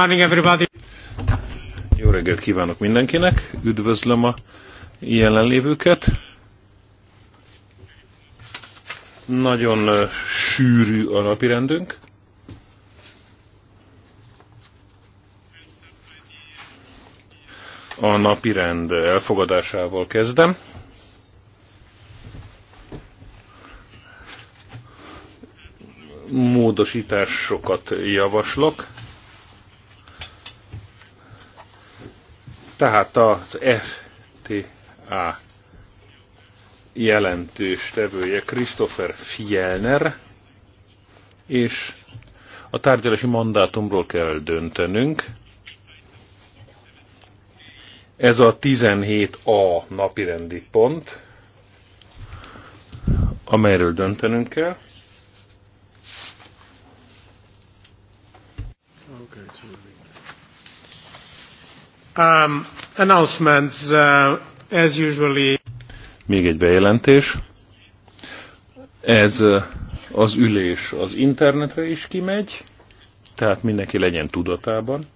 morning, everybody. Jó reggelt kívánok mindenkinek, üdvözlöm a jelenlévőket. Nagyon sűrű a napirendünk. A napirend elfogadásával kezdem. módosításokat javaslok. Tehát az FTA jelentős tevője Christopher Fielner, és a tárgyalási mandátumról kell döntenünk. Ez a 17A napirendi pont, amelyről döntenünk kell. Um, announcements, uh, as usually. Még egy bejelentés. Ez uh, az ülés az internetre is kimegy, tehát mindenki legyen tudatában.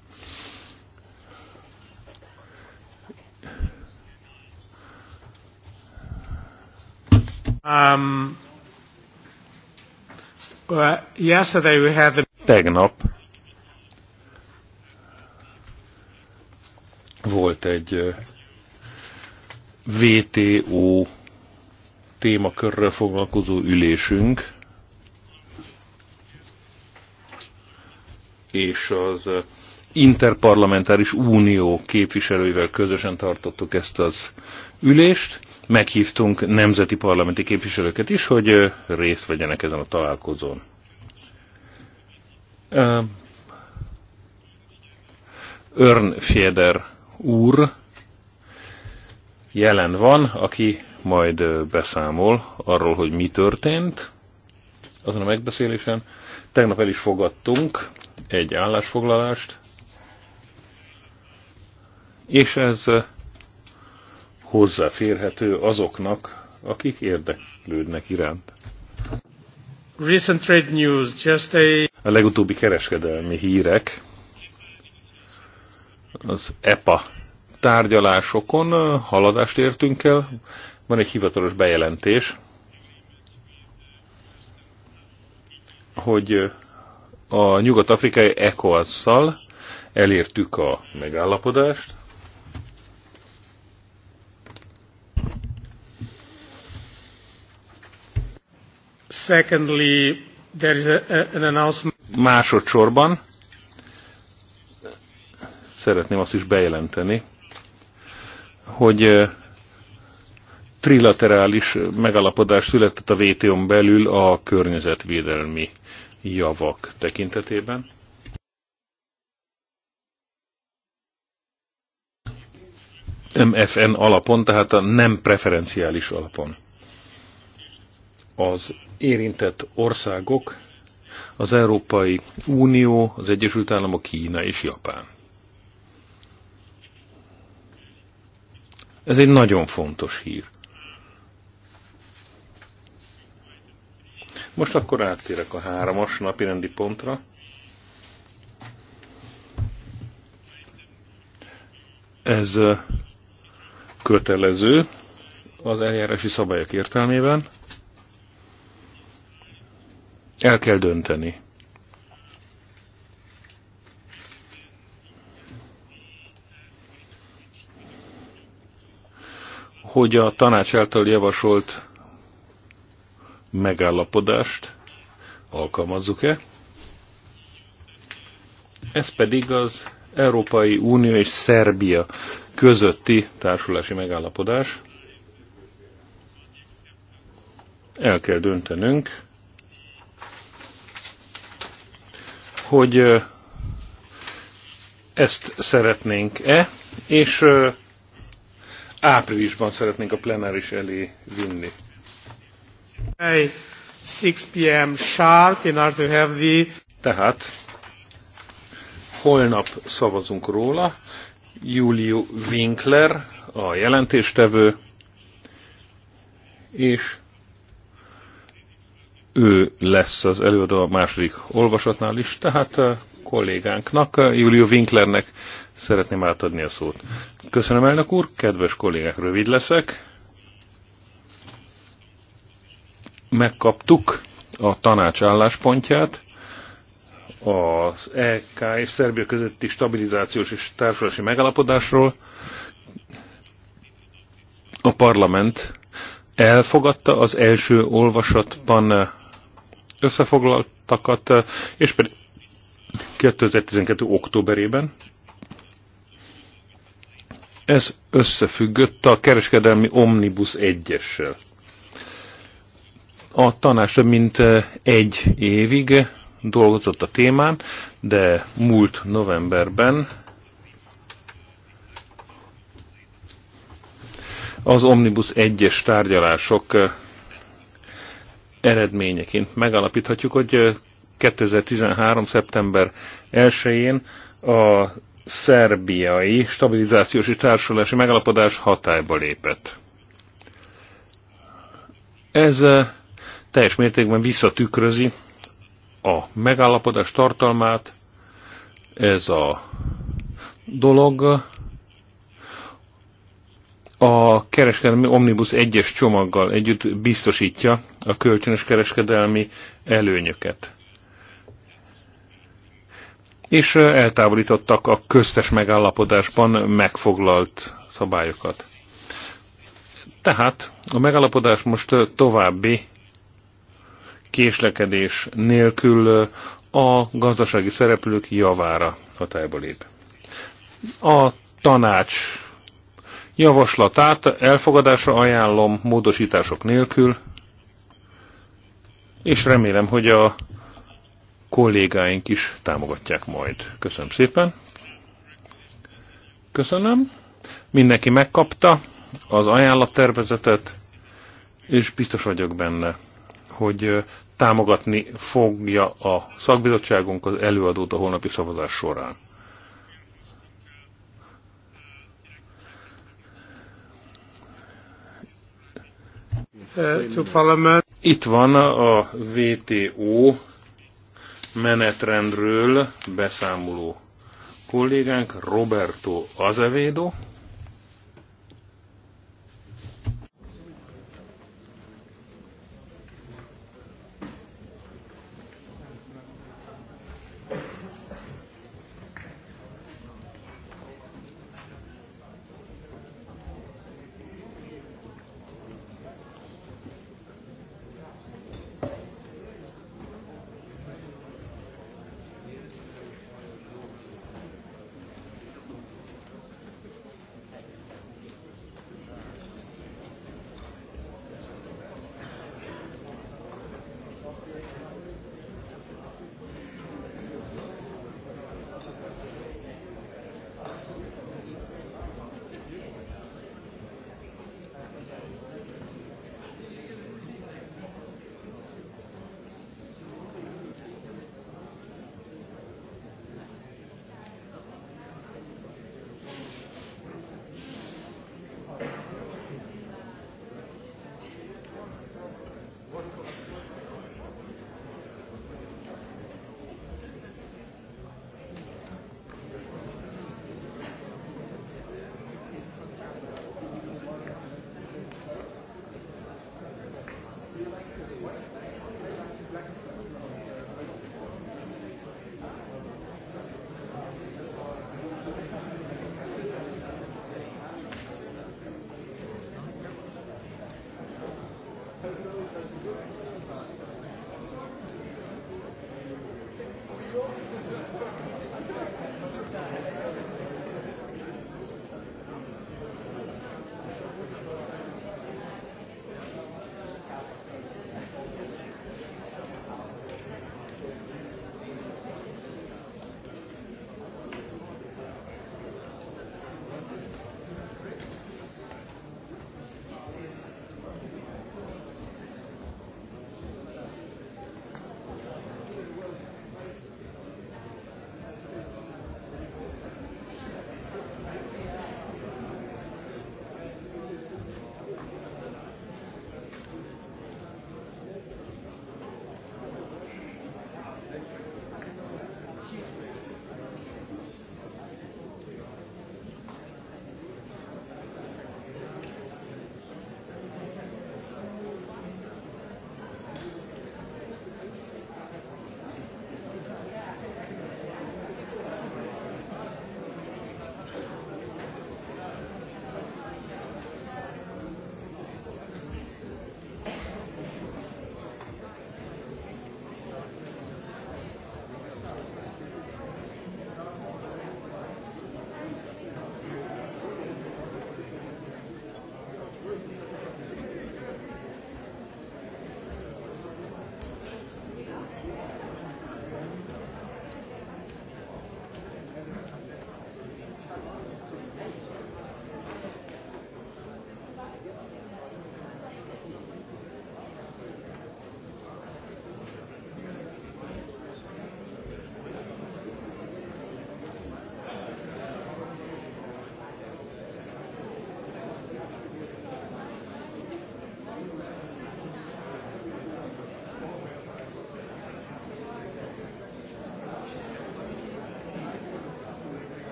Um, well, uh, yesterday we had the... Tegnap Volt egy VTO témakörrel foglalkozó ülésünk, és az interparlamentáris unió képviselőivel közösen tartottuk ezt az ülést. Meghívtunk nemzeti parlamenti képviselőket is, hogy részt vegyenek ezen a találkozón. Örn Fieder úr jelen van, aki majd beszámol arról, hogy mi történt azon a megbeszélésen. Tegnap el is fogadtunk egy állásfoglalást, és ez hozzáférhető azoknak, akik érdeklődnek iránt. Recent trade news, just a... a legutóbbi kereskedelmi hírek az EPA tárgyalásokon haladást értünk el. Van egy hivatalos bejelentés, hogy a nyugat-afrikai ECOWAS-szal elértük a megállapodást. Secondly, there is a, an announcement. Másodszorban szeretném azt is bejelenteni, hogy trilaterális megalapodás született a WTO-n belül a környezetvédelmi javak tekintetében. MFN alapon, tehát a nem preferenciális alapon. Az érintett országok az Európai Unió, az Egyesült Államok, Kína és Japán. Ez egy nagyon fontos hír. Most akkor áttérek a háromas napi rendi pontra. Ez kötelező az eljárási szabályok értelmében. El kell dönteni. hogy a tanács által javasolt megállapodást alkalmazzuk-e. Ez pedig az Európai Unió és Szerbia közötti társulási megállapodás. El kell döntenünk, hogy ezt szeretnénk-e, és áprilisban szeretnénk a plenáris elé vinni. Hey, 6 p.m. sharp in order to have the... Tehát holnap szavazunk róla. Julio Winkler a jelentéstevő, és ő lesz az előadó a második olvasatnál is, tehát a eh, kollégánknak, eh, Julio Winklernek szeretném átadni a szót. Köszönöm, elnök úr, kedves kollégák, rövid leszek. Megkaptuk a tanács álláspontját az EK és Szerbia közötti stabilizációs és társulási megállapodásról. A parlament elfogadta az első olvasatban összefoglaltakat, és pedig 2012. októberében ez összefüggött a kereskedelmi Omnibus 1-essel. A tanács több mint eh, egy évig dolgozott a témán, de múlt novemberben az Omnibus 1-es tárgyalások eh, eredményeként megalapíthatjuk, hogy eh, 2013. szeptember 1-én a szerbiai stabilizációs és társulási megalapodás hatályba lépett. Ez eh, teljes mértékben visszatükrözi a megállapodás tartalmát, ez a dolog a kereskedelmi Omnibus egyes csomaggal együtt biztosítja a kölcsönös kereskedelmi előnyöket és eltávolítottak a köztes megállapodásban megfoglalt szabályokat. Tehát a megállapodás most további késlekedés nélkül a gazdasági szereplők javára hatályba lép. A tanács javaslatát elfogadásra ajánlom módosítások nélkül, és remélem, hogy a kollégáink is támogatják majd. Köszönöm szépen. Köszönöm. Mindenki megkapta az ajánlattervezetet, és biztos vagyok benne, hogy támogatni fogja a szakbizottságunk az előadót a holnapi szavazás során. Itt van a VTO menetrendről beszámoló kollégánk Roberto Azevedo.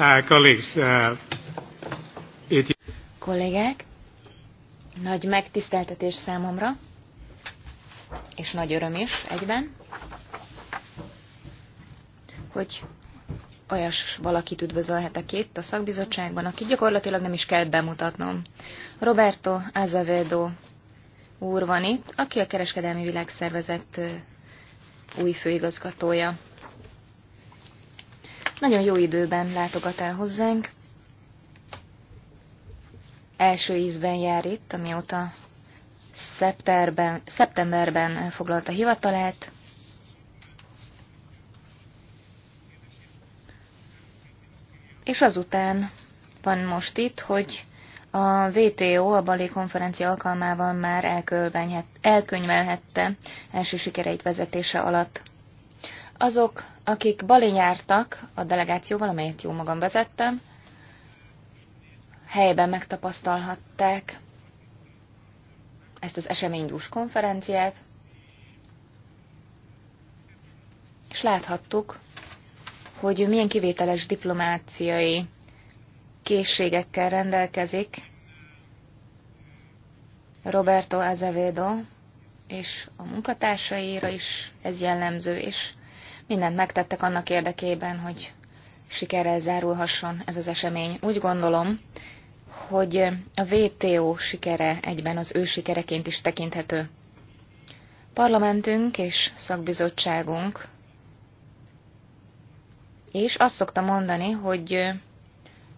Uh, Kollégák, nagy megtiszteltetés számomra, és nagy öröm is egyben, hogy olyas valakit üdvözölhetek itt a szakbizottságban, aki gyakorlatilag nem is kell bemutatnom. Roberto Azevedo úr van itt, aki a Kereskedelmi Világszervezet új főigazgatója. Nagyon jó időben látogat el hozzánk. Első ízben jár itt, amióta szeptemberben, szeptemberben foglalta hivatalát. És azután van most itt, hogy a VTO a balé konferencia alkalmával már elkönyvelhette első sikereit vezetése alatt. Azok akik Balin jártak a delegációval, amelyet jó magam vezettem, helyben megtapasztalhatták ezt az eseménydús konferenciát, és láthattuk, hogy milyen kivételes diplomáciai készségekkel rendelkezik Roberto Azevedo, és a munkatársaira is ez jellemző, és mindent megtettek annak érdekében, hogy sikerrel zárulhasson ez az esemény. Úgy gondolom, hogy a VTO sikere egyben az ő sikereként is tekinthető. Parlamentünk és szakbizottságunk, és azt szokta mondani, hogy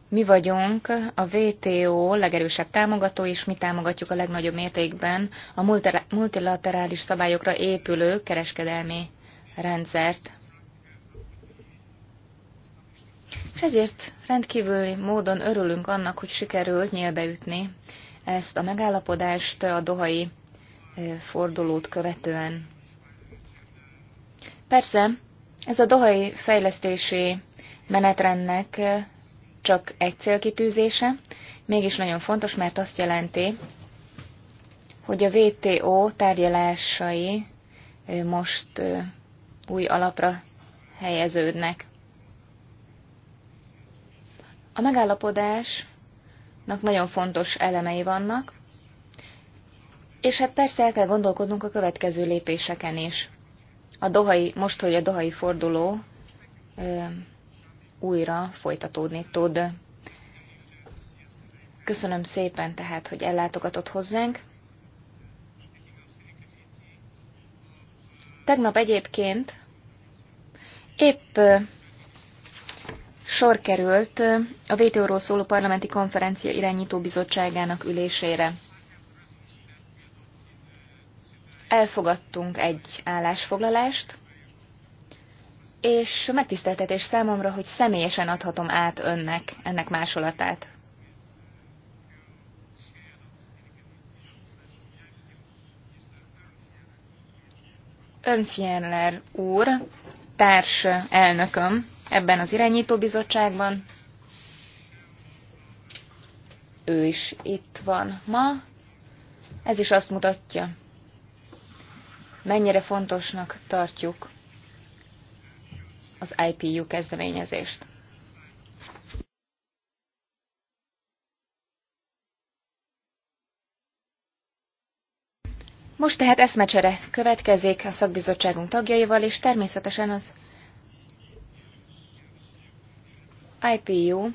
mi vagyunk a VTO legerősebb támogató, és mi támogatjuk a legnagyobb mértékben a multilaterális szabályokra épülő kereskedelmi rendszert. és ezért rendkívüli módon örülünk annak, hogy sikerült nyélbeütni ezt a megállapodást a dohai fordulót követően. Persze, ez a dohai fejlesztési menetrendnek csak egy célkitűzése, mégis nagyon fontos, mert azt jelenti, hogy a WTO tárgyalásai most új alapra helyeződnek. A megállapodásnak nagyon fontos elemei vannak, és hát persze el kell gondolkodnunk a következő lépéseken is. A dohai, most, hogy a dohai forduló ö, újra folytatódni tud. Köszönöm szépen tehát, hogy ellátogatott hozzánk. Tegnap egyébként épp sor került a WTO-ról szóló parlamenti konferencia irányító bizottságának ülésére. Elfogadtunk egy állásfoglalást, és megtiszteltetés számomra, hogy személyesen adhatom át önnek ennek másolatát. Önfjellner úr, társ elnököm, ebben az irányítóbizottságban. Ő is itt van ma. Ez is azt mutatja, mennyire fontosnak tartjuk az IPU kezdeményezést. Most tehát eszmecsere következik a szakbizottságunk tagjaival, és természetesen az IPU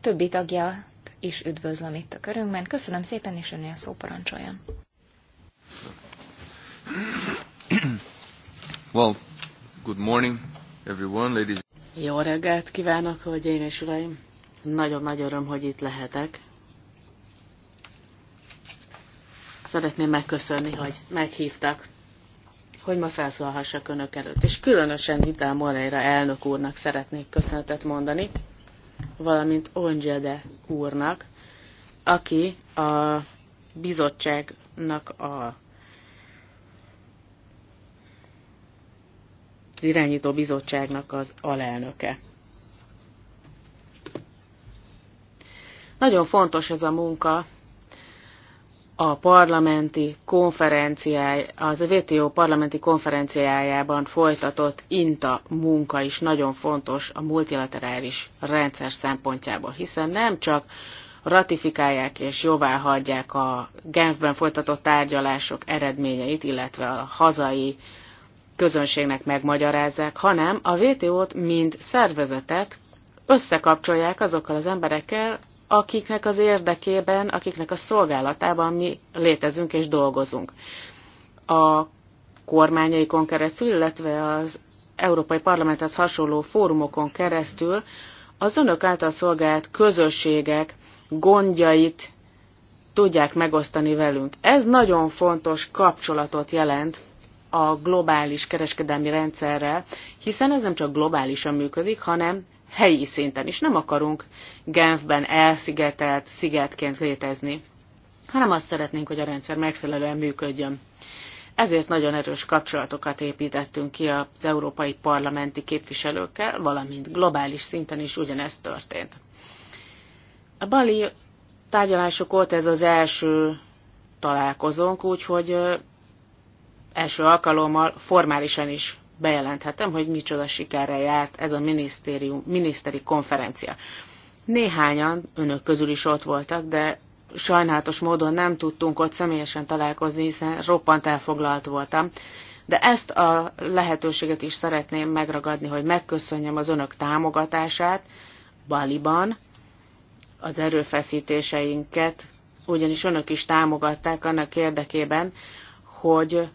többi tagja is üdvözlöm itt a körünkben. Köszönöm szépen, és önnél szó parancsoljon. Well, good morning everyone, ladies. Jó reggelt kívánok, hogy én és uraim! Nagyon nagy öröm, hogy itt lehetek. Szeretném megköszönni, hogy meghívtak, hogy ma felszólhassak önök előtt. És különösen Hitel Moreira elnök úrnak szeretnék köszönetet mondani, valamint Ongyede úrnak, aki a bizottságnak a az irányító bizottságnak az alelnöke. Nagyon fontos ez a munka a parlamenti konferenciáj, az VTO parlamenti konferenciájában folytatott INTA munka is nagyon fontos a multilaterális rendszer szempontjából, hiszen nem csak ratifikálják és jóvá hagyják a Genfben folytatott tárgyalások eredményeit, illetve a hazai közönségnek megmagyarázzák, hanem a vto t mint szervezetet összekapcsolják azokkal az emberekkel, akiknek az érdekében, akiknek a szolgálatában mi létezünk és dolgozunk. A kormányaikon keresztül, illetve az Európai Parlamenthez hasonló fórumokon keresztül az önök által szolgált közösségek gondjait tudják megosztani velünk. Ez nagyon fontos kapcsolatot jelent a globális kereskedelmi rendszerrel, hiszen ez nem csak globálisan működik, hanem helyi szinten is. Nem akarunk Genfben elszigetelt szigetként létezni, hanem azt szeretnénk, hogy a rendszer megfelelően működjön. Ezért nagyon erős kapcsolatokat építettünk ki az európai parlamenti képviselőkkel, valamint globális szinten is ugyanezt történt. A bali tárgyalások volt ez az első találkozónk, úgyhogy első alkalommal formálisan is bejelenthetem, hogy micsoda sikerre járt ez a minisztérium, miniszteri konferencia. Néhányan önök közül is ott voltak, de sajnálatos módon nem tudtunk ott személyesen találkozni, hiszen roppant elfoglalt voltam. De ezt a lehetőséget is szeretném megragadni, hogy megköszönjem az önök támogatását Baliban, az erőfeszítéseinket, ugyanis önök is támogatták annak érdekében, hogy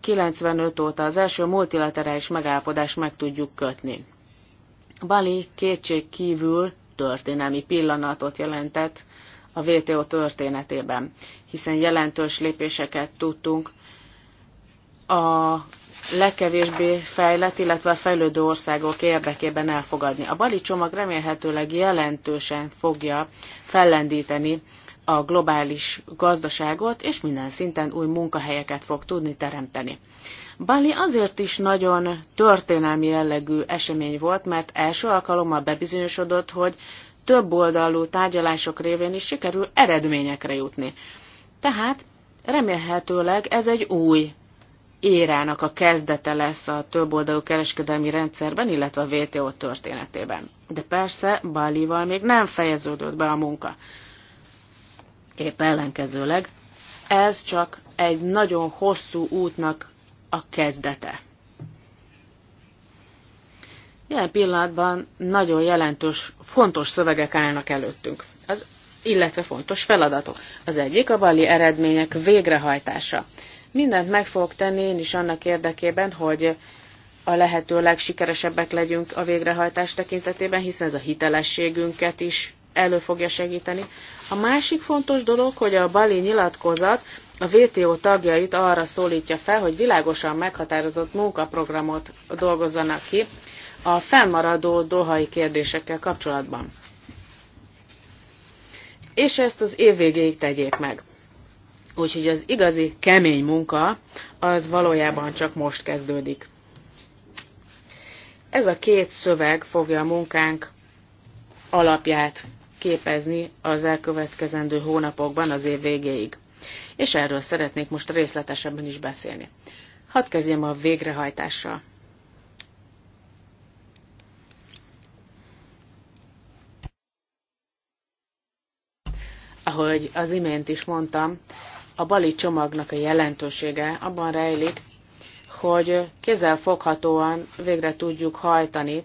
95 óta az első multilaterális megállapodást meg tudjuk kötni. Bali kétség kívül történelmi pillanatot jelentett a WTO történetében, hiszen jelentős lépéseket tudtunk a legkevésbé fejlett, illetve a fejlődő országok érdekében elfogadni. A Bali csomag remélhetőleg jelentősen fogja fellendíteni a globális gazdaságot, és minden szinten új munkahelyeket fog tudni teremteni. Bali azért is nagyon történelmi jellegű esemény volt, mert első alkalommal bebizonyosodott, hogy több oldalú tárgyalások révén is sikerül eredményekre jutni. Tehát remélhetőleg ez egy új érának a kezdete lesz a többoldalú kereskedelmi rendszerben, illetve a WTO történetében. De persze Balival még nem fejeződött be a munka épp ellenkezőleg, ez csak egy nagyon hosszú útnak a kezdete. Jelen pillanatban nagyon jelentős, fontos szövegek állnak előttünk, az, illetve fontos feladatok. Az egyik a bali eredmények végrehajtása. Mindent meg fogok tenni én is annak érdekében, hogy a lehető legsikeresebbek legyünk a végrehajtás tekintetében, hiszen ez a hitelességünket is elő fogja segíteni. A másik fontos dolog, hogy a Bali nyilatkozat a WTO tagjait arra szólítja fel, hogy világosan meghatározott munkaprogramot dolgozzanak ki a fennmaradó dohai kérdésekkel kapcsolatban. És ezt az év végéig tegyék meg. Úgyhogy az igazi kemény munka az valójában csak most kezdődik. Ez a két szöveg fogja a munkánk alapját képezni az elkövetkezendő hónapokban az év végéig. És erről szeretnék most részletesebben is beszélni. Hadd kezdjem a végrehajtással. Ahogy az imént is mondtam, a bali csomagnak a jelentősége abban rejlik, hogy foghatóan végre tudjuk hajtani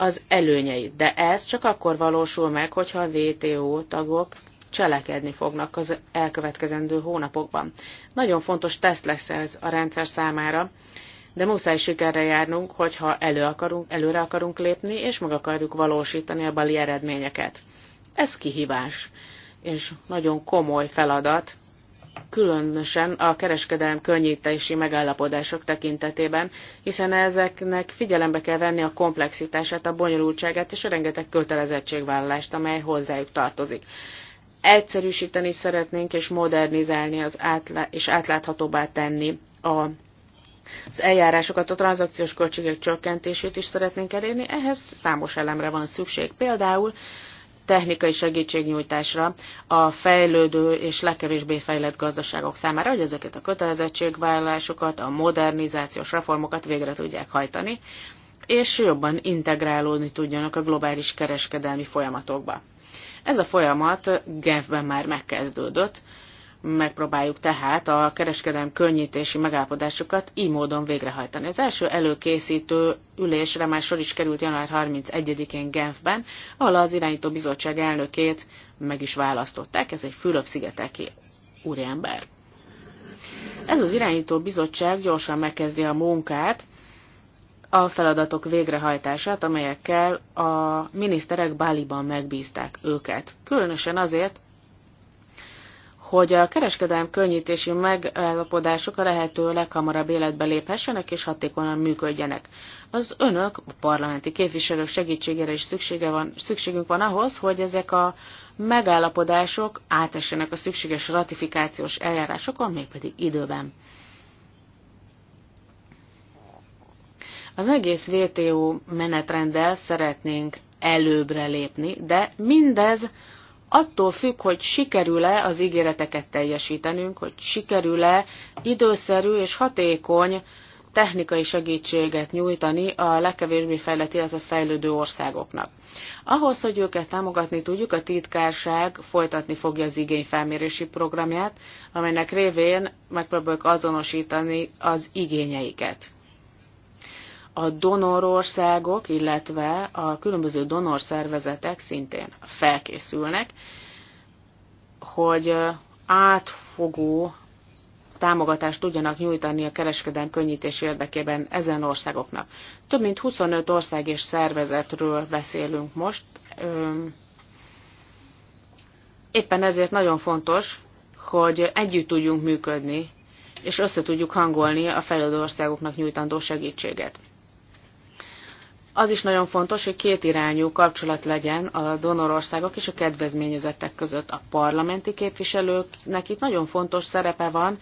az előnyeit. De ez csak akkor valósul meg, hogyha a WTO tagok cselekedni fognak az elkövetkezendő hónapokban. Nagyon fontos teszt lesz ez a rendszer számára, de muszáj sikerre járnunk, hogyha elő akarunk, előre akarunk lépni, és meg akarjuk valósítani a bali eredményeket. Ez kihívás, és nagyon komoly feladat, különösen a kereskedelem könnyítési megállapodások tekintetében, hiszen ezeknek figyelembe kell venni a komplexitását, a bonyolultságát és a rengeteg kötelezettségvállalást, amely hozzájuk tartozik. Egyszerűsíteni szeretnénk és modernizálni az átlá- és átláthatóbbá tenni a az eljárásokat, a tranzakciós költségek csökkentését is szeretnénk elérni, ehhez számos elemre van szükség. Például technikai segítségnyújtásra a fejlődő és legkevésbé fejlett gazdaságok számára, hogy ezeket a kötelezettségvállalásokat, a modernizációs reformokat végre tudják hajtani, és jobban integrálódni tudjanak a globális kereskedelmi folyamatokba. Ez a folyamat Genfben már megkezdődött, Megpróbáljuk tehát a kereskedelem könnyítési megállapodásokat így módon végrehajtani. Az első előkészítő ülésre már sor is került január 31-én Genfben, ahol az irányító bizottság elnökét meg is választották. Ez egy Fülöp-szigeteki úriember. Ez az irányító bizottság gyorsan megkezdi a munkát, a feladatok végrehajtását, amelyekkel a miniszterek Báliban megbízták őket. Különösen azért, hogy a kereskedelem könnyítési megállapodások a lehető leghamarabb életbe léphessenek és hatékonyan működjenek. Az önök, a parlamenti képviselők segítségére is szüksége van, szükségünk van ahhoz, hogy ezek a megállapodások átessenek a szükséges ratifikációs eljárásokon, mégpedig időben. Az egész WTO menetrenddel szeretnénk előbbre lépni, de mindez attól függ, hogy sikerül-e az ígéreteket teljesítenünk, hogy sikerül-e időszerű és hatékony technikai segítséget nyújtani a legkevésbé az a fejlődő országoknak. Ahhoz, hogy őket támogatni tudjuk, a titkárság folytatni fogja az igényfelmérési programját, amelynek révén megpróbáljuk azonosítani az igényeiket a donorországok, illetve a különböző donorszervezetek szintén felkészülnek, hogy átfogó támogatást tudjanak nyújtani a kereskedelm könnyítés érdekében ezen országoknak. Több mint 25 ország és szervezetről beszélünk most. Éppen ezért nagyon fontos, hogy együtt tudjunk működni, és össze tudjuk hangolni a fejlődő országoknak nyújtandó segítséget az is nagyon fontos, hogy kétirányú kapcsolat legyen a donorországok és a kedvezményezettek között. A parlamenti képviselőknek itt nagyon fontos szerepe van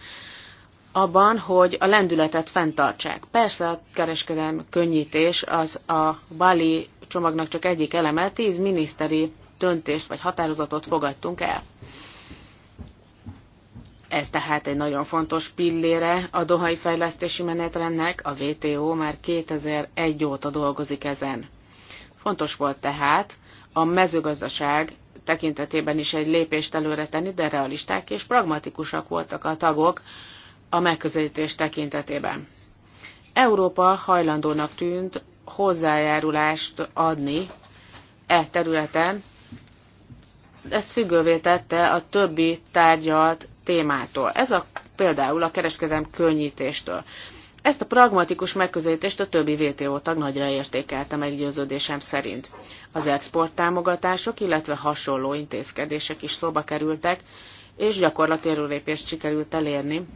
abban, hogy a lendületet fenntartsák. Persze a kereskedelm könnyítés az a Bali csomagnak csak egyik eleme, tíz miniszteri döntést vagy határozatot fogadtunk el. Ez tehát egy nagyon fontos pillére a dohai fejlesztési menetrendnek, a WTO már 2001 óta dolgozik ezen. Fontos volt tehát a mezőgazdaság tekintetében is egy lépést előre tenni, de realisták és pragmatikusak voltak a tagok a megközelítés tekintetében. Európa hajlandónak tűnt hozzájárulást adni e területen, ezt függővé tette a többi tárgyalt témától. Ez a, például a kereskedelem könnyítéstől. Ezt a pragmatikus megközelítést a többi WTO tag nagyra értékelte meggyőződésem szerint. Az exporttámogatások, illetve hasonló intézkedések is szóba kerültek, és lépést sikerült elérni.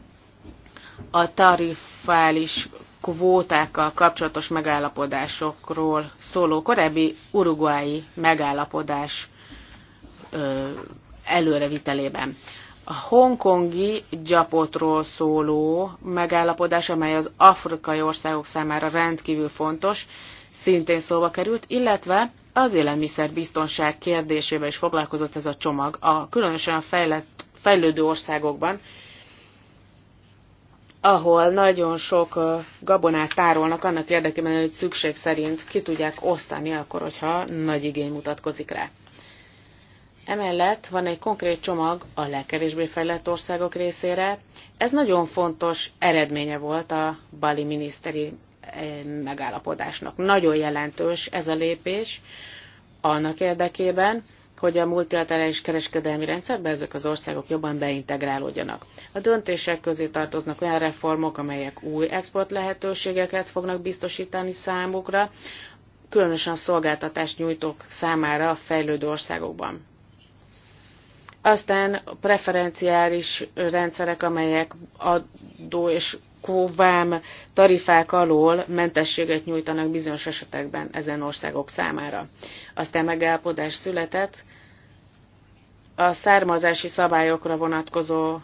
A tarifális kvótákkal kapcsolatos megállapodásokról szóló korábbi uruguayi megállapodás előrevitelében a hongkongi gyapotról szóló megállapodás, amely az afrikai országok számára rendkívül fontos, szintén szóba került, illetve az élelmiszerbiztonság kérdésével is foglalkozott ez a csomag, a különösen fejlett, fejlődő országokban, ahol nagyon sok gabonát tárolnak annak érdekében, hogy szükség szerint ki tudják osztani, akkor, hogyha nagy igény mutatkozik rá. Emellett van egy konkrét csomag a legkevésbé fejlett országok részére. Ez nagyon fontos eredménye volt a bali miniszteri eh, megállapodásnak. Nagyon jelentős ez a lépés annak érdekében, hogy a multilaterális kereskedelmi rendszerbe ezek az országok jobban beintegrálódjanak. A döntések közé tartoznak olyan reformok, amelyek új export lehetőségeket fognak biztosítani számukra, különösen a szolgáltatást nyújtók számára a fejlődő országokban. Aztán preferenciális rendszerek, amelyek adó és kóvám tarifák alól mentességet nyújtanak bizonyos esetekben ezen országok számára. Aztán megállapodás született a származási szabályokra vonatkozó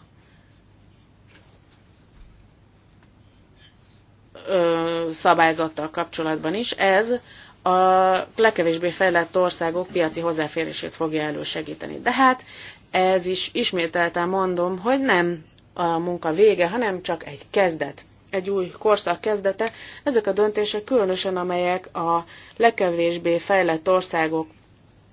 szabályzattal kapcsolatban is. Ez a legkevésbé fejlett országok piaci hozzáférését fogja elősegíteni. De hát ez is ismételten mondom, hogy nem a munka vége, hanem csak egy kezdet, egy új korszak kezdete. Ezek a döntések különösen, amelyek a legkevésbé fejlett országok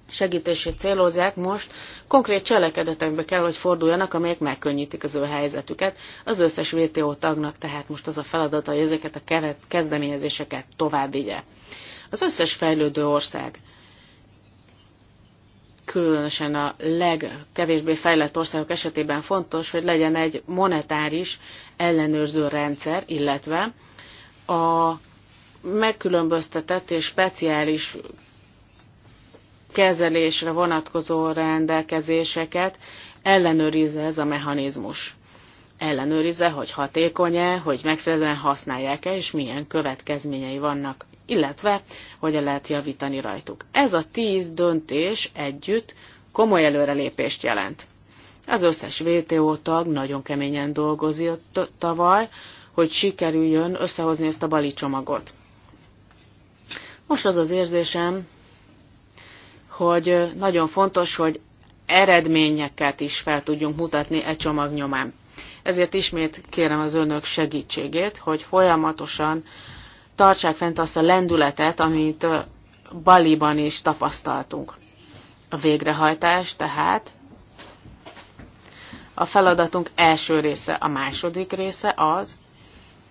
segítését célozzák most, konkrét cselekedetekbe kell, hogy forduljanak, amelyek megkönnyítik az ő helyzetüket. Az összes WTO tagnak tehát most az a feladata, hogy ezeket a kezdeményezéseket tovább vigye. Az összes fejlődő ország különösen a legkevésbé fejlett országok esetében fontos, hogy legyen egy monetáris ellenőrző rendszer, illetve a megkülönböztetett és speciális kezelésre vonatkozó rendelkezéseket ellenőrizze ez a mechanizmus. Ellenőrizze, hogy hatékony-e, hogy megfelelően használják-e, és milyen következményei vannak illetve hogyan lehet javítani rajtuk. Ez a tíz döntés együtt komoly előrelépést jelent. Az összes VTO tag nagyon keményen dolgozott tavaly, hogy sikerüljön összehozni ezt a bali csomagot. Most az az érzésem, hogy nagyon fontos, hogy eredményeket is fel tudjunk mutatni e csomag nyomán. Ezért ismét kérem az önök segítségét, hogy folyamatosan tartsák fent azt a lendületet, amit Baliban is tapasztaltunk. A végrehajtás tehát a feladatunk első része, a második része az,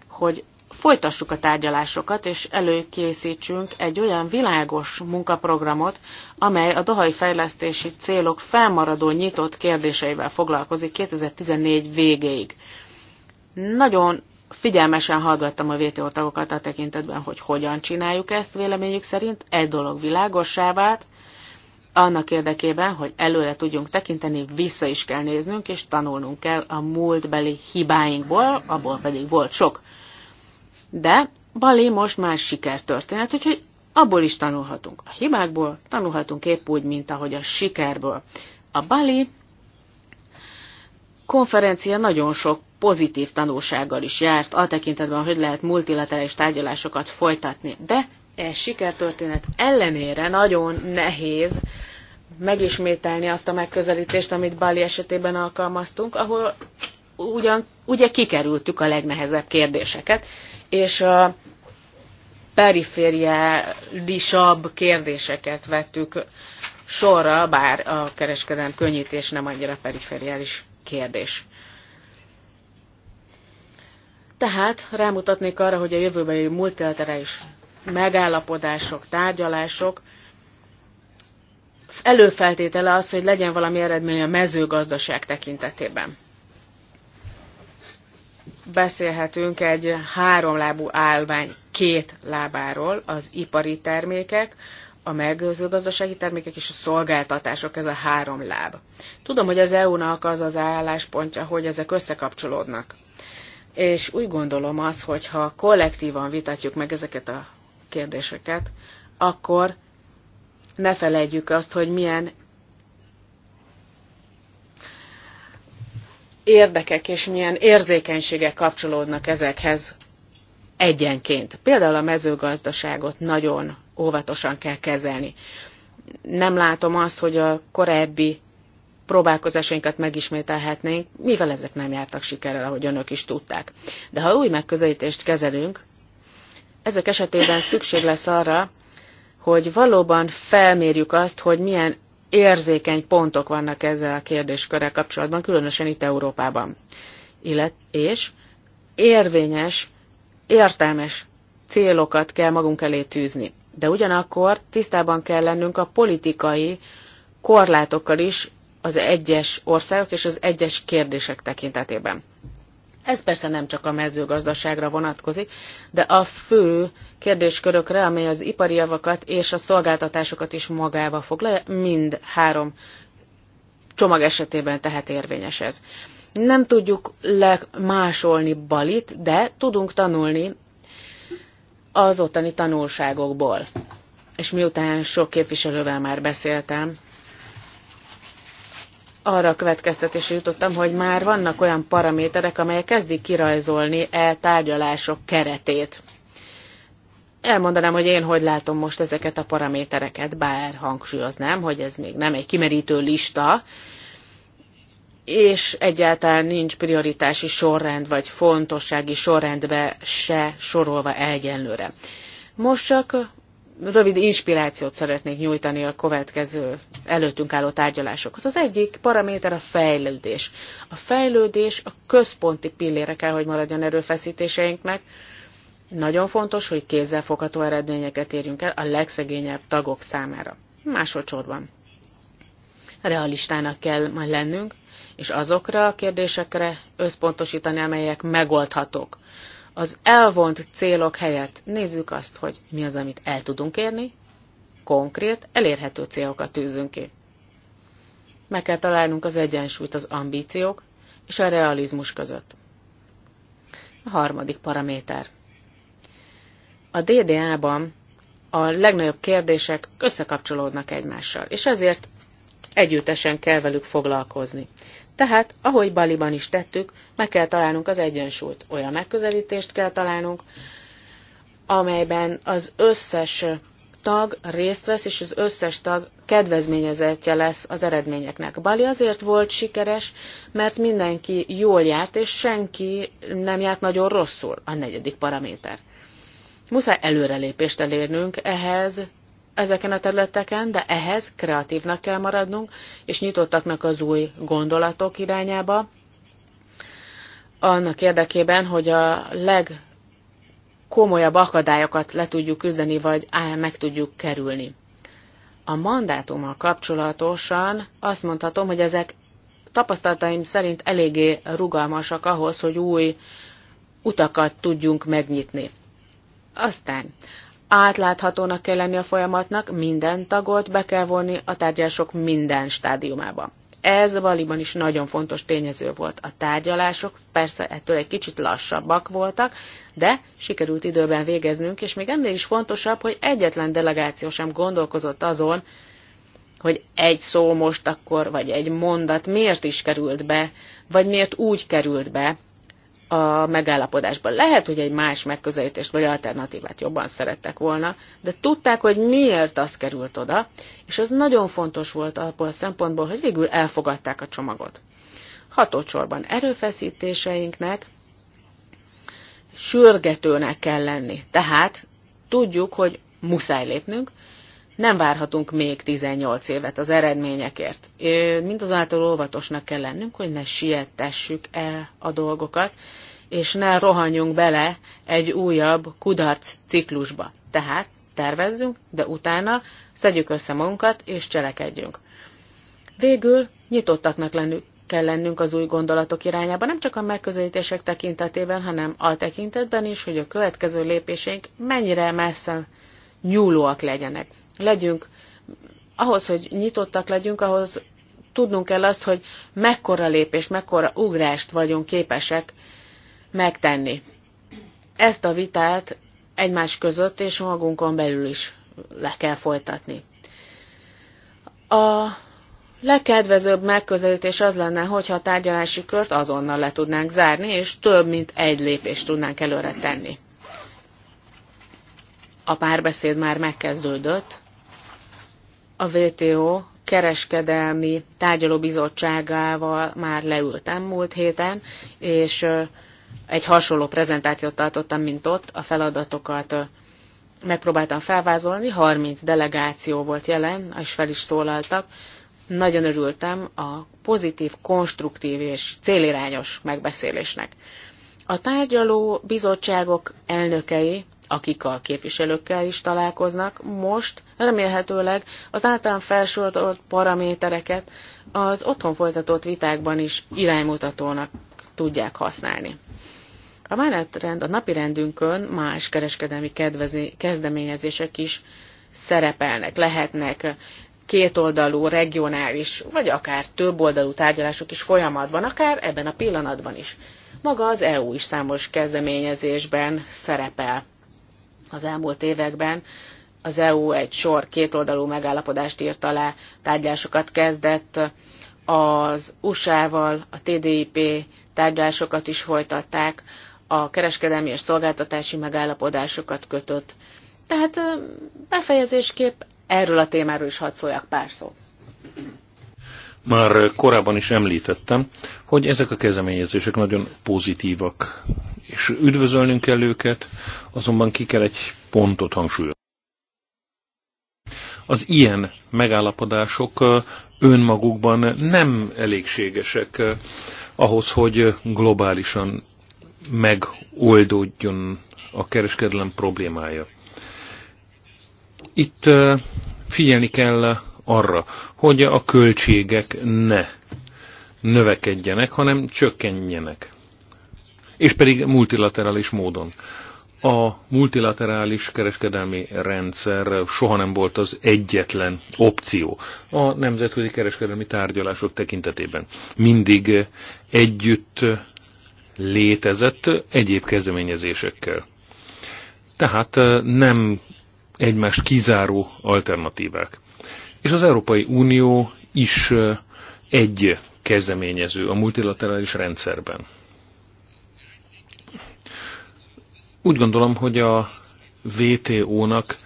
hogy folytassuk a tárgyalásokat, és előkészítsünk egy olyan világos munkaprogramot, amely a dohai fejlesztési célok felmaradó nyitott kérdéseivel foglalkozik 2014 végéig. Nagyon Figyelmesen hallgattam a VTO tagokat a tekintetben, hogy hogyan csináljuk ezt véleményük szerint. Egy dolog világossá vált, annak érdekében, hogy előre tudjunk tekinteni, vissza is kell néznünk, és tanulnunk kell a múltbeli hibáinkból, abból pedig volt sok. De Bali most már sikertörténet, úgyhogy abból is tanulhatunk. A hibákból tanulhatunk épp úgy, mint ahogy a sikerből. A Bali konferencia nagyon sok pozitív tanulsággal is járt, a tekintetben, hogy lehet multilaterális tárgyalásokat folytatni. De ez sikertörténet ellenére nagyon nehéz megismételni azt a megközelítést, amit Bali esetében alkalmaztunk, ahol ugyan, ugye kikerültük a legnehezebb kérdéseket, és a perifériálisabb kérdéseket vettük sorra, bár a kereskedelem könnyítés nem annyira perifériális kérdés. Tehát rámutatnék arra, hogy a jövőbeli multilaterális megállapodások, tárgyalások előfeltétele az, hogy legyen valami eredmény a mezőgazdaság tekintetében. Beszélhetünk egy háromlábú állvány két lábáról, az ipari termékek, a mezőgazdasági termékek és a szolgáltatások, ez a három láb. Tudom, hogy az EU-nak az az álláspontja, hogy ezek összekapcsolódnak és úgy gondolom az, hogy ha kollektívan vitatjuk meg ezeket a kérdéseket, akkor ne felejtjük azt, hogy milyen érdekek és milyen érzékenységek kapcsolódnak ezekhez egyenként. Például a mezőgazdaságot nagyon óvatosan kell kezelni. Nem látom azt, hogy a korábbi próbálkozásainkat megismételhetnénk, mivel ezek nem jártak sikerrel, ahogy önök is tudták. De ha új megközelítést kezelünk, ezek esetében szükség lesz arra, hogy valóban felmérjük azt, hogy milyen érzékeny pontok vannak ezzel a kérdéskörrel kapcsolatban, különösen itt Európában. Illet, és érvényes, értelmes célokat kell magunk elé tűzni. De ugyanakkor tisztában kell lennünk a politikai korlátokkal is, az egyes országok és az egyes kérdések tekintetében. Ez persze nem csak a mezőgazdaságra vonatkozik, de a fő kérdéskörökre, amely az ipari javakat és a szolgáltatásokat is magába foglalja, mind három csomag esetében tehát érvényes ez. Nem tudjuk lemásolni balit, de tudunk tanulni az ottani tanulságokból. És miután sok képviselővel már beszéltem, arra a következtetésre jutottam, hogy már vannak olyan paraméterek, amelyek kezdik kirajzolni e tárgyalások keretét. Elmondanám, hogy én hogy látom most ezeket a paramétereket, bár hangsúlyoznám, hogy ez még nem egy kimerítő lista, és egyáltalán nincs prioritási sorrend, vagy fontossági sorrendbe se sorolva egyenlőre. Most csak rövid inspirációt szeretnék nyújtani a következő előttünk álló tárgyalásokhoz. Az egyik paraméter a fejlődés. A fejlődés a központi pillére kell, hogy maradjon erőfeszítéseinknek. Nagyon fontos, hogy kézzelfogható eredményeket érjünk el a legszegényebb tagok számára. Másodszorban. Realistának kell majd lennünk, és azokra a kérdésekre összpontosítani, amelyek megoldhatók az elvont célok helyett nézzük azt, hogy mi az, amit el tudunk érni, konkrét, elérhető célokat tűzünk ki. Meg kell találnunk az egyensúlyt az ambíciók és a realizmus között. A harmadik paraméter. A DDA-ban a legnagyobb kérdések összekapcsolódnak egymással, és ezért együttesen kell velük foglalkozni. Tehát, ahogy Baliban is tettük, meg kell találnunk az egyensúlyt. Olyan megközelítést kell találnunk, amelyben az összes tag részt vesz, és az összes tag kedvezményezettje lesz az eredményeknek. Bali azért volt sikeres, mert mindenki jól járt, és senki nem járt nagyon rosszul, a negyedik paraméter. Muszáj előrelépést elérnünk, ehhez ezeken a területeken, de ehhez kreatívnak kell maradnunk, és nyitottaknak az új gondolatok irányába, annak érdekében, hogy a legkomolyabb akadályokat le tudjuk küzdeni, vagy meg tudjuk kerülni. A mandátummal kapcsolatosan azt mondhatom, hogy ezek tapasztalataim szerint eléggé rugalmasak ahhoz, hogy új utakat tudjunk megnyitni. Aztán átláthatónak kell lenni a folyamatnak, minden tagot be kell vonni a tárgyalások minden stádiumába. Ez valiban is nagyon fontos tényező volt. A tárgyalások persze ettől egy kicsit lassabbak voltak, de sikerült időben végeznünk, és még ennél is fontosabb, hogy egyetlen delegáció sem gondolkozott azon, hogy egy szó most akkor, vagy egy mondat miért is került be, vagy miért úgy került be, a megállapodásban. Lehet, hogy egy más megközelítést vagy alternatívát jobban szerettek volna, de tudták, hogy miért az került oda, és az nagyon fontos volt abból a szempontból, hogy végül elfogadták a csomagot. Hatócsorban erőfeszítéseinknek sürgetőnek kell lenni. Tehát tudjuk, hogy muszáj lépnünk, nem várhatunk még 18 évet az eredményekért. Mindazáltal óvatosnak kell lennünk, hogy ne siettessük el a dolgokat, és ne rohanjunk bele egy újabb kudarc ciklusba. Tehát tervezzünk, de utána szedjük össze magunkat és cselekedjünk. Végül nyitottaknak lennünk, kell lennünk az új gondolatok irányába, nem csak a megközelítések tekintetében, hanem a tekintetben is, hogy a következő lépéseink mennyire messze nyúlóak legyenek legyünk, ahhoz, hogy nyitottak legyünk, ahhoz tudnunk kell azt, hogy mekkora lépést, mekkora ugrást vagyunk képesek megtenni. Ezt a vitát egymás között és magunkon belül is le kell folytatni. A legkedvezőbb megközelítés az lenne, hogyha a tárgyalási kört azonnal le tudnánk zárni, és több mint egy lépést tudnánk előre tenni. A párbeszéd már megkezdődött, a WTO kereskedelmi tárgyalóbizottságával már leültem múlt héten, és egy hasonló prezentációt tartottam, mint ott, a feladatokat megpróbáltam felvázolni, 30 delegáció volt jelen, és fel is szólaltak. Nagyon örültem a pozitív, konstruktív és célirányos megbeszélésnek. A tárgyaló bizottságok elnökei akik a képviselőkkel is találkoznak, most remélhetőleg az általán felsorolt paramétereket az otthon folytatott vitákban is iránymutatónak tudják használni. A menetrend a napi rendünkön más kereskedelmi kedvezi, kezdeményezések is szerepelnek, lehetnek kétoldalú, regionális, vagy akár többoldalú tárgyalások is folyamatban, akár ebben a pillanatban is. Maga az EU is számos kezdeményezésben szerepel. Az elmúlt években az EU egy sor kétoldalú megállapodást írt alá, tárgyásokat kezdett, az USA-val a TDIP tárgyalásokat is folytatták, a kereskedelmi és szolgáltatási megállapodásokat kötött. Tehát befejezésképp erről a témáról is hadd szóljak pár szót. Már korábban is említettem, hogy ezek a kezdeményezések nagyon pozitívak, és üdvözölnünk kell őket, azonban ki kell egy pontot hangsúlyozni. Az ilyen megállapodások önmagukban nem elégségesek ahhoz, hogy globálisan megoldódjon a kereskedelem problémája. Itt figyelni kell arra, hogy a költségek ne növekedjenek, hanem csökkenjenek. És pedig multilaterális módon. A multilaterális kereskedelmi rendszer soha nem volt az egyetlen opció a nemzetközi kereskedelmi tárgyalások tekintetében. Mindig együtt létezett egyéb kezdeményezésekkel. Tehát eh, nem egymást kizáró alternatívák. És az Európai Unió is egy kezdeményező a multilaterális rendszerben. Úgy gondolom, hogy a VTO-nak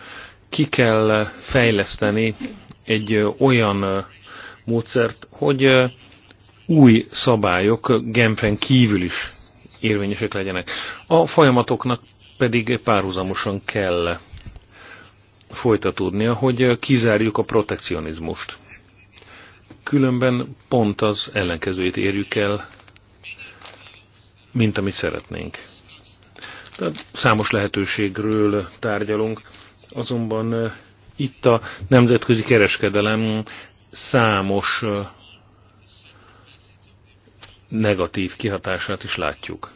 ki kell fejleszteni egy olyan módszert, hogy új szabályok Genfen kívül is érvényesek legyenek. A folyamatoknak pedig párhuzamosan kell folytatódnia, hogy eh, kizárjuk a protekcionizmust. Különben pont az ellenkezőjét érjük el, mint amit szeretnénk. Tehát számos lehetőségről tárgyalunk, azonban eh, itt a nemzetközi kereskedelem számos eh, negatív kihatását is látjuk.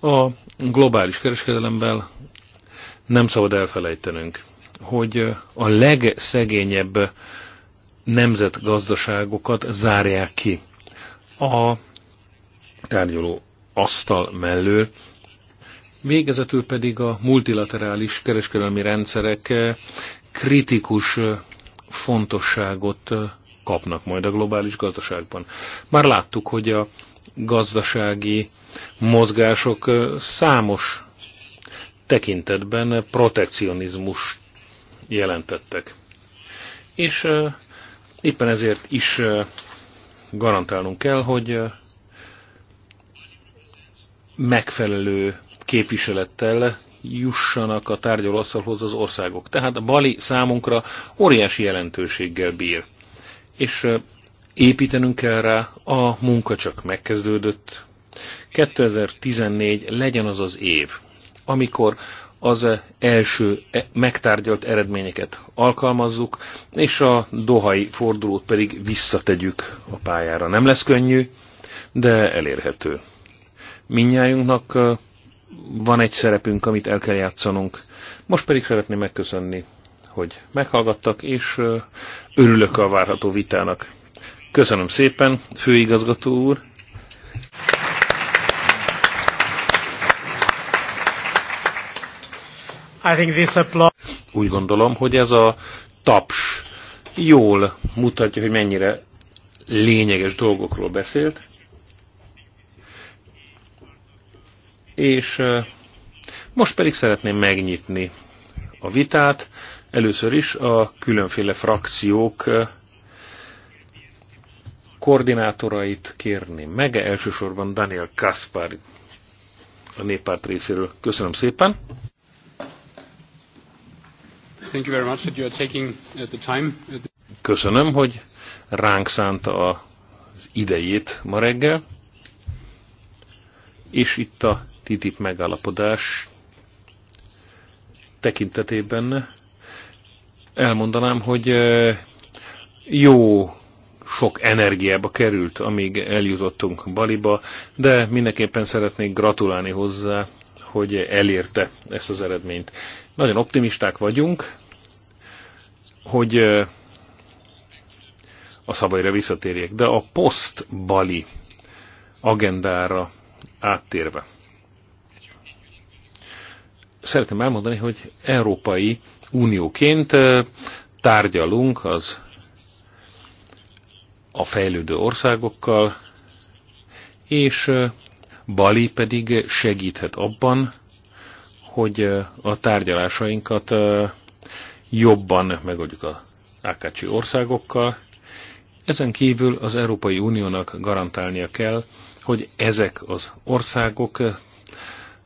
A globális kereskedelemben nem szabad elfelejtenünk, hogy a legszegényebb nemzetgazdaságokat zárják ki a tárgyaló asztal mellől, végezetül pedig a multilaterális kereskedelmi rendszerek kritikus fontosságot kapnak majd a globális gazdaságban. Már láttuk, hogy a gazdasági mozgások számos tekintetben protekcionizmus jelentettek. És éppen ezért is garantálnunk kell, hogy megfelelő képviselettel jussanak a tárgyalóasztalhoz az országok. Tehát a Bali számunkra óriási jelentőséggel bír. És építenünk kell rá, a munka csak megkezdődött. 2014 legyen az az év, amikor az első e- megtárgyalt eredményeket alkalmazzuk, és a dohai fordulót pedig visszategyük a pályára. Nem lesz könnyű, de elérhető. Minnyájunknak van egy szerepünk, amit el kell játszanunk. Most pedig szeretném megköszönni, hogy meghallgattak, és örülök a várható vitának. Köszönöm szépen, főigazgató úr, Úgy gondolom, hogy ez a taps jól mutatja, hogy mennyire lényeges dolgokról beszélt. És most pedig szeretném megnyitni a vitát. Először is a különféle frakciók koordinátorait kérném meg, elsősorban Daniel Kaspar a néppárt részéről. Köszönöm szépen! Uh, uh, Köszönöm, hogy ránk szánta az idejét ma reggel. És itt a TTIP megállapodás tekintetében elmondanám, hogy jó sok energiába került, amíg eljutottunk Baliba, de mindenképpen szeretnék gratulálni hozzá hogy elérte ezt az eredményt. Nagyon optimisták vagyunk, hogy a szabaira visszatérjek, de a post-bali agendára áttérve. Szeretném elmondani, hogy Európai Unióként tárgyalunk az a fejlődő országokkal, és Bali pedig segíthet abban, hogy a tárgyalásainkat jobban megoldjuk a Ákácsi országokkal. Ezen kívül az Európai Uniónak garantálnia kell, hogy ezek az országok,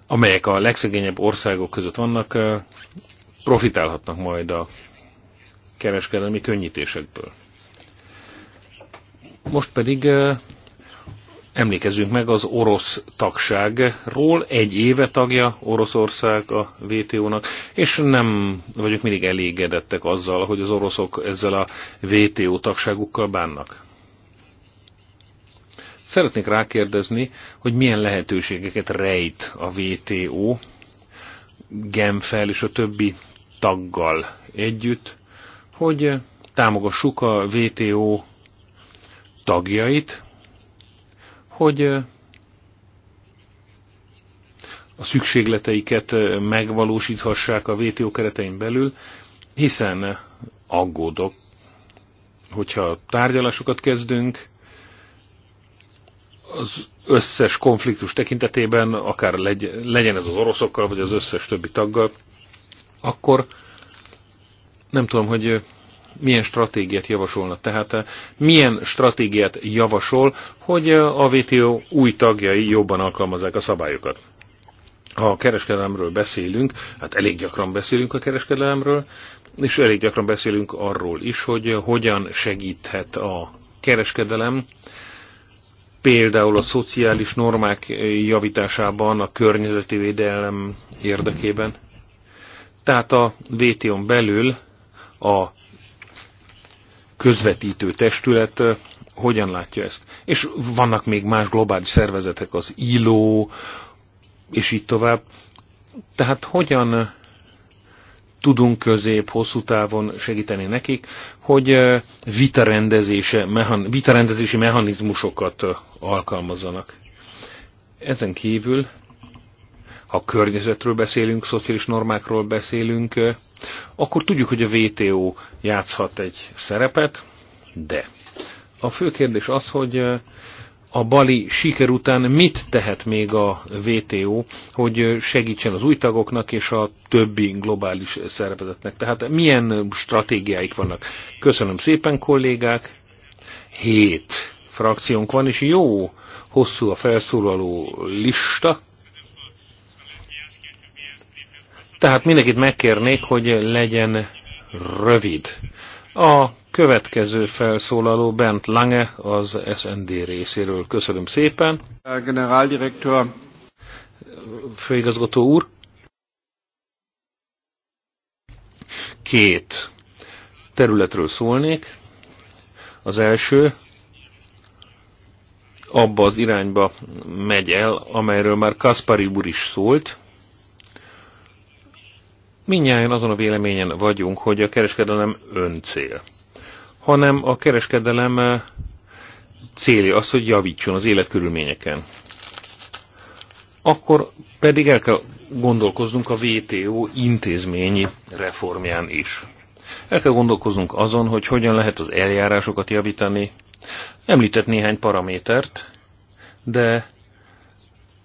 amelyek a legszegényebb országok között vannak, profitálhatnak majd a kereskedelmi könnyítésekből. Most pedig Emlékezzünk meg az orosz tagságról, egy éve tagja Oroszország a WTO-nak, és nem vagyok mindig elégedettek azzal, hogy az oroszok ezzel a WTO tagságukkal bánnak. Szeretnék rákérdezni, hogy milyen lehetőségeket rejt a WTO Genfel és a többi taggal együtt, hogy támogassuk a WTO tagjait, hogy a szükségleteiket megvalósíthassák a VTO keretein belül, hiszen aggódok, hogyha tárgyalásokat kezdünk, az összes konfliktus tekintetében, akár legyen ez az oroszokkal, vagy az összes többi taggal, akkor nem tudom, hogy milyen stratégiát javasolna. Tehát eh, milyen stratégiát javasol, hogy eh, a WTO új tagjai jobban alkalmazzák a szabályokat. Ha a kereskedelemről beszélünk, hát elég gyakran beszélünk a kereskedelemről, és elég gyakran beszélünk arról is, hogy eh, hogyan segíthet a kereskedelem, például a szociális normák javításában, a környezeti védelem érdekében. Tehát a VTO-n belül a közvetítő testület hogyan látja ezt. És vannak még más globális szervezetek, az ILO, és így tovább. Tehát hogyan tudunk közép-hosszú távon segíteni nekik, hogy vitarendezése, mechan, vitarendezési mechanizmusokat alkalmazzanak. Ezen kívül ha környezetről beszélünk, szociális normákról beszélünk, eh, akkor tudjuk, hogy a WTO játszhat egy szerepet, de a fő kérdés az, hogy eh, a bali siker után mit tehet még a WTO, hogy eh, segítsen az új tagoknak és a többi globális szervezetnek? Tehát milyen stratégiáik vannak? Köszönöm szépen, kollégák! Hét frakciónk van, és jó hosszú a felszólaló lista. Tehát mindenkit megkérnék, hogy legyen rövid. A következő felszólaló Bent Lange az SND részéről. Köszönöm szépen. Generáldirektor. Főigazgató úr. Két területről szólnék. Az első abba az irányba megy el, amelyről már Kaspari úr is szólt, Mindjárt azon a véleményen vagyunk, hogy a kereskedelem öncél, hanem a kereskedelem eh, célja az, hogy javítson az életkörülményeken. Akkor pedig el kell gondolkoznunk a WTO intézményi reformján is. El kell gondolkoznunk azon, hogy hogyan lehet az eljárásokat javítani. Említett néhány paramétert, de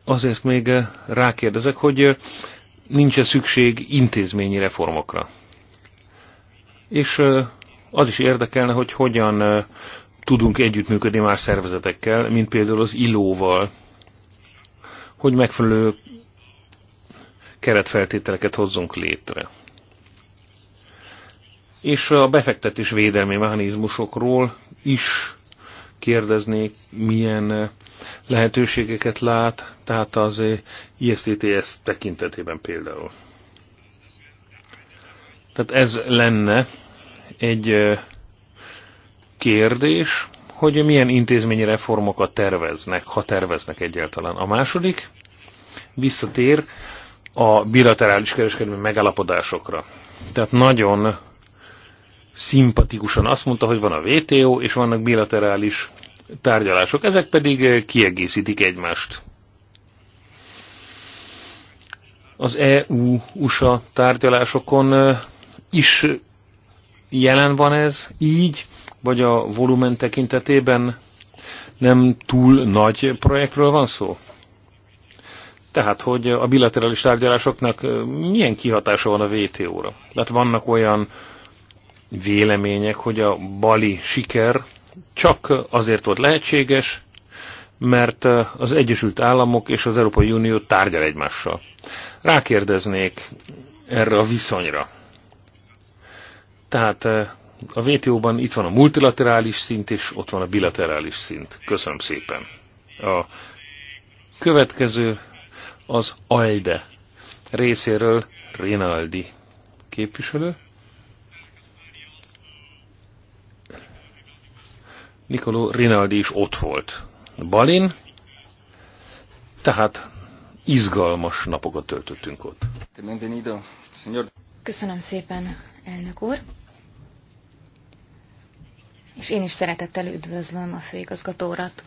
azért még eh, rákérdezek, hogy eh, nincs-e szükség intézményi reformokra. És az is érdekelne, hogy hogyan tudunk együttműködni más szervezetekkel, mint például az ILO-val, hogy megfelelő keretfeltételeket hozzunk létre. És a befektetés védelmi mechanizmusokról is kérdeznék, milyen eh, lehetőségeket lát, tehát az eh, ISTTS tekintetében például. Tehát ez lenne egy eh, kérdés, hogy milyen intézményi reformokat terveznek, ha terveznek egyáltalán. A második visszatér a bilaterális kereskedelmi megállapodásokra. Tehát nagyon szimpatikusan azt mondta, hogy van a VTO, és vannak bilaterális tárgyalások, ezek pedig eh, kiegészítik egymást. Az EU-USA tárgyalásokon eh, is jelen van ez így, vagy a volumen tekintetében nem túl nagy projektről van szó? Tehát, hogy a bilaterális tárgyalásoknak eh, milyen kihatása van a vto ra Tehát vannak olyan vélemények, hogy a bali siker csak azért volt lehetséges, mert eh, az Egyesült Államok és az Európai Unió tárgyal egymással. Rákérdeznék erre a viszonyra. Tehát eh, a WTO-ban itt van a multilaterális szint, és ott van a bilaterális szint. Köszönöm szépen. A következő az ALDE részéről Rinaldi képviselő. Nikoló Rinaldi is ott volt. Balin, tehát izgalmas napokat töltöttünk ott. Köszönöm szépen, elnök úr. És én is szeretettel üdvözlöm a főigazgatórat.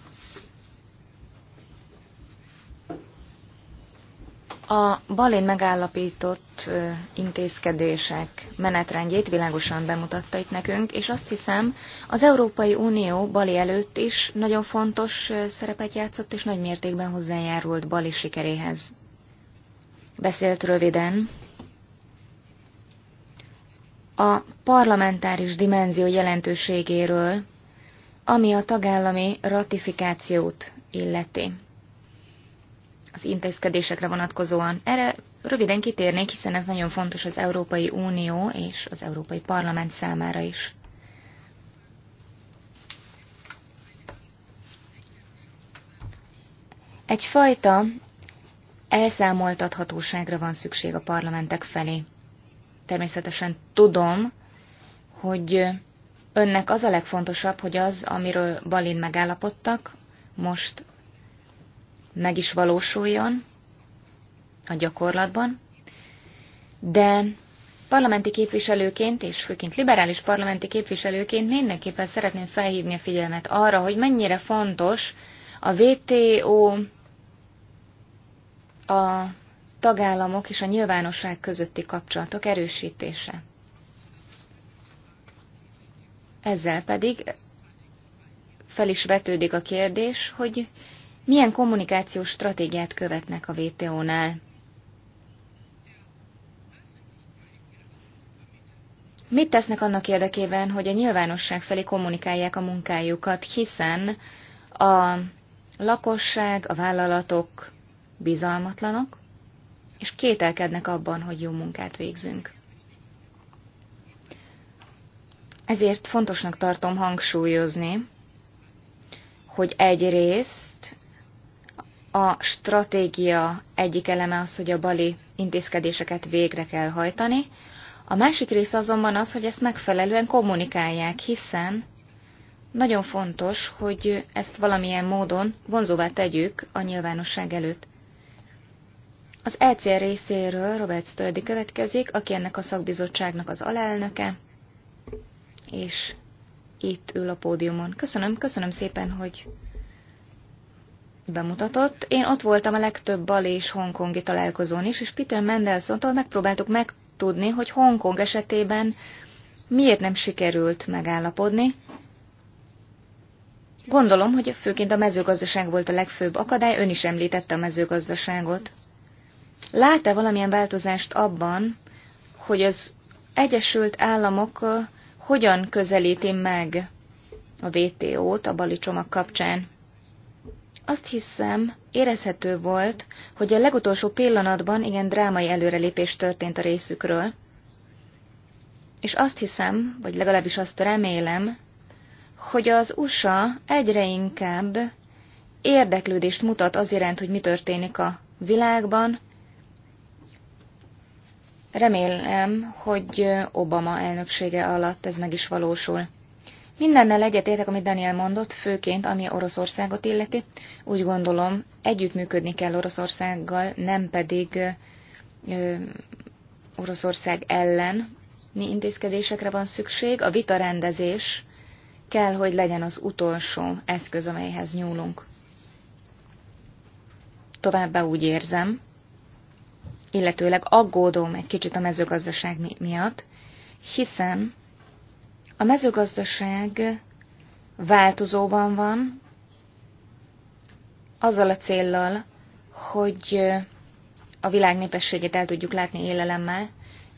A Balin megállapított intézkedések menetrendjét világosan bemutatta itt nekünk, és azt hiszem, az Európai Unió Bali előtt is nagyon fontos szerepet játszott, és nagy mértékben hozzájárult Bali sikeréhez. Beszélt röviden a parlamentáris dimenzió jelentőségéről, ami a tagállami ratifikációt illeti az intézkedésekre vonatkozóan. Erre röviden kitérnék, hiszen ez nagyon fontos az Európai Unió és az Európai Parlament számára is. Egyfajta elszámoltathatóságra van szükség a parlamentek felé. Természetesen tudom, hogy önnek az a legfontosabb, hogy az, amiről Balin megállapodtak, most meg is valósuljon a gyakorlatban, de parlamenti képviselőként, és főként liberális parlamenti képviselőként mindenképpen szeretném felhívni a figyelmet arra, hogy mennyire fontos a WTO, a tagállamok és a nyilvánosság közötti kapcsolatok erősítése. Ezzel pedig fel is vetődik a kérdés, hogy milyen kommunikációs stratégiát követnek a WTO-nál? Mit tesznek annak érdekében, hogy a nyilvánosság felé kommunikálják a munkájukat, hiszen a lakosság, a vállalatok bizalmatlanok, és kételkednek abban, hogy jó munkát végzünk. Ezért fontosnak tartom hangsúlyozni, hogy egyrészt a stratégia egyik eleme az, hogy a bali intézkedéseket végre kell hajtani, a másik része azonban az, hogy ezt megfelelően kommunikálják, hiszen nagyon fontos, hogy ezt valamilyen módon vonzóvá tegyük a nyilvánosság előtt. Az ECR részéről Robert Stöldi következik, aki ennek a szakbizottságnak az alelnöke, és itt ül a pódiumon. Köszönöm, köszönöm szépen, hogy bemutatott. Én ott voltam a legtöbb bal és hongkongi találkozón is, és Peter Mendelssohn-tól megpróbáltuk megtudni, hogy Hongkong esetében miért nem sikerült megállapodni. Gondolom, hogy főként a mezőgazdaság volt a legfőbb akadály, ön is említette a mezőgazdaságot. Lát-e valamilyen változást abban, hogy az Egyesült Államok uh, hogyan közelíti meg a WTO-t a bali csomag kapcsán? Azt hiszem, érezhető volt, hogy a legutolsó pillanatban igen drámai előrelépés történt a részükről, és azt hiszem, vagy legalábbis azt remélem, hogy az USA egyre inkább érdeklődést mutat az iránt, hogy mi történik a világban. Remélem, hogy Obama elnöksége alatt ez meg is valósul. Mindennel egyetértek, amit Daniel mondott, főként ami Oroszországot illeti. Úgy gondolom, együttműködni kell Oroszországgal, nem pedig ö, Oroszország ellen intézkedésekre van szükség. A vitarendezés kell, hogy legyen az utolsó eszköz, amelyhez nyúlunk. Továbbá úgy érzem, illetőleg aggódom egy kicsit a mezőgazdaság miatt, hiszen a mezőgazdaság változóban van, azzal a céllal, hogy a világ népességét el tudjuk látni élelemmel,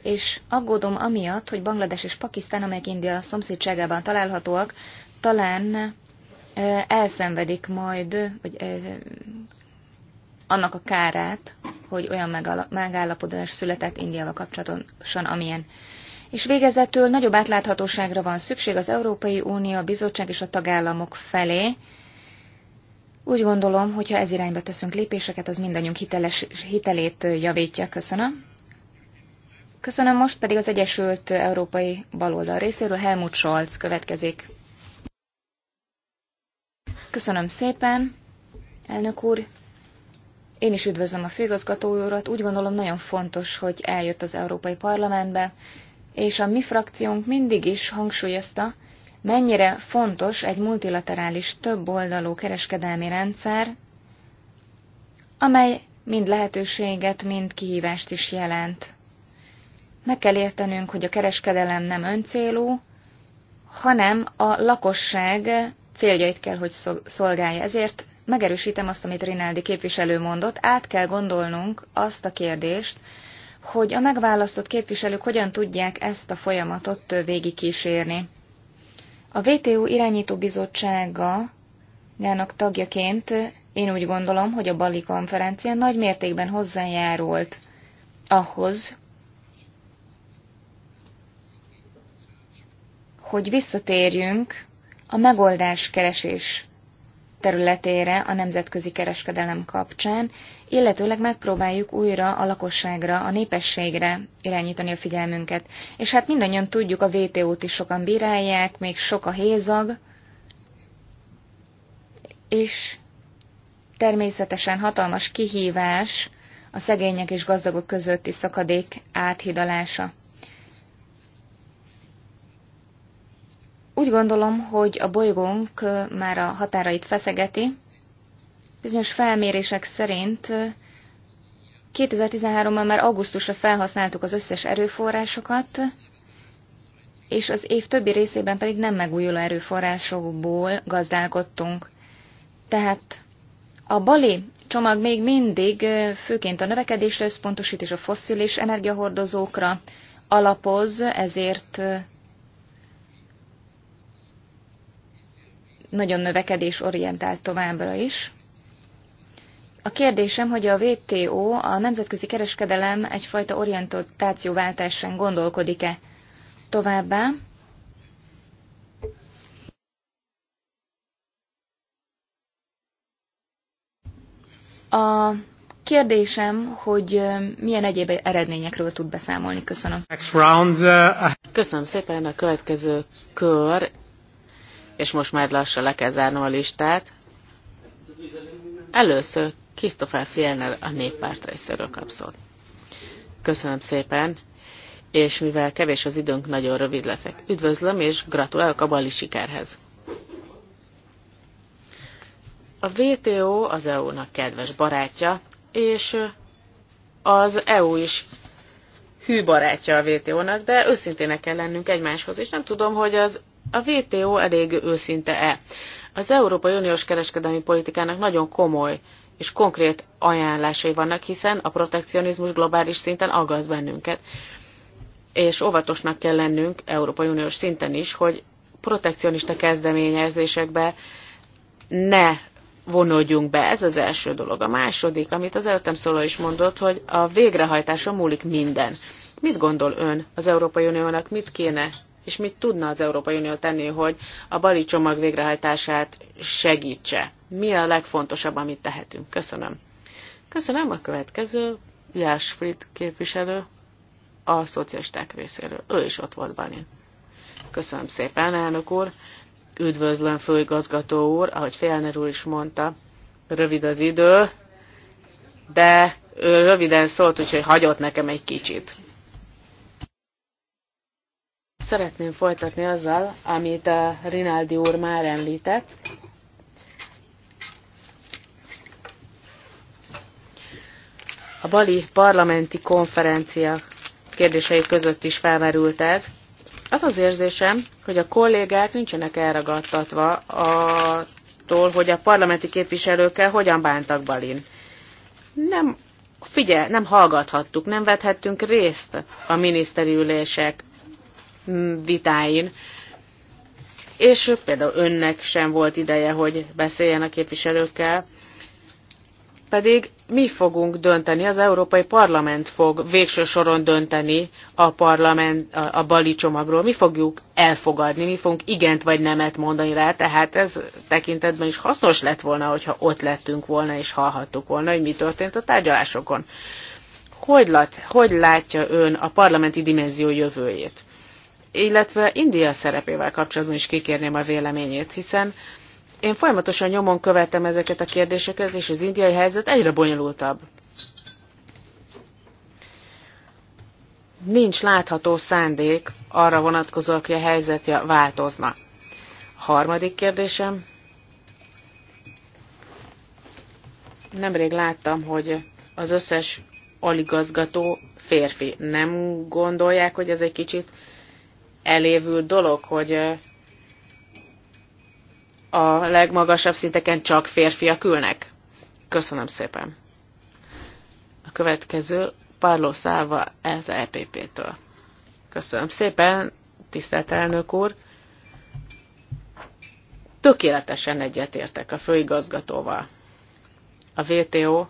és aggódom amiatt, hogy Banglades és Pakisztán, amelyek India szomszédságában találhatóak, talán elszenvedik majd vagy, annak a kárát, hogy olyan megállapodás született Indiával kapcsolatosan, amilyen. És végezetül nagyobb átláthatóságra van szükség az Európai Unió, a bizottság és a tagállamok felé. Úgy gondolom, hogyha ez irányba teszünk lépéseket, az mindannyiunk hiteles, hitelét javítja. Köszönöm. Köszönöm most pedig az Egyesült Európai Baloldal részéről Helmut Scholz következik. Köszönöm szépen, elnök úr. Én is üdvözlöm a főigazgató úrat. Úgy gondolom nagyon fontos, hogy eljött az Európai Parlamentbe, és a mi frakciónk mindig is hangsúlyozta, mennyire fontos egy multilaterális többoldalú kereskedelmi rendszer, amely mind lehetőséget, mind kihívást is jelent. Meg kell értenünk, hogy a kereskedelem nem öncélú, hanem a lakosság céljait kell, hogy szolgálja. Ezért megerősítem azt, amit Rinaldi képviselő mondott, át kell gondolnunk azt a kérdést, hogy a megválasztott képviselők hogyan tudják ezt a folyamatot végigkísérni. A VTU irányító bizottsága Gának tagjaként én úgy gondolom, hogy a Bali konferencia nagy mértékben hozzájárult ahhoz, hogy visszatérjünk a megoldás keresés területére a nemzetközi kereskedelem kapcsán, illetőleg megpróbáljuk újra a lakosságra, a népességre irányítani a figyelmünket. És hát mindannyian tudjuk, a WTO-t is sokan bírálják, még sok a hézag, és természetesen hatalmas kihívás a szegények és gazdagok közötti szakadék áthidalása. Úgy gondolom, hogy a bolygónk már a határait feszegeti. Bizonyos felmérések szerint 2013-ban már augusztusra felhasználtuk az összes erőforrásokat, és az év többi részében pedig nem megújuló erőforrásokból gazdálkodtunk. Tehát a bali csomag még mindig főként a növekedésre összpontosít és a fosszilis energiahordozókra alapoz, ezért nagyon növekedés orientált továbbra is. A kérdésem, hogy a WTO, a nemzetközi kereskedelem egyfajta orientációváltásán gondolkodik-e továbbá? A kérdésem, hogy milyen egyéb eredményekről tud beszámolni. Köszönöm. Uh, Köszönöm szépen a következő kör és most már lassan le kell zárnom a listát. Először Christopher Fielner a néppárt részéről szót. Köszönöm szépen, és mivel kevés az időnk, nagyon rövid leszek. Üdvözlöm, és gratulálok a bali sikerhez. A WTO az EU-nak kedves barátja, és az EU is hű barátja a WTO-nak, de őszintének kell lennünk egymáshoz, és nem tudom, hogy az a WTO elég őszinte-e? Az Európai Uniós kereskedelmi politikának nagyon komoly és konkrét ajánlásai vannak, hiszen a protekcionizmus globális szinten aggaszt bennünket, és óvatosnak kell lennünk Európai Uniós szinten is, hogy protekcionista kezdeményezésekbe ne vonódjunk be, ez az első dolog. A második, amit az előttem szóló is mondott, hogy a végrehajtása múlik minden. Mit gondol ön az Európai Uniónak, mit kéne és mit tudna az Európai Unió tenni, hogy a bali csomag végrehajtását segítse? Mi a legfontosabb, amit tehetünk? Köszönöm. Köszönöm a következő, Jás Frit képviselő a szocialisták részéről. Ő is ott volt Balin. Köszönöm szépen, elnök úr. Üdvözlöm, főigazgató úr, ahogy Félner úr is mondta, rövid az idő, de ő röviden szólt, úgyhogy hagyott nekem egy kicsit. Szeretném folytatni azzal, amit a Rinaldi úr már említett. A bali parlamenti konferencia kérdései között is felmerült ez. Az az érzésem, hogy a kollégák nincsenek elragadtatva attól, hogy a parlamenti képviselőkkel hogyan bántak Balin. Nem figyel, nem hallgathattuk, nem vethettünk részt a miniszteri ülések vitáin, és például önnek sem volt ideje, hogy beszéljen a képviselőkkel, pedig mi fogunk dönteni, az Európai Parlament fog végső soron dönteni a parlament, a, a bali csomagról. Mi fogjuk elfogadni, mi fogunk igent vagy nemet mondani rá, tehát ez tekintetben is hasznos lett volna, hogyha ott lettünk volna és hallhattuk volna, hogy mi történt a tárgyalásokon. Hogy, lát, hogy látja ön a parlamenti dimenzió jövőjét? illetve India szerepével kapcsolatban is kikérném a véleményét, hiszen én folyamatosan nyomon követem ezeket a kérdéseket, és az indiai helyzet egyre bonyolultabb. Nincs látható szándék arra vonatkozó, hogy a helyzetje változna. Harmadik kérdésem. Nemrég láttam, hogy az összes aligazgató férfi. Nem gondolják, hogy ez egy kicsit elévült dolog, hogy a legmagasabb szinteken csak férfiak ülnek. Köszönöm szépen. A következő Párló Száva ez EPP-től. Köszönöm szépen, tisztelt elnök úr. Tökéletesen egyetértek a főigazgatóval. A VTO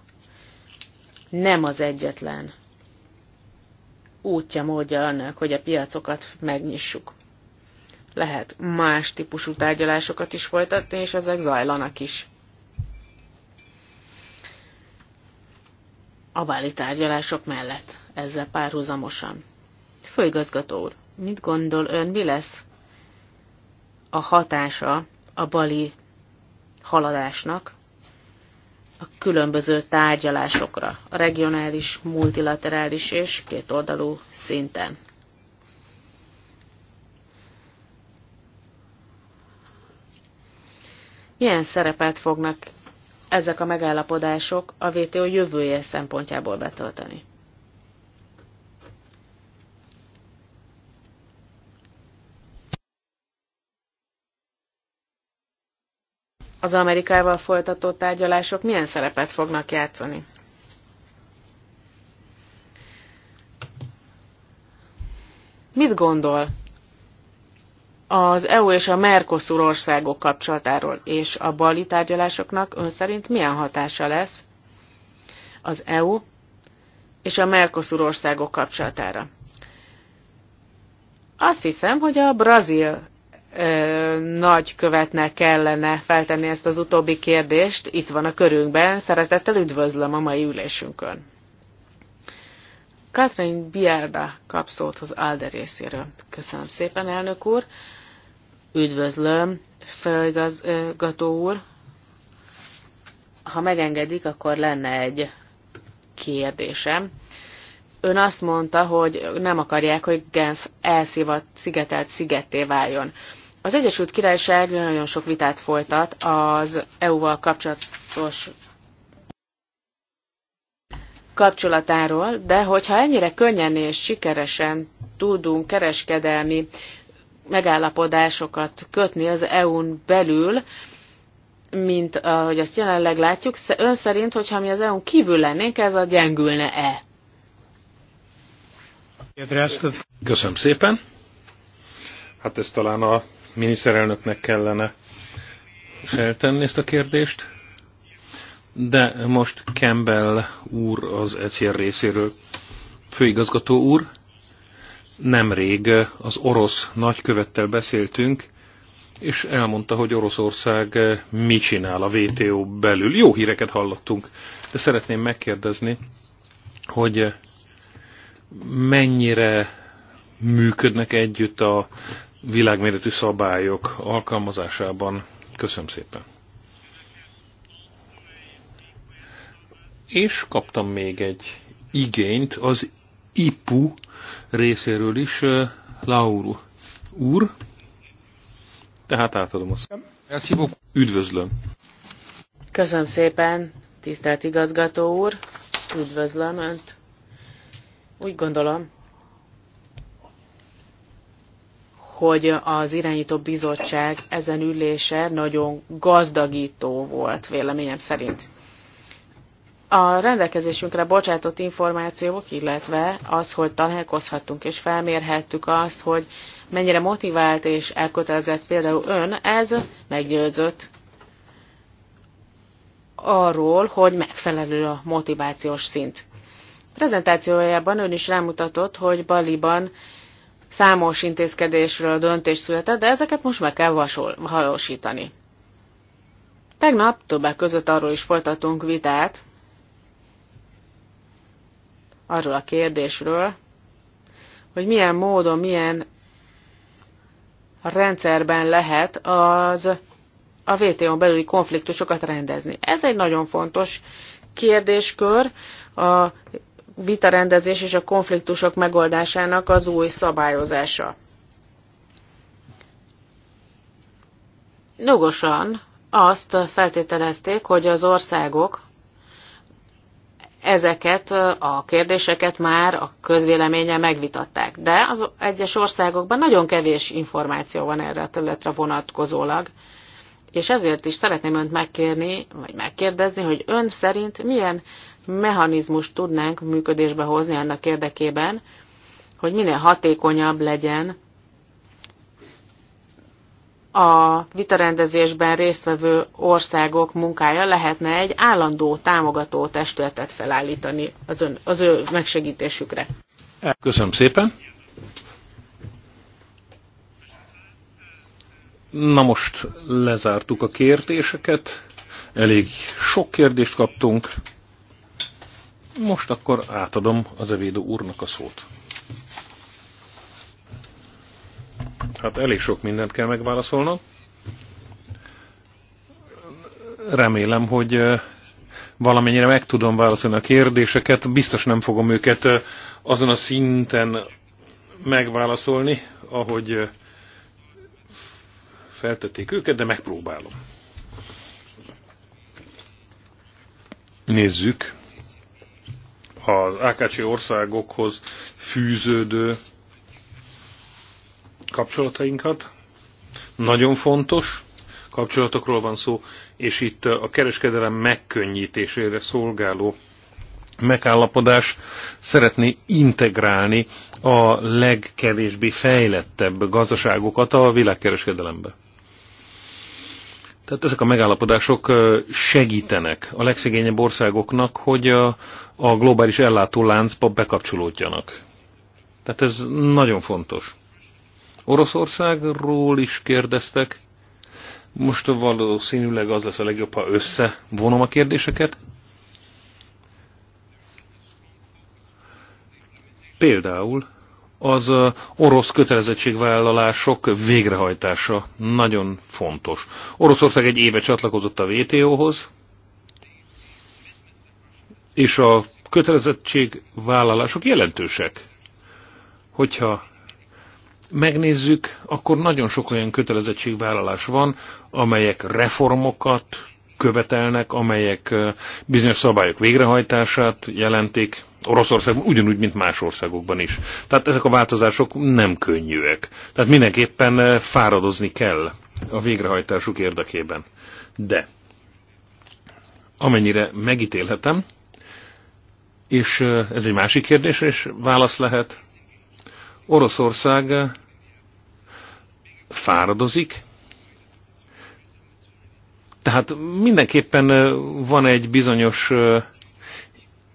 nem az egyetlen útja, módja annak, hogy a piacokat megnyissuk. Lehet más típusú tárgyalásokat is folytatni, és ezek zajlanak is. A báli tárgyalások mellett, ezzel párhuzamosan. Főigazgató úr, mit gondol ön, mi lesz a hatása a bali haladásnak a különböző tárgyalásokra, a regionális, multilaterális és kétoldalú szinten. Milyen szerepet fognak ezek a megállapodások a WTO jövője szempontjából betölteni? az Amerikával folytatott tárgyalások milyen szerepet fognak játszani? Mit gondol az EU és a Mercosur országok kapcsolatáról és a bali tárgyalásoknak ön szerint milyen hatása lesz az EU és a Mercosur országok kapcsolatára? Azt hiszem, hogy a brazil nagy követnek kellene feltenni ezt az utóbbi kérdést. Itt van a körünkben. Szeretettel üdvözlöm a mai ülésünkön. Katrin Biarda kap szót az ALDE részéről. Köszönöm szépen, elnök úr. Üdvözlöm, főigazgató úr. Ha megengedik, akkor lenne egy kérdésem. Ön azt mondta, hogy nem akarják, hogy Genf elszivat, szigetelt szigetté váljon. Az Egyesült Királyság nagyon sok vitát folytat az EU-val kapcsolatos kapcsolatáról, de hogyha ennyire könnyen és sikeresen tudunk kereskedelmi megállapodásokat kötni az EU-n belül, mint ahogy azt jelenleg látjuk, ön szerint, hogyha mi az EU-n kívül lennénk, ez a gyengülne-e? Köszönöm szépen. Hát ez talán a miniszterelnöknek kellene feltenni ezt a kérdést. De most Campbell úr az ECR részéről. Főigazgató úr, nemrég az orosz nagykövettel beszéltünk, és elmondta, hogy Oroszország mi csinál a WTO belül. Jó híreket hallottunk, de szeretném megkérdezni, hogy mennyire működnek együtt a világméretű szabályok alkalmazásában. Köszönöm szépen. És kaptam még egy igényt az IPU részéről is, Lauru úr. Tehát átadom a szót. Üdvözlöm. Köszönöm szépen, tisztelt igazgató úr. Üdvözlöm Önt. Úgy gondolom, hogy az irányító bizottság ezen ülése nagyon gazdagító volt véleményem szerint. A rendelkezésünkre bocsátott információk, illetve az, hogy találkozhattunk és felmérhettük azt, hogy mennyire motivált és elkötelezett például ön, ez meggyőzött arról, hogy megfelelő a motivációs szint. Prezentációjában ön is rámutatott, hogy Baliban Számos intézkedésről döntés született, de ezeket most meg kell vasol, valósítani. Tegnap többek között arról is folytatunk vitát, arról a kérdésről, hogy milyen módon, milyen rendszerben lehet az a WTO-n belüli konfliktusokat rendezni. Ez egy nagyon fontos kérdéskör a vitarendezés és a konfliktusok megoldásának az új szabályozása. Nogosan azt feltételezték, hogy az országok ezeket a kérdéseket már a közvéleménye megvitatták. De az egyes országokban nagyon kevés információ van erre a területre vonatkozólag, és ezért is szeretném önt megkérni, vagy megkérdezni, hogy ön szerint milyen mechanizmust tudnánk működésbe hozni annak érdekében, hogy minél hatékonyabb legyen a vitarendezésben résztvevő országok munkája lehetne egy állandó támogató testületet felállítani az, ön, az ő megsegítésükre. Köszönöm szépen. Na most lezártuk a kérdéseket. Elég sok kérdést kaptunk. Most akkor átadom az evédő úrnak a szót. Hát elég sok mindent kell megválaszolnom. Remélem, hogy valamennyire meg tudom válaszolni a kérdéseket. Biztos nem fogom őket azon a szinten megválaszolni, ahogy feltették őket, de megpróbálom. Nézzük az AKC országokhoz fűződő kapcsolatainkat. Nagyon fontos kapcsolatokról van szó, és itt a kereskedelem megkönnyítésére szolgáló megállapodás szeretné integrálni a legkevésbé fejlettebb gazdaságokat a világkereskedelembe. Tehát ezek a megállapodások segítenek a legszegényebb országoknak, hogy a, a globális ellátóláncba bekapcsolódjanak. Tehát ez nagyon fontos. Oroszországról is kérdeztek. Most valószínűleg az lesz a legjobb, ha összevonom a kérdéseket. Például az orosz kötelezettségvállalások végrehajtása nagyon fontos. Oroszország egy éve csatlakozott a WTO-hoz, és a kötelezettségvállalások jelentősek. Hogyha megnézzük, akkor nagyon sok olyan kötelezettségvállalás van, amelyek reformokat követelnek, amelyek bizonyos szabályok végrehajtását jelentik. Oroszországban, ugyanúgy, mint más országokban is. Tehát ezek a változások nem könnyűek. Tehát mindenképpen eh, fáradozni kell a végrehajtásuk érdekében. De amennyire megítélhetem, és eh, ez egy másik kérdés, és válasz lehet, Oroszország eh, fáradozik, tehát mindenképpen van egy bizonyos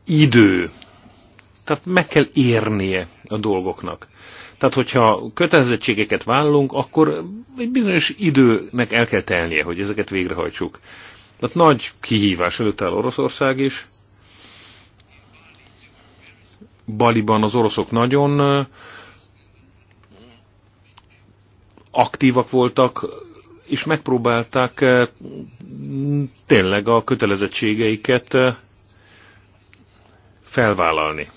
idő, tehát meg kell érnie a dolgoknak. Tehát, hogyha kötelezettségeket vállunk, akkor egy bizonyos időnek el kell telnie, hogy ezeket végrehajtsuk. Tehát nagy kihívás előtt áll Oroszország is. Baliban az oroszok nagyon aktívak voltak, és megpróbálták tényleg a kötelezettségeiket felvállalni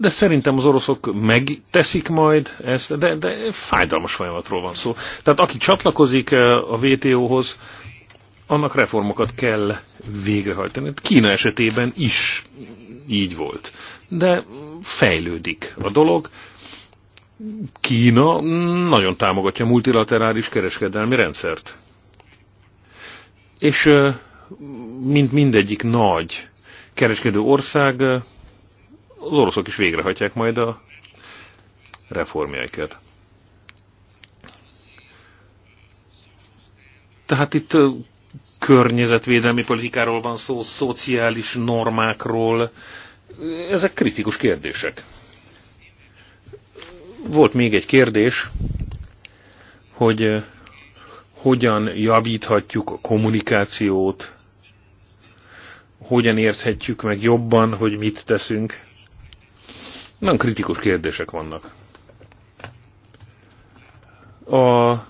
de szerintem az oroszok megteszik majd ezt, de, de fájdalmas folyamatról van szó. Tehát aki csatlakozik eh, a WTO-hoz, annak reformokat kell végrehajtani. Kína esetében is így volt. De fejlődik a dolog. Kína nagyon támogatja a multilaterális kereskedelmi rendszert. És eh, mint mindegyik nagy kereskedő ország eh, az oroszok is végrehajtják majd a reformjaikat. Tehát itt környezetvédelmi politikáról van szó, szociális normákról. Ezek kritikus kérdések. Volt még egy kérdés, hogy hogyan javíthatjuk a kommunikációt, hogyan érthetjük meg jobban, hogy mit teszünk. Nagyon kritikus kérdések vannak. A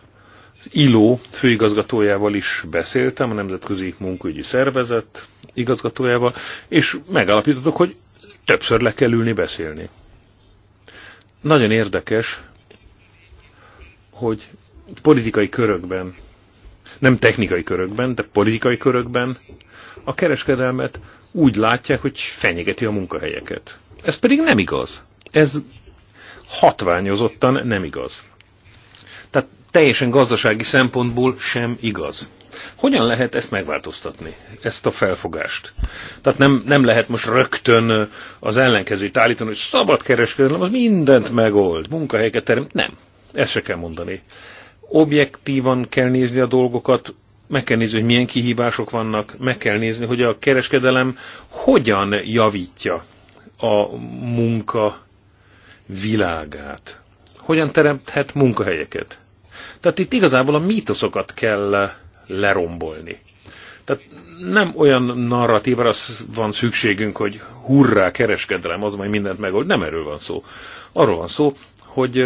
az ILO főigazgatójával is beszéltem, a Nemzetközi Munkaügyi Szervezet igazgatójával, és megállapítottuk, hogy többször le kell ülni beszélni. Nagyon érdekes, hogy politikai körökben, nem technikai körökben, de politikai körökben a kereskedelmet úgy látják, hogy fenyegeti a munkahelyeket. Ez pedig nem igaz. Ez hatványozottan nem igaz. Tehát teljesen gazdasági szempontból sem igaz. Hogyan lehet ezt megváltoztatni, ezt a felfogást? Tehát nem, nem lehet most rögtön az ellenkezőt állítani, hogy szabad kereskedelem, az mindent megold, munkahelyeket terem. Nem, ezt se kell mondani. Objektívan kell nézni a dolgokat, meg kell nézni, hogy milyen kihívások vannak, meg kell nézni, hogy a kereskedelem hogyan javítja a munka világát. Hogyan teremthet munkahelyeket? Tehát itt igazából a mítoszokat kell lerombolni. Tehát nem olyan az van szükségünk, hogy hurrá, kereskedelem, az majd mindent megold. Nem erről van szó. Arról van szó, hogy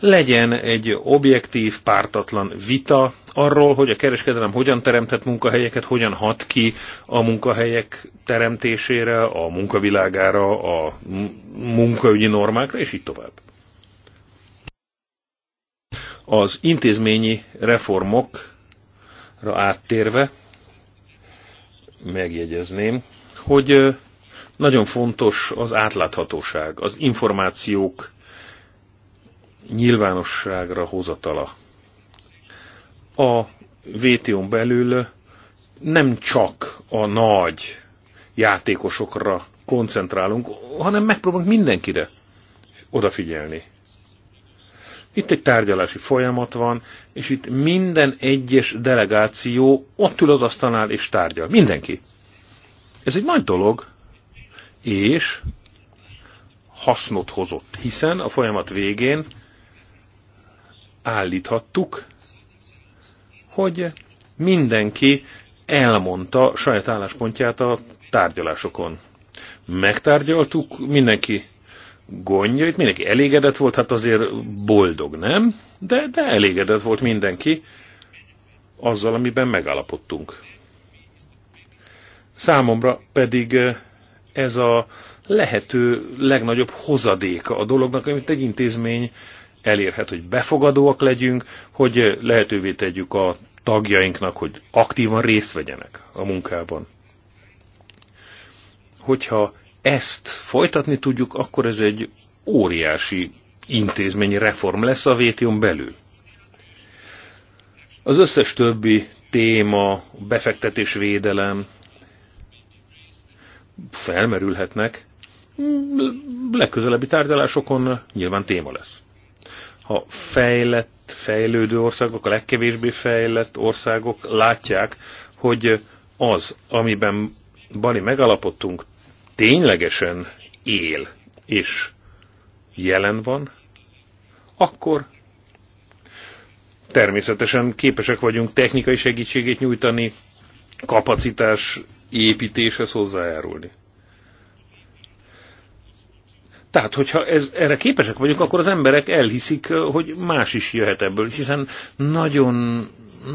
legyen egy objektív, pártatlan vita arról, hogy a kereskedelem hogyan teremthet munkahelyeket, hogyan hat ki a munkahelyek teremtésére, a munkavilágára, a munkaügyi normákra, és így tovább. Az intézményi reformokra áttérve megjegyezném, hogy nagyon fontos az átláthatóság, az információk nyilvánosságra hozatala. A VTO-n belül nem csak a nagy játékosokra koncentrálunk, hanem megpróbálunk mindenkire odafigyelni. Itt egy tárgyalási folyamat van, és itt minden egyes delegáció ott ül az asztalnál és tárgyal. Mindenki. Ez egy nagy dolog, és hasznot hozott, hiszen a folyamat végén állíthattuk, hogy mindenki elmondta saját álláspontját a tárgyalásokon. Megtárgyaltuk, mindenki gondjait, mindenki elégedett volt, hát azért boldog, nem? De, de elégedett volt mindenki azzal, amiben megállapodtunk. Számomra pedig eh, ez a lehető legnagyobb hozadéka a dolognak, amit egy intézmény elérhet, hogy befogadóak legyünk, hogy lehetővé tegyük a tagjainknak, hogy aktívan részt vegyenek a munkában. Hogyha ezt folytatni tudjuk, akkor ez egy óriási intézményi reform lesz a vétion belül. Az összes többi téma, befektetésvédelem felmerülhetnek, legközelebbi tárgyalásokon nyilván téma lesz ha fejlett, fejlődő országok, a legkevésbé fejlett országok látják, hogy az, amiben Bali megalapodtunk, ténylegesen él és jelen van, akkor természetesen képesek vagyunk technikai segítségét nyújtani, kapacitás építéshez hozzájárulni. Tehát, hogyha ez, erre képesek vagyunk, akkor az emberek elhiszik, hogy más is jöhet ebből, hiszen nagyon,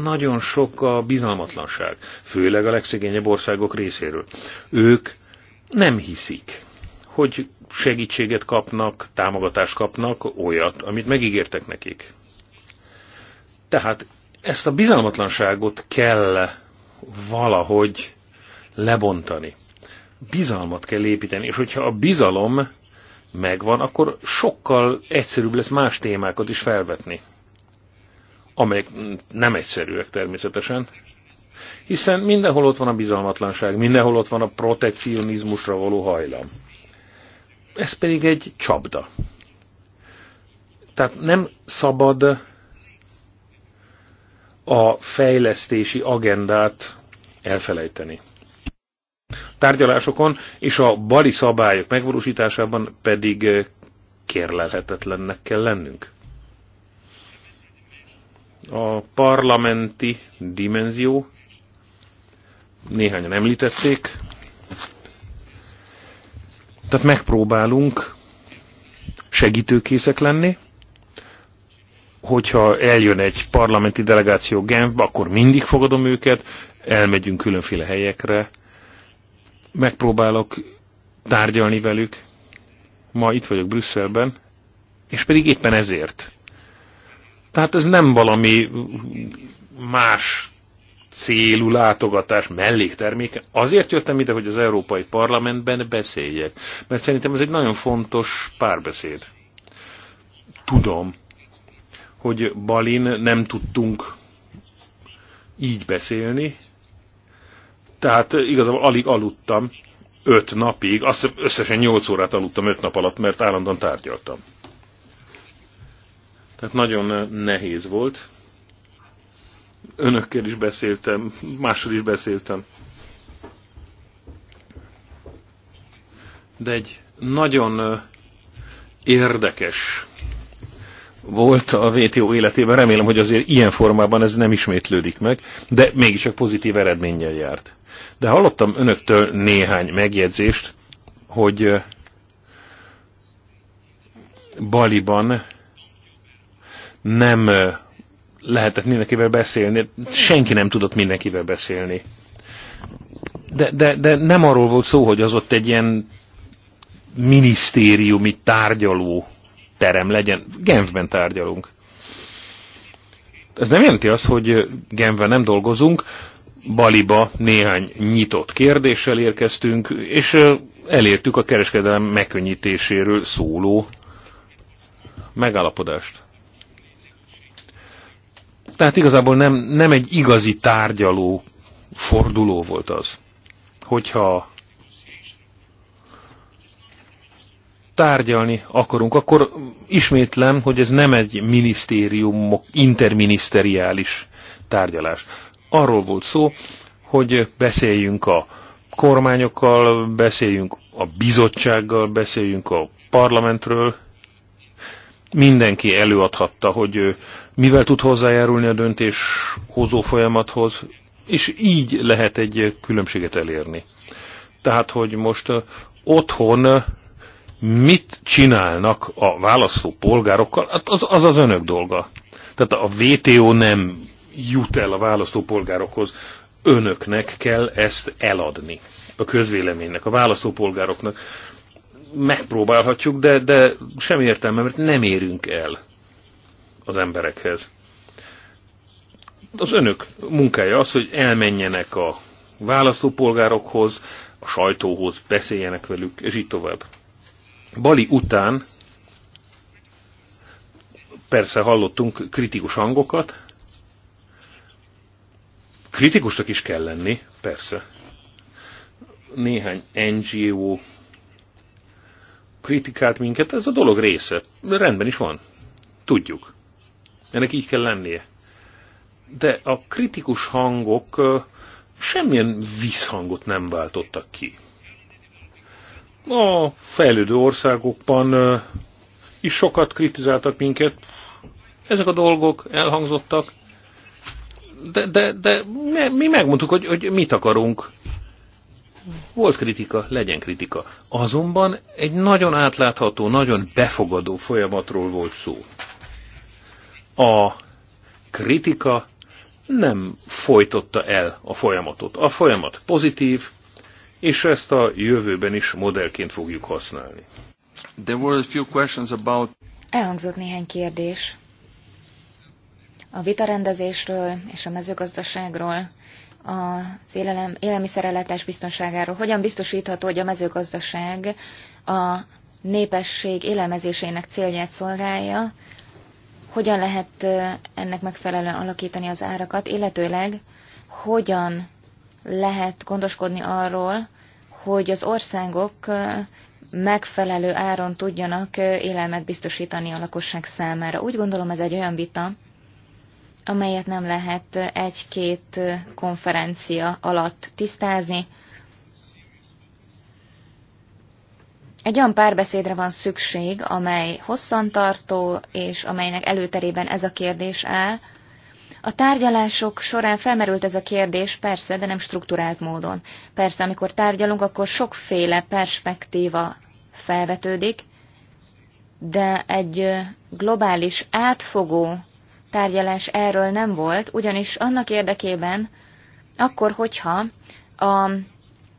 nagyon sok a bizalmatlanság, főleg a legszegényebb országok részéről. Ők nem hiszik, hogy segítséget kapnak, támogatást kapnak, olyat, amit megígértek nekik. Tehát ezt a bizalmatlanságot kell valahogy lebontani bizalmat kell építeni, és hogyha a bizalom megvan, akkor sokkal egyszerűbb lesz más témákat is felvetni, amelyek nem egyszerűek természetesen, hiszen mindenhol ott van a bizalmatlanság, mindenhol ott van a protekcionizmusra való hajlam. Ez pedig egy csapda. Tehát nem szabad a fejlesztési agendát elfelejteni tárgyalásokon, és a bali szabályok megvalósításában pedig eh, kérlelhetetlennek kell lennünk. A parlamenti dimenzió, néhányan említették, tehát megpróbálunk segítőkészek lenni, hogyha eljön egy parlamenti delegáció Genfbe, akkor mindig fogadom őket, elmegyünk különféle helyekre, megpróbálok tárgyalni velük. Ma itt vagyok Brüsszelben, és pedig éppen ezért. Tehát ez nem valami más célú látogatás mellékterméke. Azért jöttem ide, hogy az Európai Parlamentben beszéljek, mert szerintem ez egy nagyon fontos párbeszéd. Tudom, hogy Balin nem tudtunk így beszélni, tehát igazából alig aludtam öt napig, azt összesen nyolc órát aludtam öt nap alatt, mert állandóan tárgyaltam. Tehát nagyon eh, nehéz volt. Önökkel is beszéltem, mással is beszéltem. De egy nagyon eh, érdekes volt a VTO életében. Remélem, hogy azért ilyen formában ez nem ismétlődik meg, de mégiscsak pozitív eredménnyel járt. De hallottam önöktől néhány megjegyzést, hogy Baliban nem lehetett mindenkivel beszélni, senki nem tudott mindenkivel beszélni. De, de, de nem arról volt szó, hogy az ott egy ilyen minisztériumi tárgyaló terem legyen. Genfben tárgyalunk. Ez nem jelenti azt, hogy Genfben nem dolgozunk, Baliba néhány nyitott kérdéssel érkeztünk, és elértük a kereskedelem megkönnyítéséről szóló megállapodást. Tehát igazából nem, nem egy igazi tárgyaló forduló volt az, hogyha tárgyalni akarunk, akkor ismétlem, hogy ez nem egy minisztérium interminiszteriális tárgyalás, arról volt szó, hogy beszéljünk a kormányokkal, beszéljünk a bizottsággal, beszéljünk a parlamentről. Mindenki előadhatta, hogy mivel tud hozzájárulni a döntéshozó folyamathoz, és így lehet egy különbséget elérni. Tehát, hogy most otthon mit csinálnak a választó polgárokkal, hát az az, az önök dolga. Tehát a VTO nem jut el a választópolgárokhoz. Önöknek kell ezt eladni a közvéleménynek, a választópolgároknak. Megpróbálhatjuk, de, de sem értelme, mert nem érünk el az emberekhez. Az önök munkája az, hogy elmenjenek a választópolgárokhoz, a sajtóhoz, beszéljenek velük, és így tovább. Bali után persze hallottunk kritikus hangokat, Kritikusnak is kell lenni, persze. Néhány NGO kritikált minket, ez a dolog része. Rendben is van. Tudjuk. Ennek így kell lennie. De a kritikus hangok semmilyen visszhangot nem váltottak ki. A fejlődő országokban is sokat kritizáltak minket. Ezek a dolgok elhangzottak, de, de, de mi megmondtuk, hogy, hogy mit akarunk. Volt kritika, legyen kritika. Azonban egy nagyon átlátható, nagyon befogadó folyamatról volt szó. A kritika nem folytotta el a folyamatot. A folyamat pozitív, és ezt a jövőben is modellként fogjuk használni. There were a few questions about... Elhangzott néhány kérdés a vitarendezésről és a mezőgazdaságról, az élelem, élelmiszerellátás biztonságáról. Hogyan biztosítható, hogy a mezőgazdaság a népesség élelmezésének célját szolgálja, hogyan lehet ennek megfelelően alakítani az árakat, illetőleg hogyan lehet gondoskodni arról, hogy az országok megfelelő áron tudjanak élelmet biztosítani a lakosság számára. Úgy gondolom ez egy olyan vita, amelyet nem lehet egy-két konferencia alatt tisztázni. Egy olyan párbeszédre van szükség, amely hosszantartó, és amelynek előterében ez a kérdés áll. A tárgyalások során felmerült ez a kérdés, persze, de nem strukturált módon. Persze, amikor tárgyalunk, akkor sokféle perspektíva felvetődik, de egy globális, átfogó tárgyalás erről nem volt, ugyanis annak érdekében, akkor, hogyha a,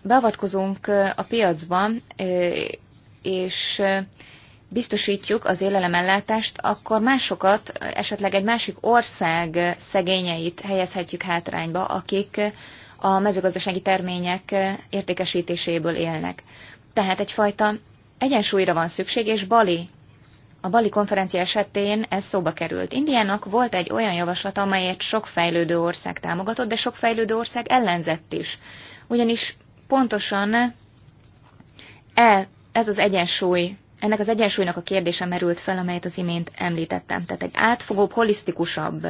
beavatkozunk a piacba, és biztosítjuk az élelemellátást, akkor másokat, esetleg egy másik ország szegényeit helyezhetjük hátrányba, akik a mezőgazdasági termények értékesítéséből élnek. Tehát egyfajta egyensúlyra van szükség, és Bali a Bali konferencia esetén ez szóba került. Indiának volt egy olyan javaslat, amelyet sok fejlődő ország támogatott, de sok fejlődő ország ellenzett is. Ugyanis pontosan e, ez az egyensúly, ennek az egyensúlynak a kérdése merült fel, amelyet az imént említettem. Tehát egy átfogóbb, holisztikusabb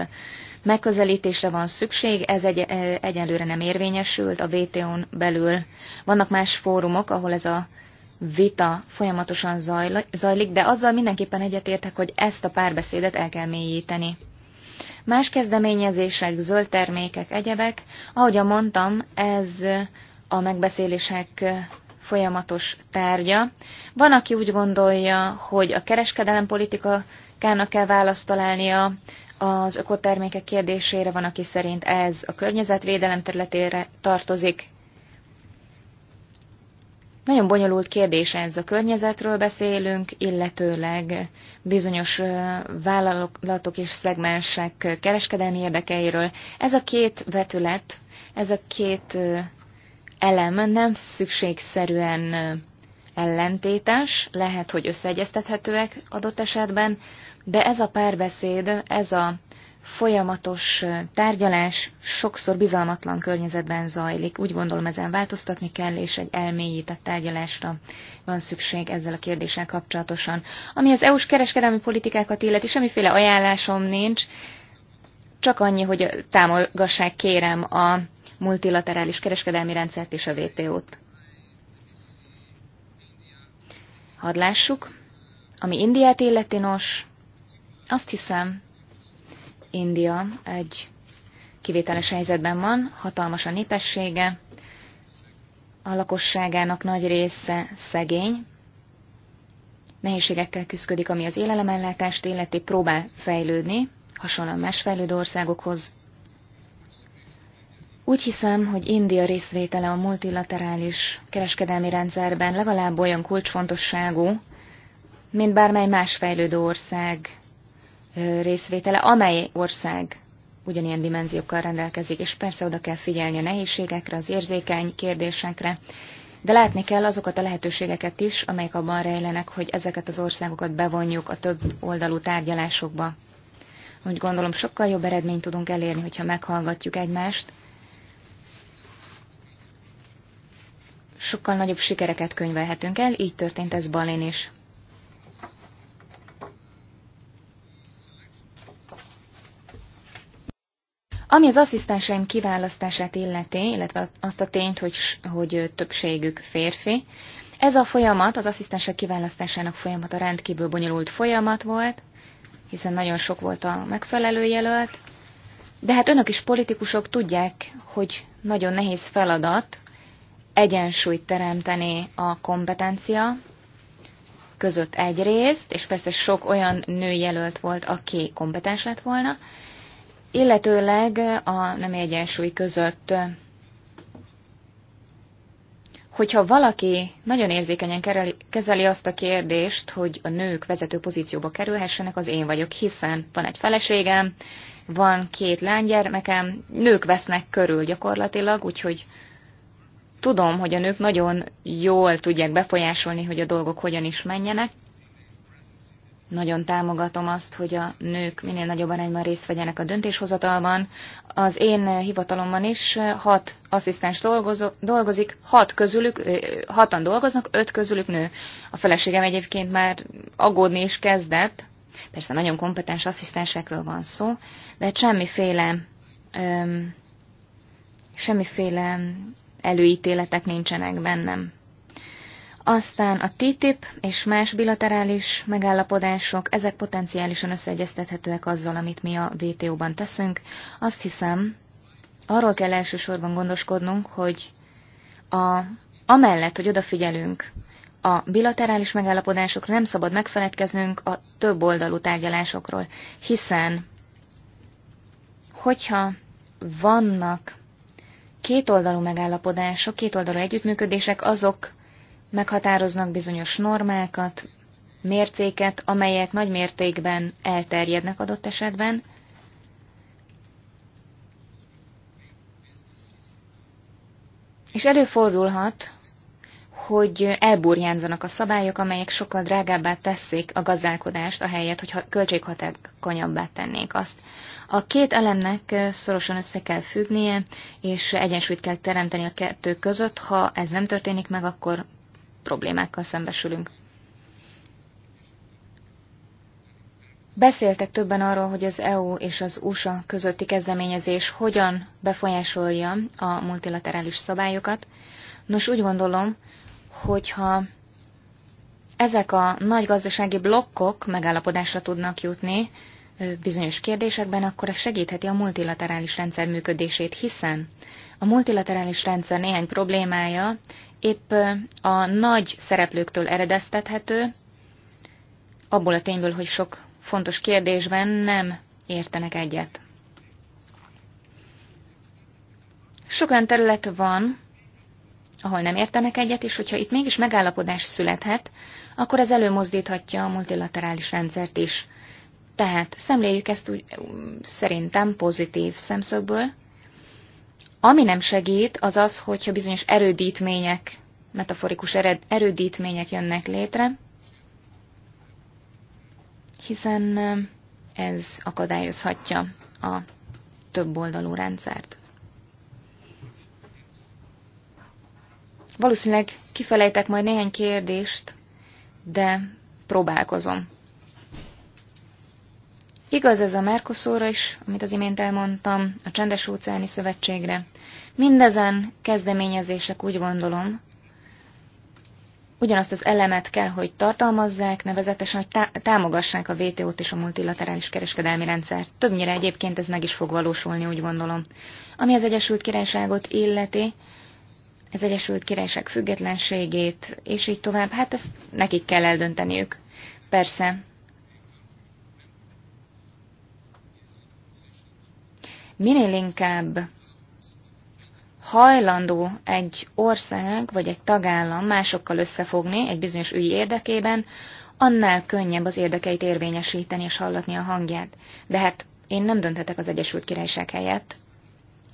megközelítésre van szükség, ez egy, e, egyelőre nem érvényesült a WTO-n belül. Vannak más fórumok, ahol ez a vita folyamatosan zajlik, de azzal mindenképpen egyetértek, hogy ezt a párbeszédet el kell mélyíteni. Más kezdeményezések, zöld termékek, egyebek, ahogy mondtam, ez a megbeszélések folyamatos tárgya. Van, aki úgy gondolja, hogy a kereskedelem politikának kell választ találnia az ökotermékek kérdésére, van, aki szerint ez a környezetvédelem területére tartozik. Nagyon bonyolult kérdés ez. A környezetről beszélünk, illetőleg bizonyos vállalatok és szegmensek kereskedelmi érdekeiről. Ez a két vetület, ez a két elem nem szükségszerűen ellentétes, lehet, hogy összeegyeztethetőek adott esetben, de ez a párbeszéd, ez a folyamatos tárgyalás sokszor bizalmatlan környezetben zajlik. Úgy gondolom, ezen változtatni kell, és egy elmélyített tárgyalásra van szükség ezzel a kérdéssel kapcsolatosan. Ami az EU-s kereskedelmi politikákat illeti, semmiféle ajánlásom nincs, csak annyi, hogy támogassák kérem a multilaterális kereskedelmi rendszert és a WTO-t. Hadd lássuk, ami Indiát illeti nos, azt hiszem, India egy kivételes helyzetben van, hatalmas a népessége, a lakosságának nagy része szegény, nehézségekkel küzdik, ami az élelemellátást illeti, próbál fejlődni, hasonlóan más fejlődő országokhoz. Úgy hiszem, hogy India részvétele a multilaterális kereskedelmi rendszerben legalább olyan kulcsfontosságú, mint bármely más fejlődő ország részvétele, amely ország ugyanilyen dimenziókkal rendelkezik, és persze oda kell figyelni a nehézségekre, az érzékeny kérdésekre, de látni kell azokat a lehetőségeket is, amelyek abban rejlenek, hogy ezeket az országokat bevonjuk a több oldalú tárgyalásokba. Úgy gondolom, sokkal jobb eredményt tudunk elérni, hogyha meghallgatjuk egymást. Sokkal nagyobb sikereket könyvelhetünk el, így történt ez Balén is. Ami az asszisztenseim kiválasztását illeti, illetve azt a tényt, hogy, hogy többségük férfi, ez a folyamat, az asszisztensek kiválasztásának folyamata rendkívül bonyolult folyamat volt, hiszen nagyon sok volt a megfelelő jelölt, de hát önök is politikusok tudják, hogy nagyon nehéz feladat egyensúlyt teremteni a kompetencia között egyrészt, és persze sok olyan nőjelölt volt, aki kompetens lett volna, illetőleg a nem egyensúly között. Hogyha valaki nagyon érzékenyen kezeli azt a kérdést, hogy a nők vezető pozícióba kerülhessenek, az én vagyok, hiszen van egy feleségem, van két lánygyermekem, nők vesznek körül gyakorlatilag, úgyhogy tudom, hogy a nők nagyon jól tudják befolyásolni, hogy a dolgok hogyan is menjenek, nagyon támogatom azt, hogy a nők minél nagyobb arányban részt vegyenek a döntéshozatalban. Az én hivatalomban is hat asszisztens dolgozik, hat közülük, hatan dolgoznak, öt közülük nő. A feleségem egyébként már aggódni is kezdett, persze nagyon kompetens asszisztensekről van szó, de semmiféle, öm, semmiféle előítéletek nincsenek bennem. Aztán a TTIP és más bilaterális megállapodások, ezek potenciálisan összeegyeztethetőek azzal, amit mi a WTO-ban teszünk. Azt hiszem, arról kell elsősorban gondoskodnunk, hogy a, amellett, hogy odafigyelünk a bilaterális megállapodásokra, nem szabad megfeledkeznünk a több oldalú tárgyalásokról, hiszen hogyha vannak kétoldalú megállapodások, kétoldalú együttműködések, azok meghatároznak bizonyos normákat, mércéket, amelyek nagy mértékben elterjednek adott esetben, és előfordulhat, hogy elburjánzanak a szabályok, amelyek sokkal drágábbá teszik a gazdálkodást, ahelyett, hogy költséghatékonyabbá tennék azt. A két elemnek szorosan össze kell függnie, és egyensúlyt kell teremteni a kettő között. Ha ez nem történik meg, akkor problémákkal szembesülünk. Beszéltek többen arról, hogy az EU és az USA közötti kezdeményezés hogyan befolyásolja a multilaterális szabályokat. Nos, úgy gondolom, hogyha ezek a nagy gazdasági blokkok megállapodásra tudnak jutni, bizonyos kérdésekben, akkor ez segítheti a multilaterális rendszer működését, hiszen a multilaterális rendszer néhány problémája épp a nagy szereplőktől eredeztethető, abból a tényből, hogy sok fontos kérdésben nem értenek egyet. Sok olyan terület van, ahol nem értenek egyet, és hogyha itt mégis megállapodás születhet, akkor ez előmozdíthatja a multilaterális rendszert is. Tehát szemléljük ezt úgy szerintem pozitív szemszögből. Ami nem segít, az az, hogyha bizonyos erődítmények, metaforikus ered, erődítmények jönnek létre, hiszen ez akadályozhatja a több oldalú rendszert. Valószínűleg kifelejtek majd néhány kérdést, de próbálkozom. Igaz ez a Mercosurra is, amit az imént elmondtam, a Csendes óceáni szövetségre. Mindezen kezdeményezések úgy gondolom, ugyanazt az elemet kell, hogy tartalmazzák, nevezetesen, hogy tá támogassák a WTO-t és a multilaterális kereskedelmi rendszert. Többnyire egyébként ez meg is fog valósulni, úgy gondolom. Ami az Egyesült Királyságot illeti, az Egyesült Királyság függetlenségét, és így tovább, hát ezt nekik kell eldönteniük. Persze, minél inkább hajlandó egy ország vagy egy tagállam másokkal összefogni egy bizonyos ügy érdekében, annál könnyebb az érdekeit érvényesíteni és hallatni a hangját. De hát én nem dönthetek az Egyesült Királyság helyett.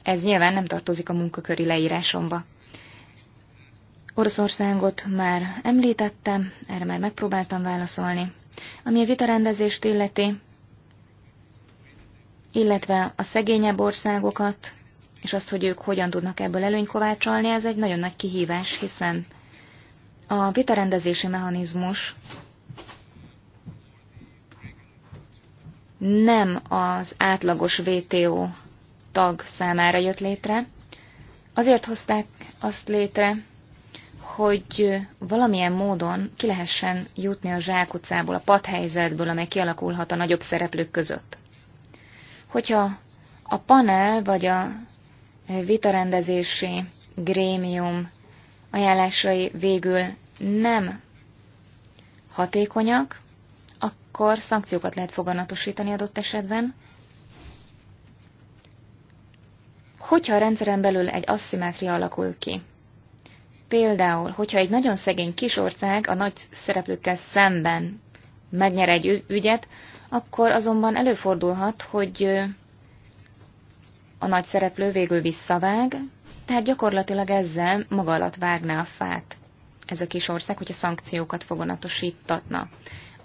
Ez nyilván nem tartozik a munkaköri leírásomba. Oroszországot már említettem, erre már megpróbáltam válaszolni. Ami a vitarendezést illeti, illetve a szegényebb országokat, és azt, hogy ők hogyan tudnak ebből előny kovácsolni, ez egy nagyon nagy kihívás, hiszen a vitarendezési mechanizmus nem az átlagos VTO tag számára jött létre. Azért hozták azt létre, hogy valamilyen módon ki lehessen jutni a zsákutcából, a padhelyzetből, amely kialakulhat a nagyobb szereplők között hogyha a panel vagy a vitarendezési grémium ajánlásai végül nem hatékonyak, akkor szankciókat lehet foganatosítani adott esetben. Hogyha a rendszeren belül egy asszimetria alakul ki, például, hogyha egy nagyon szegény kis ország a nagy szereplőkkel szemben megnyer egy ügyet, akkor azonban előfordulhat, hogy a nagy szereplő végül visszavág, tehát gyakorlatilag ezzel maga alatt vágná a fát ez a kis ország, hogyha szankciókat foganatosítatna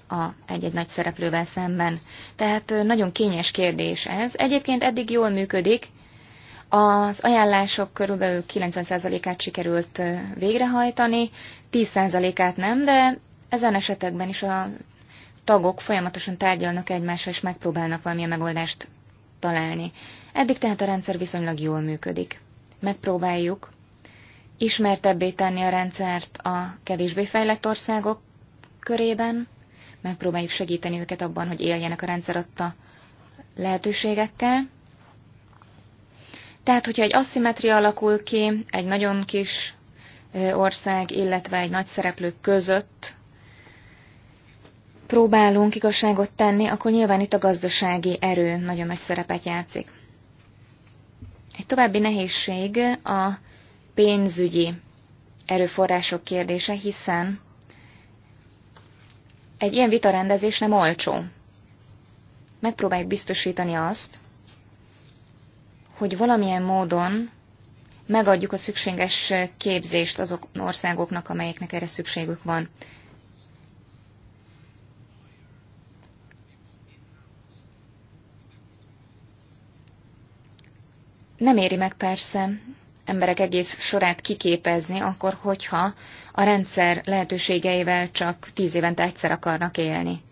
a egy-egy nagy szereplővel szemben. Tehát nagyon kényes kérdés ez. Egyébként eddig jól működik, az ajánlások körülbelül 90%-át sikerült végrehajtani, 10%-át nem, de ezen esetekben is a tagok folyamatosan tárgyalnak egymással, és megpróbálnak valamilyen megoldást találni. Eddig tehát a rendszer viszonylag jól működik. Megpróbáljuk ismertebbé tenni a rendszert a kevésbé fejlett országok körében, megpróbáljuk segíteni őket abban, hogy éljenek a rendszer adta lehetőségekkel. Tehát, hogyha egy asszimetria alakul ki egy nagyon kis ország, illetve egy nagy szereplő között, próbálunk igazságot tenni, akkor nyilván itt a gazdasági erő nagyon nagy szerepet játszik. Egy további nehézség a pénzügyi erőforrások kérdése, hiszen egy ilyen vitarendezés nem olcsó. Megpróbáljuk biztosítani azt, hogy valamilyen módon megadjuk a szükséges képzést azok országoknak, amelyeknek erre szükségük van. Nem éri meg persze emberek egész sorát kiképezni, akkor hogyha a rendszer lehetőségeivel csak tíz évente egyszer akarnak élni.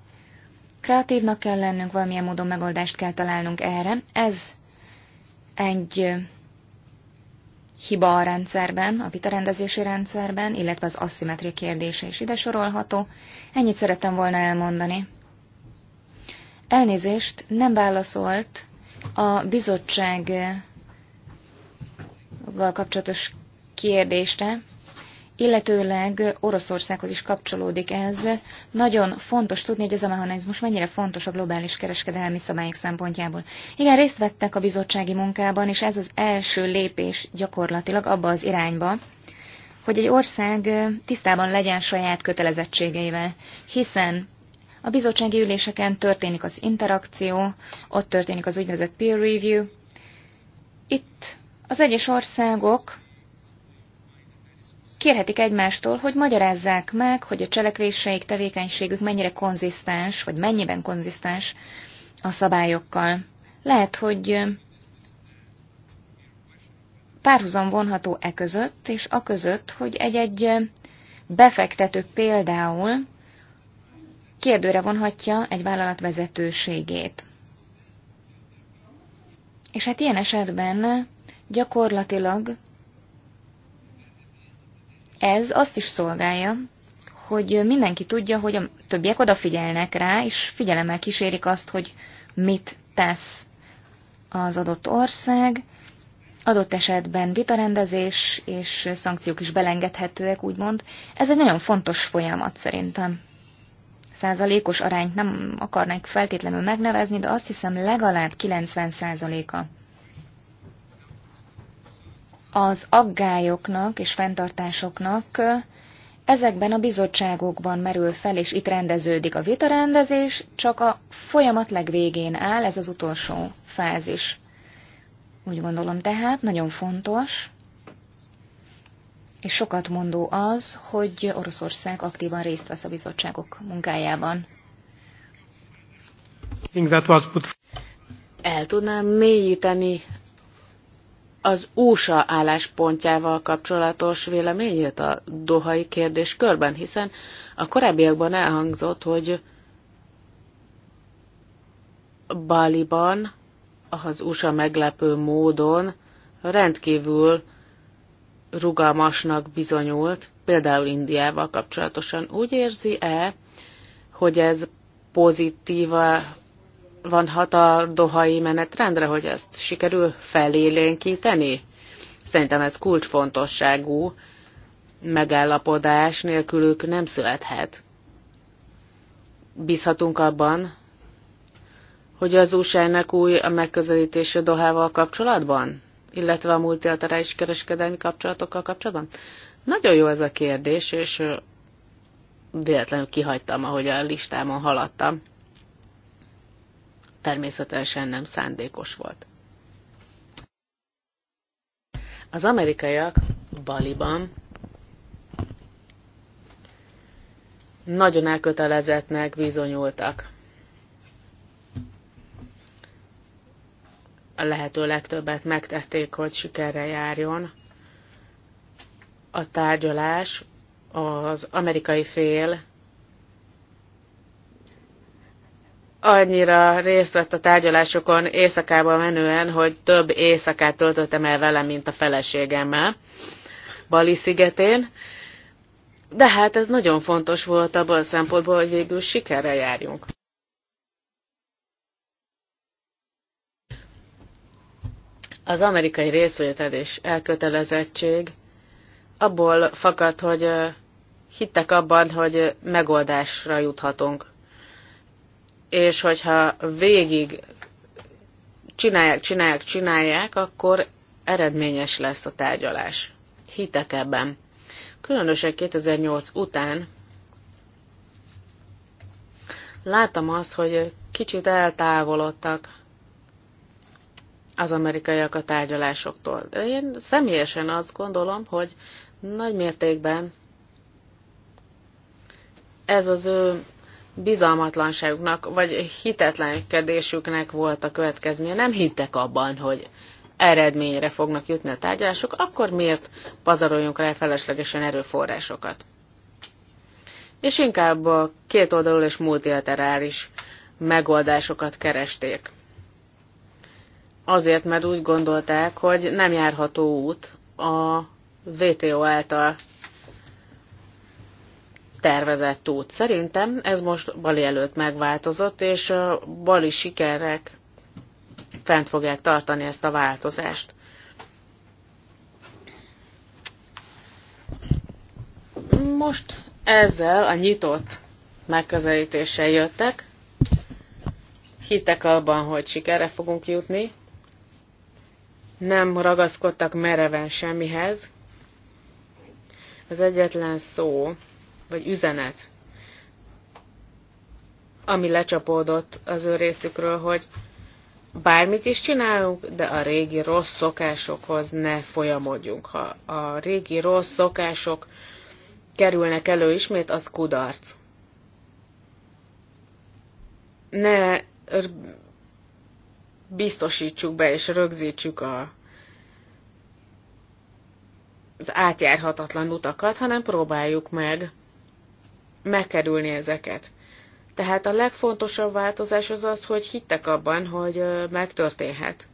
Kreatívnak kell lennünk, valamilyen módon megoldást kell találnunk erre. Ez egy hiba a rendszerben, a vitarendezési rendszerben, illetve az asszimetria kérdése is ide sorolható. Ennyit szerettem volna elmondani. Elnézést, nem válaszolt a bizottság kapcsolatos kérdésre, illetőleg Oroszországhoz is kapcsolódik ez. Nagyon fontos tudni, hogy ez a mechanizmus mennyire fontos a globális kereskedelmi szabályok szempontjából. Igen, részt vettek a bizottsági munkában, és ez az első lépés gyakorlatilag abba az irányba, hogy egy ország tisztában legyen saját kötelezettségeivel, hiszen a bizottsági üléseken történik az interakció, ott történik az úgynevezett peer review. Itt az egyes országok kérhetik egymástól, hogy magyarázzák meg, hogy a cselekvéseik, tevékenységük mennyire konzisztens, vagy mennyiben konzisztens a szabályokkal. Lehet, hogy párhuzam vonható e között, és a között, hogy egy-egy befektető például kérdőre vonhatja egy vállalat vezetőségét. És hát ilyen esetben Gyakorlatilag ez azt is szolgálja, hogy mindenki tudja, hogy a többiek odafigyelnek rá, és figyelemmel kísérik azt, hogy mit tesz az adott ország, adott esetben vitarendezés és szankciók is belengedhetőek, úgymond. Ez egy nagyon fontos folyamat szerintem. Százalékos arányt nem akarnak feltétlenül megnevezni, de azt hiszem legalább 90 százaléka az aggályoknak és fenntartásoknak ezekben a bizottságokban merül fel, és itt rendeződik a vitarendezés, csak a folyamat legvégén áll, ez az utolsó fázis. Úgy gondolom tehát, nagyon fontos, és sokat mondó az, hogy Oroszország aktívan részt vesz a bizottságok munkájában. El tudnám mélyíteni az USA álláspontjával kapcsolatos véleményét a dohai kérdéskörben, hiszen a korábbiakban elhangzott, hogy Baliban az USA meglepő módon rendkívül rugalmasnak bizonyult, például Indiával kapcsolatosan. Úgy érzi-e, hogy ez pozitíva van hat a dohai menetrendre, hogy ezt sikerül felélénkíteni? Szerintem ez kulcsfontosságú megállapodás nélkülük nem születhet. Bízhatunk abban, hogy az usa új a megközelítése Dohával kapcsolatban, illetve a multilaterális kereskedelmi kapcsolatokkal kapcsolatban? Nagyon jó ez a kérdés, és véletlenül kihagytam, ahogy a listámon haladtam természetesen nem szándékos volt. Az amerikaiak Baliban nagyon elkötelezettnek bizonyultak. A lehető legtöbbet megtették, hogy sikerre járjon. A tárgyalás az amerikai fél annyira részt vett a tárgyalásokon éjszakába menően, hogy több éjszakát töltöttem el vele, mint a feleségemmel Bali szigetén. De hát ez nagyon fontos volt abban a szempontból, hogy végül sikerre járjunk. Az amerikai részvétel és elkötelezettség abból fakad, hogy hittek abban, hogy megoldásra juthatunk és hogyha végig csinálják, csinálják, csinálják, akkor eredményes lesz a tárgyalás. Hitek ebben. Különösen 2008 után láttam azt, hogy kicsit eltávolodtak az amerikaiak a tárgyalásoktól. De én személyesen azt gondolom, hogy nagy mértékben ez az ő bizalmatlanságuknak, vagy hitetlenkedésüknek volt a következménye. Nem hittek abban, hogy eredményre fognak jutni a tárgyalások, akkor miért pazaroljunk rá feleslegesen erőforrásokat? És inkább a két oldalú és multilaterális megoldásokat keresték. Azért, mert úgy gondolták, hogy nem járható út a VTO által tervezett út. Szerintem ez most Bali előtt megváltozott, és a Bali sikerek fent fogják tartani ezt a változást. Most ezzel a nyitott megközelítéssel jöttek. Hittek abban, hogy sikerre fogunk jutni. Nem ragaszkodtak mereven semmihez. Az egyetlen szó, vagy üzenet, ami lecsapódott az ő részükről, hogy bármit is csinálunk, de a régi rossz szokásokhoz ne folyamodjunk. Ha a régi rossz szokások kerülnek elő ismét, az kudarc. Ne biztosítsuk be és rögzítsük a, az átjárhatatlan utakat, hanem próbáljuk meg megkerülni ezeket. Tehát a legfontosabb változás az az, hogy hittek abban, hogy megtörténhet.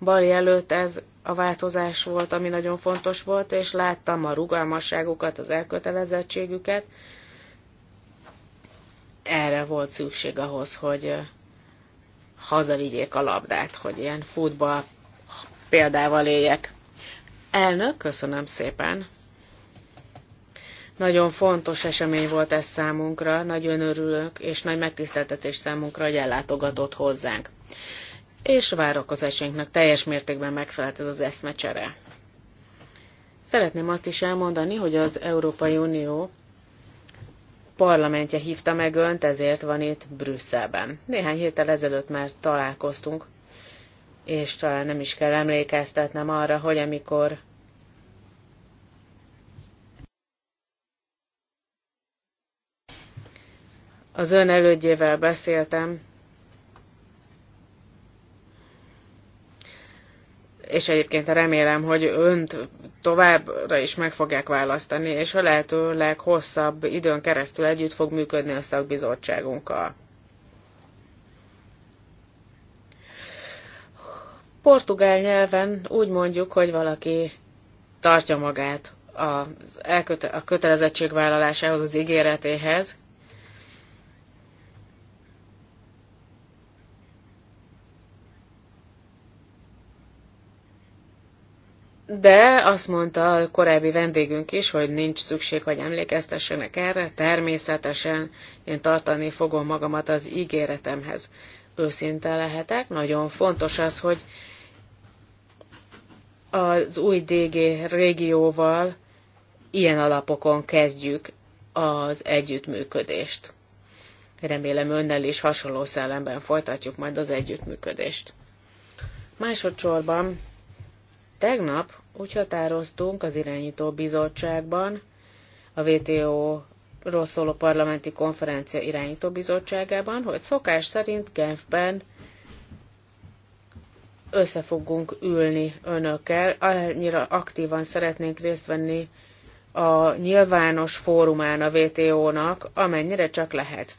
Bali előtt ez a változás volt, ami nagyon fontos volt, és láttam a rugalmasságukat, az elkötelezettségüket. Erre volt szükség ahhoz, hogy hazavigyék a labdát, hogy ilyen futball példával éljek. Elnök, köszönöm szépen! Nagyon fontos esemény volt ez számunkra, nagyon örülök, és nagy megtiszteltetés számunkra, hogy ellátogatott hozzánk. És várakozásainknak teljes mértékben megfelelt ez az eszmecsere. Szeretném azt is elmondani, hogy az Európai Unió parlamentje hívta meg önt, ezért van itt Brüsszelben. Néhány héttel ezelőtt már találkoztunk, és talán nem is kell emlékeztetnem arra, hogy amikor Az ön elődjével beszéltem, és egyébként remélem, hogy önt továbbra is meg fogják választani, és a lehető leghosszabb időn keresztül együtt fog működni a szakbizottságunkkal. Portugál nyelven úgy mondjuk, hogy valaki tartja magát a, kötelezettségvállalásához, az ígéretéhez, De azt mondta a korábbi vendégünk is, hogy nincs szükség, hogy emlékeztessenek erre. Természetesen én tartani fogom magamat az ígéretemhez. Őszinte lehetek, nagyon fontos az, hogy az új DG régióval ilyen alapokon kezdjük az együttműködést. Remélem önnel is hasonló szellemben folytatjuk majd az együttműködést. Másodszorban Tegnap úgy határoztunk az irányító bizottságban, a WTO-ról szóló parlamenti konferencia irányító bizottságában, hogy szokás szerint Genfben össze fogunk ülni önökkel, annyira aktívan szeretnénk részt venni a nyilvános fórumán a WTO-nak, amennyire csak lehet.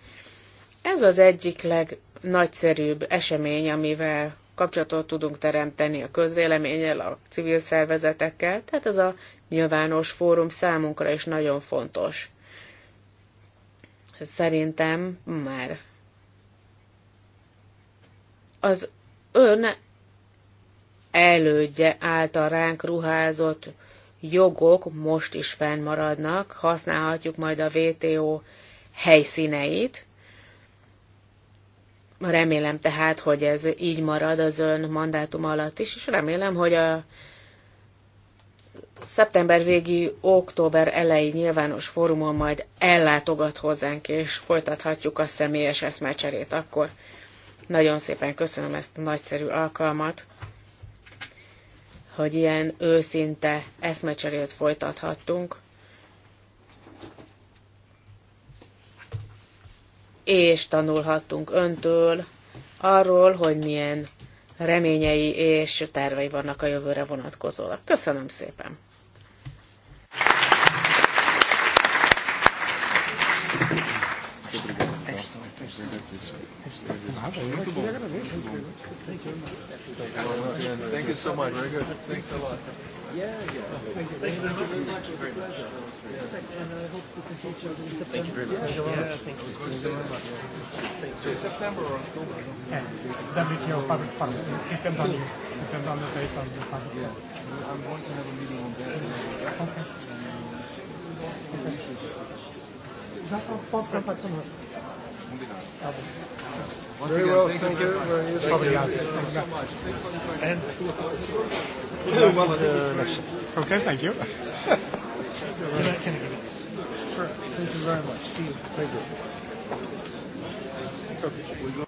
Ez az egyik legnagyszerűbb esemény, amivel kapcsolatot tudunk teremteni a közvéleménnyel, a civil szervezetekkel, tehát ez a nyilvános fórum számunkra is nagyon fontos. Szerintem már az ön elődje által ránk ruházott jogok most is fennmaradnak, használhatjuk majd a VTO helyszíneit, Remélem tehát, hogy ez így marad az ön mandátum alatt is, és remélem, hogy a szeptember végi, október elejé nyilvános fórumon majd ellátogat hozzánk, és folytathatjuk a személyes eszmecserét akkor. Nagyon szépen köszönöm ezt a nagyszerű alkalmat, hogy ilyen őszinte eszmecserét folytathattunk és tanulhattunk öntől arról, hogy milyen reményei és tervei vannak a jövőre vonatkozólag. Köszönöm szépen! Thank you so much. Very good. Thanks a lot. Thank you very much. Thank you And I hope we see each other in September. Thank you very much. Yeah, thank you. Yeah, I'm going to have a meeting on that. Okay. Já só posso contar a nós. Combinado. Tá bom. Once very again, well, thank, thank you very much. Thank you. Thank you so much. Thanks for the And good Okay, thank you. Sure. Thank you very much. See you. Thank you. Okay.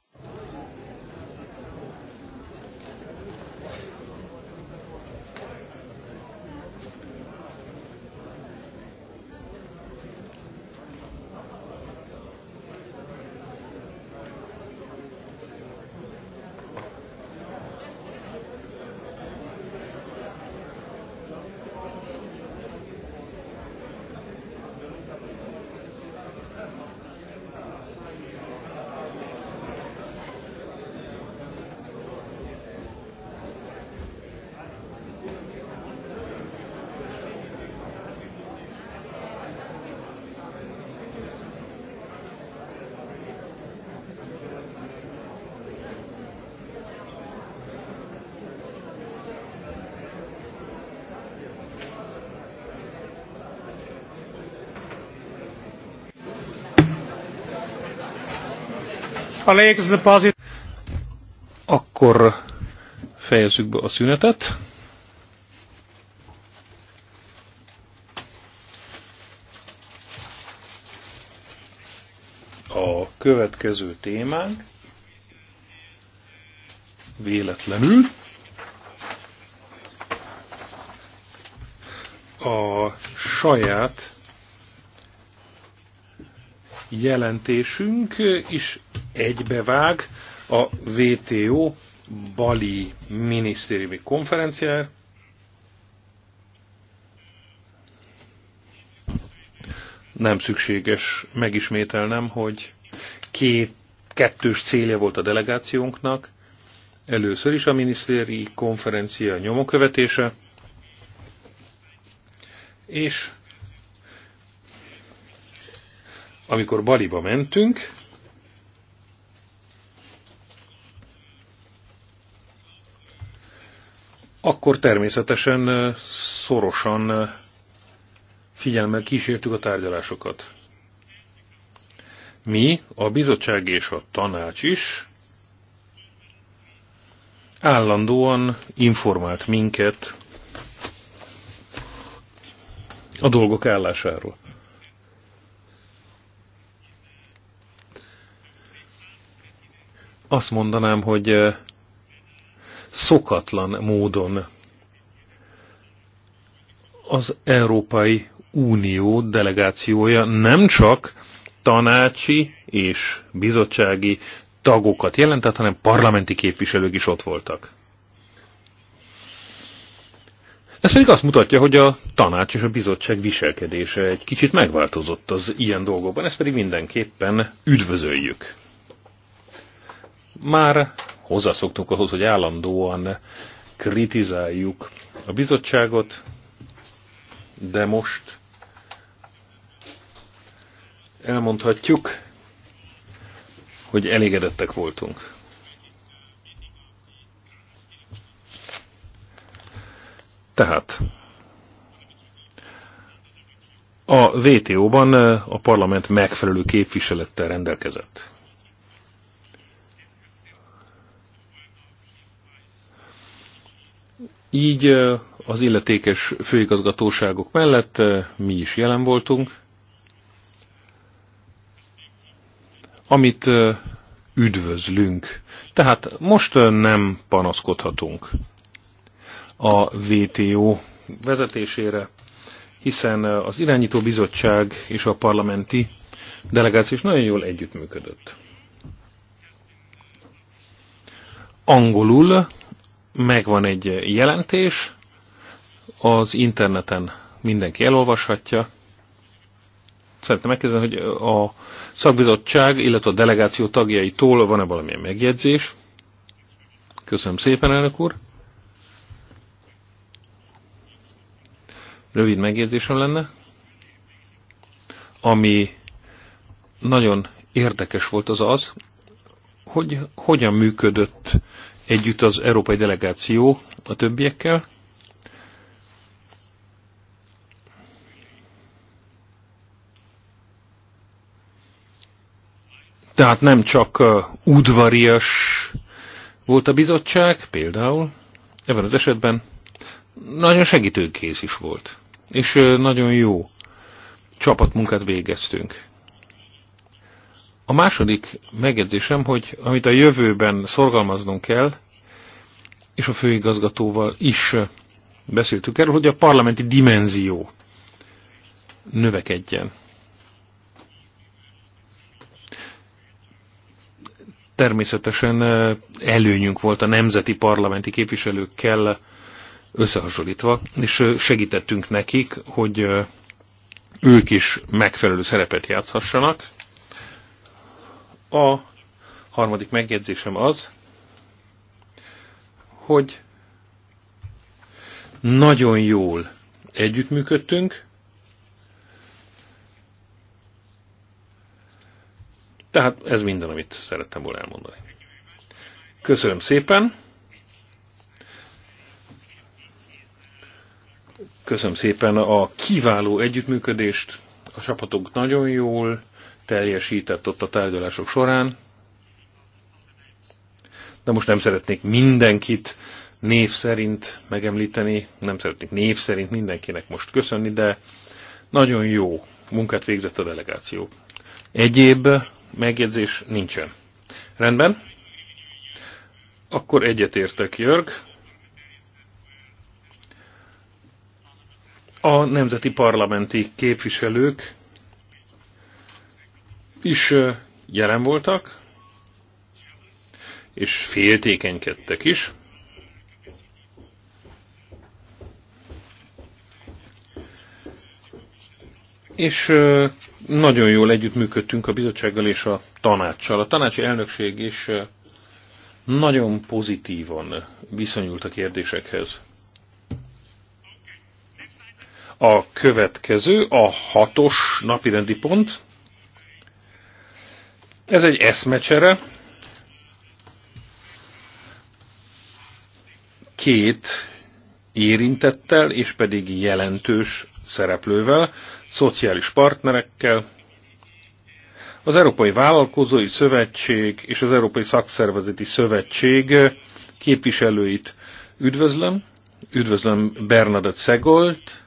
Akkor fejezzük be a szünetet. A következő témánk véletlenül a saját jelentésünk is egybevág a WTO Bali minisztériumi konferenciája. Nem szükséges megismételnem, hogy két kettős célja volt a delegációnknak. Először is a minisztéri konferencia nyomokövetése, és amikor Baliba mentünk, akkor természetesen szorosan figyelmel kísértük a tárgyalásokat. Mi, a bizottság és a tanács is állandóan informált minket a dolgok állásáról. Azt mondanám, hogy szokatlan módon az Európai Unió delegációja nem csak tanácsi és bizottsági tagokat jelentett, hanem parlamenti képviselők is ott voltak. Ez pedig azt mutatja, hogy a tanács és a bizottság viselkedése egy kicsit megváltozott az ilyen dolgokban, ezt pedig mindenképpen üdvözöljük. Már hozzászoktunk ahhoz, hogy állandóan kritizáljuk a bizottságot, de most elmondhatjuk, hogy elégedettek voltunk. Tehát a VTO-ban a parlament megfelelő képviselettel rendelkezett. Így az illetékes főigazgatóságok mellett mi is jelen voltunk. Amit üdvözlünk. Tehát most nem panaszkodhatunk a VTO vezetésére, hiszen az irányító bizottság és a parlamenti delegáció is nagyon jól együttműködött. Angolul megvan egy jelentés, az interneten mindenki elolvashatja. Szeretném megkérdezni, hogy a szakbizottság, illetve a delegáció tagjaitól van-e valamilyen megjegyzés? Köszönöm szépen, elnök úr. Rövid megjegyzésem lenne, ami nagyon érdekes volt az az, hogy hogyan működött együtt az európai delegáció a többiekkel. Tehát nem csak udvarias volt a bizottság, például ebben az esetben nagyon segítőkész is volt, és nagyon jó csapatmunkát végeztünk. A második megjegyzésem, hogy amit a jövőben szorgalmaznunk kell, és a főigazgatóval is beszéltük erről, hogy a parlamenti dimenzió növekedjen. Természetesen eh, előnyünk volt a nemzeti parlamenti képviselőkkel összehasonlítva, és eh, segítettünk nekik, hogy eh, ők is megfelelő szerepet játszhassanak, a harmadik megjegyzésem az, hogy nagyon jól együttműködtünk, tehát ez minden, amit szerettem volna elmondani. Köszönöm szépen! Köszönöm szépen a kiváló együttműködést, a csapatok nagyon jól teljesített ott a tárgyalások során. De most nem szeretnék mindenkit név szerint megemlíteni, nem szeretnék név szerint mindenkinek most köszönni, de nagyon jó munkát végzett a delegáció. Egyéb megjegyzés nincsen. Rendben? Akkor egyetértek, Jörg. A nemzeti parlamenti képviselők is jelen voltak, és féltékenykedtek is. És nagyon jól együttműködtünk a bizottsággal és a tanácssal. A tanácsi elnökség is nagyon pozitívan viszonyult a kérdésekhez. A következő, a hatos napirendi pont, ez egy eszmecsere. Két érintettel, és pedig jelentős szereplővel, szociális partnerekkel, az Európai Vállalkozói Szövetség és az Európai Szakszervezeti Szövetség képviselőit üdvözlöm. Üdvözlöm Bernadett Szegolt,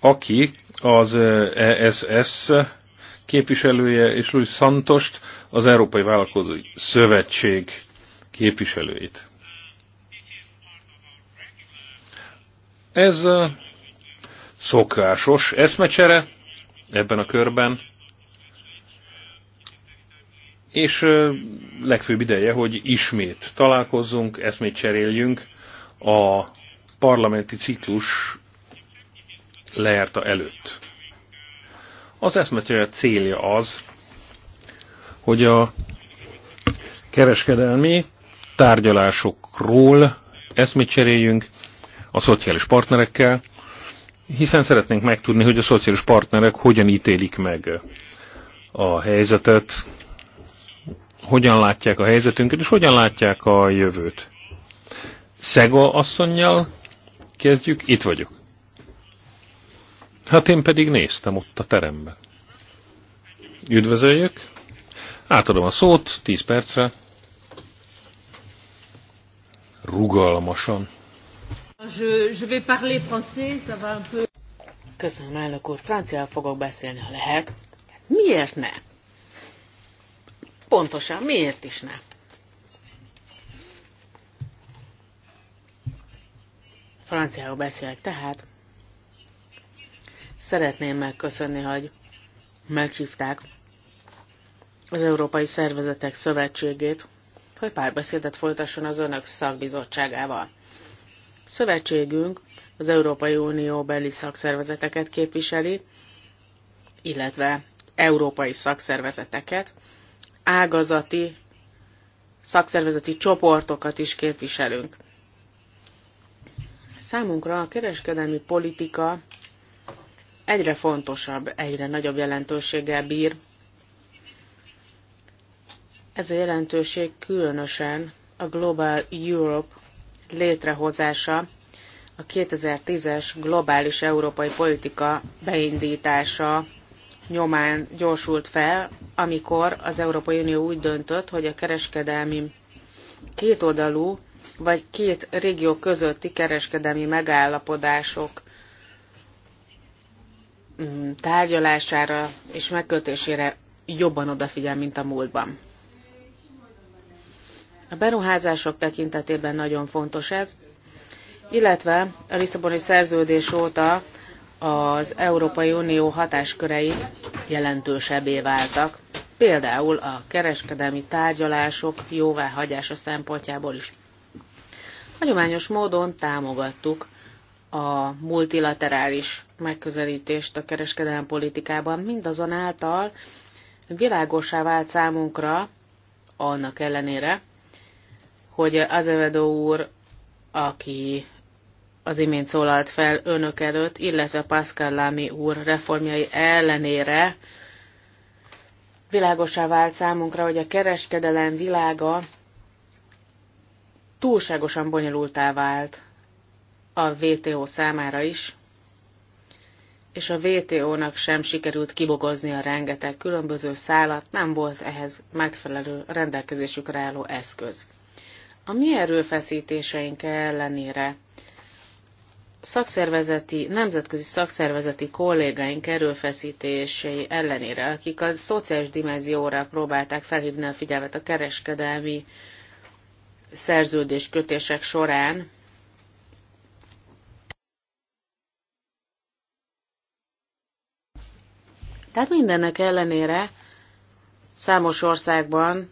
aki az ESS képviselője, és Luis Santost, az Európai Vállalkozói Szövetség képviselőjét. Ez eh, szokásos eszmecsere ebben a körben, és eh, legfőbb ideje, hogy ismét találkozzunk, eszmét cseréljünk a parlamenti ciklus lejárta előtt. Az eszmecsere célja az, hogy a kereskedelmi tárgyalásokról eszmét cseréljünk a szociális partnerekkel, hiszen szeretnénk megtudni, hogy a szociális partnerek hogyan ítélik meg a helyzetet, hogyan látják a helyzetünket, és hogyan látják a jövőt. Szega asszonynal kezdjük, itt vagyok. Hát én pedig néztem ott a teremben. Üdvözöljük. Átadom a szót, tíz percre. Rugalmasan. Köszönöm, elnök úr. Franciál fogok beszélni, ha lehet. Miért ne? Pontosan, miért is ne? Franciául beszélek tehát, Szeretném megköszönni, hogy meghívták az Európai Szervezetek Szövetségét, hogy párbeszédet folytasson az önök szakbizottságával. Szövetségünk az Európai Unió beli szakszervezeteket képviseli, illetve európai szakszervezeteket, ágazati szakszervezeti csoportokat is képviselünk. Számunkra a kereskedelmi politika egyre fontosabb, egyre nagyobb jelentőséggel bír. Ez a jelentőség különösen a Global Europe létrehozása, a 2010-es globális európai politika beindítása nyomán gyorsult fel, amikor az Európai Unió úgy döntött, hogy a kereskedelmi kétoldalú vagy két régió közötti kereskedelmi megállapodások Mm, tárgyalására és megkötésére jobban odafigyel, mint a múltban. A beruházások tekintetében nagyon fontos ez, illetve a Lisszaboni szerződés óta az Európai Unió hatáskörei jelentősebbé váltak, például a kereskedelmi tárgyalások jóváhagyása szempontjából is. Hagyományos módon támogattuk a multilaterális megközelítést a kereskedelem politikában, mindazonáltal világosá vált számunkra, annak ellenére, hogy Azevedo úr, aki az imént szólalt fel önök előtt, illetve Pascal Lamy úr reformjai ellenére világosá vált számunkra, hogy a kereskedelem világa túlságosan bonyolultá vált a VTO számára is, és a VTO-nak sem sikerült kibogozni a rengeteg különböző szálat, nem volt ehhez megfelelő rendelkezésükre álló eszköz. A mi erőfeszítéseink ellenére szakszervezeti, nemzetközi szakszervezeti kollégáink erőfeszítései ellenére, akik a szociális dimenzióra próbálták felhívni a figyelmet a kereskedelmi szerződéskötések során, Tehát mindennek ellenére számos országban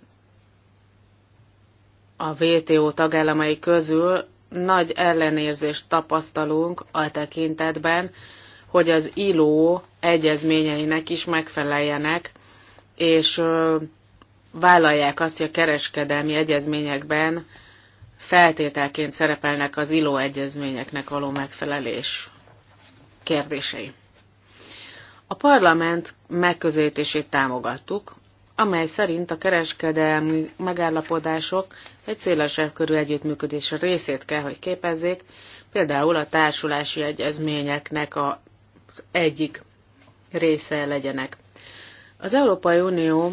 a WTO tagállamai közül nagy ellenérzést tapasztalunk a tekintetben, hogy az ILO egyezményeinek is megfeleljenek, és vállalják azt, hogy a kereskedelmi egyezményekben feltételként szerepelnek az ILO egyezményeknek való megfelelés kérdései. A parlament megközelítését támogattuk, amely szerint a kereskedelmi megállapodások egy szélesebb körű együttműködés részét kell, hogy képezzék, például a társulási egyezményeknek az egyik része legyenek. Az Európai Unió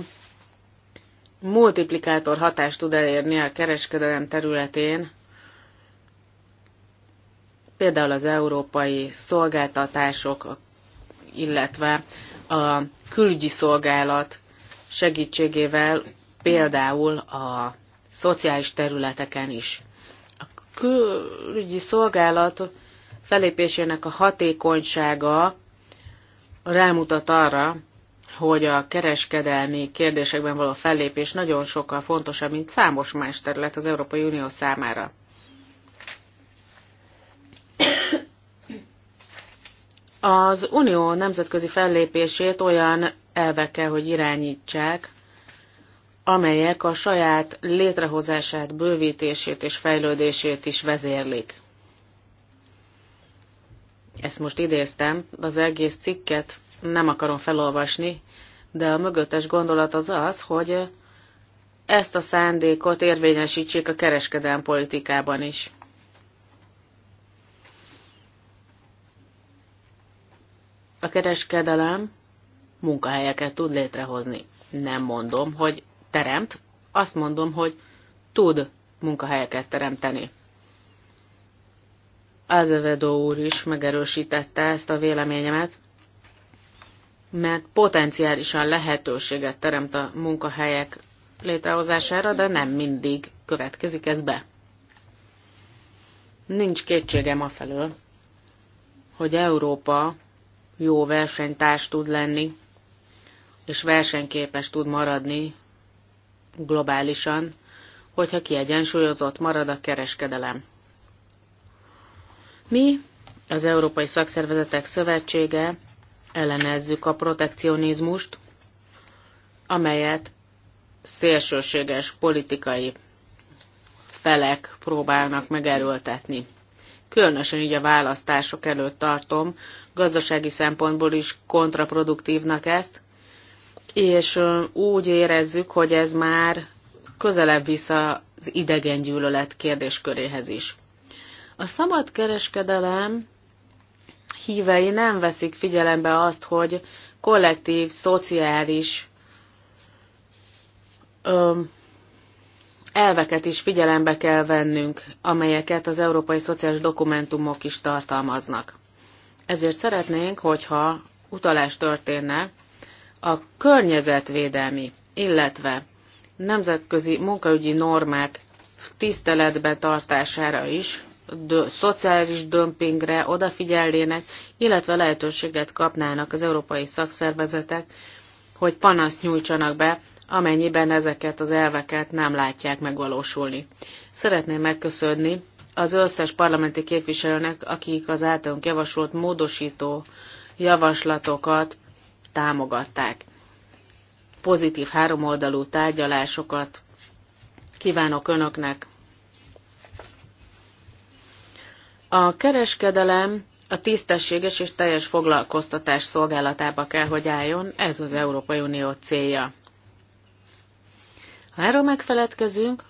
multiplikátor hatást tud elérni a kereskedelem területén, például az európai szolgáltatások, a illetve a külügyi szolgálat segítségével például a szociális területeken is. A külügyi szolgálat felépésének a hatékonysága rámutat arra, hogy a kereskedelmi kérdésekben való fellépés nagyon sokkal fontosabb, mint számos más terület az Európai Unió számára. Az unió nemzetközi fellépését olyan elvekkel, hogy irányítsák, amelyek a saját létrehozását, bővítését és fejlődését is vezérlik. Ezt most idéztem, az egész cikket nem akarom felolvasni, de a mögöttes gondolat az az, hogy ezt a szándékot érvényesítsék a kereskedelmi politikában is. A kereskedelem munkahelyeket tud létrehozni. Nem mondom, hogy teremt, azt mondom, hogy tud munkahelyeket teremteni. Azevedo úr is megerősítette ezt a véleményemet, mert potenciálisan lehetőséget teremt a munkahelyek létrehozására, de nem mindig következik ez be. Nincs kétségem afelől, hogy Európa jó versenytárs tud lenni, és versenyképes tud maradni globálisan, hogyha kiegyensúlyozott marad a kereskedelem. Mi, az Európai Szakszervezetek Szövetsége, ellenezzük a protekcionizmust, amelyet szélsőséges politikai felek próbálnak megerőltetni különösen így a választások előtt tartom, gazdasági szempontból is kontraproduktívnak ezt, és úgy érezzük, hogy ez már közelebb visz az idegen gyűlölet kérdésköréhez is. A szabad kereskedelem hívei nem veszik figyelembe azt, hogy kollektív, szociális elveket is figyelembe kell vennünk, amelyeket az európai szociális dokumentumok is tartalmaznak. Ezért szeretnénk, hogyha utalás történne a környezetvédelmi, illetve nemzetközi munkaügyi normák tiszteletbe tartására is, dö, szociális dömpingre odafigyelnének, illetve lehetőséget kapnának az európai szakszervezetek, hogy panaszt nyújtsanak be amennyiben ezeket az elveket nem látják megvalósulni. Szeretném megköszönni az összes parlamenti képviselőnek, akik az általunk javasolt módosító javaslatokat támogatták. Pozitív háromoldalú tárgyalásokat kívánok Önöknek. A kereskedelem a tisztességes és teljes foglalkoztatás szolgálatába kell, hogy álljon, ez az Európai Unió célja. Ha erről megfeledkezünk,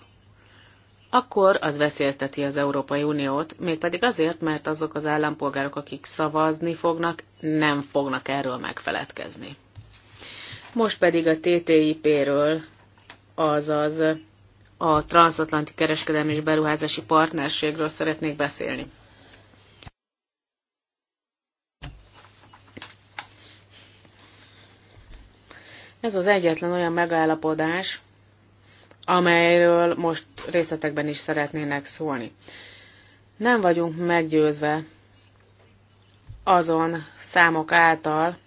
akkor az veszélyezteti az Európai Uniót, mégpedig azért, mert azok az állampolgárok, akik szavazni fognak, nem fognak erről megfeledkezni. Most pedig a TTIP-ről, azaz a Transatlanti Kereskedelmi és Beruházási Partnerségről szeretnék beszélni. Ez az egyetlen olyan megállapodás, amelyről most részletekben is szeretnének szólni. Nem vagyunk meggyőzve azon számok által,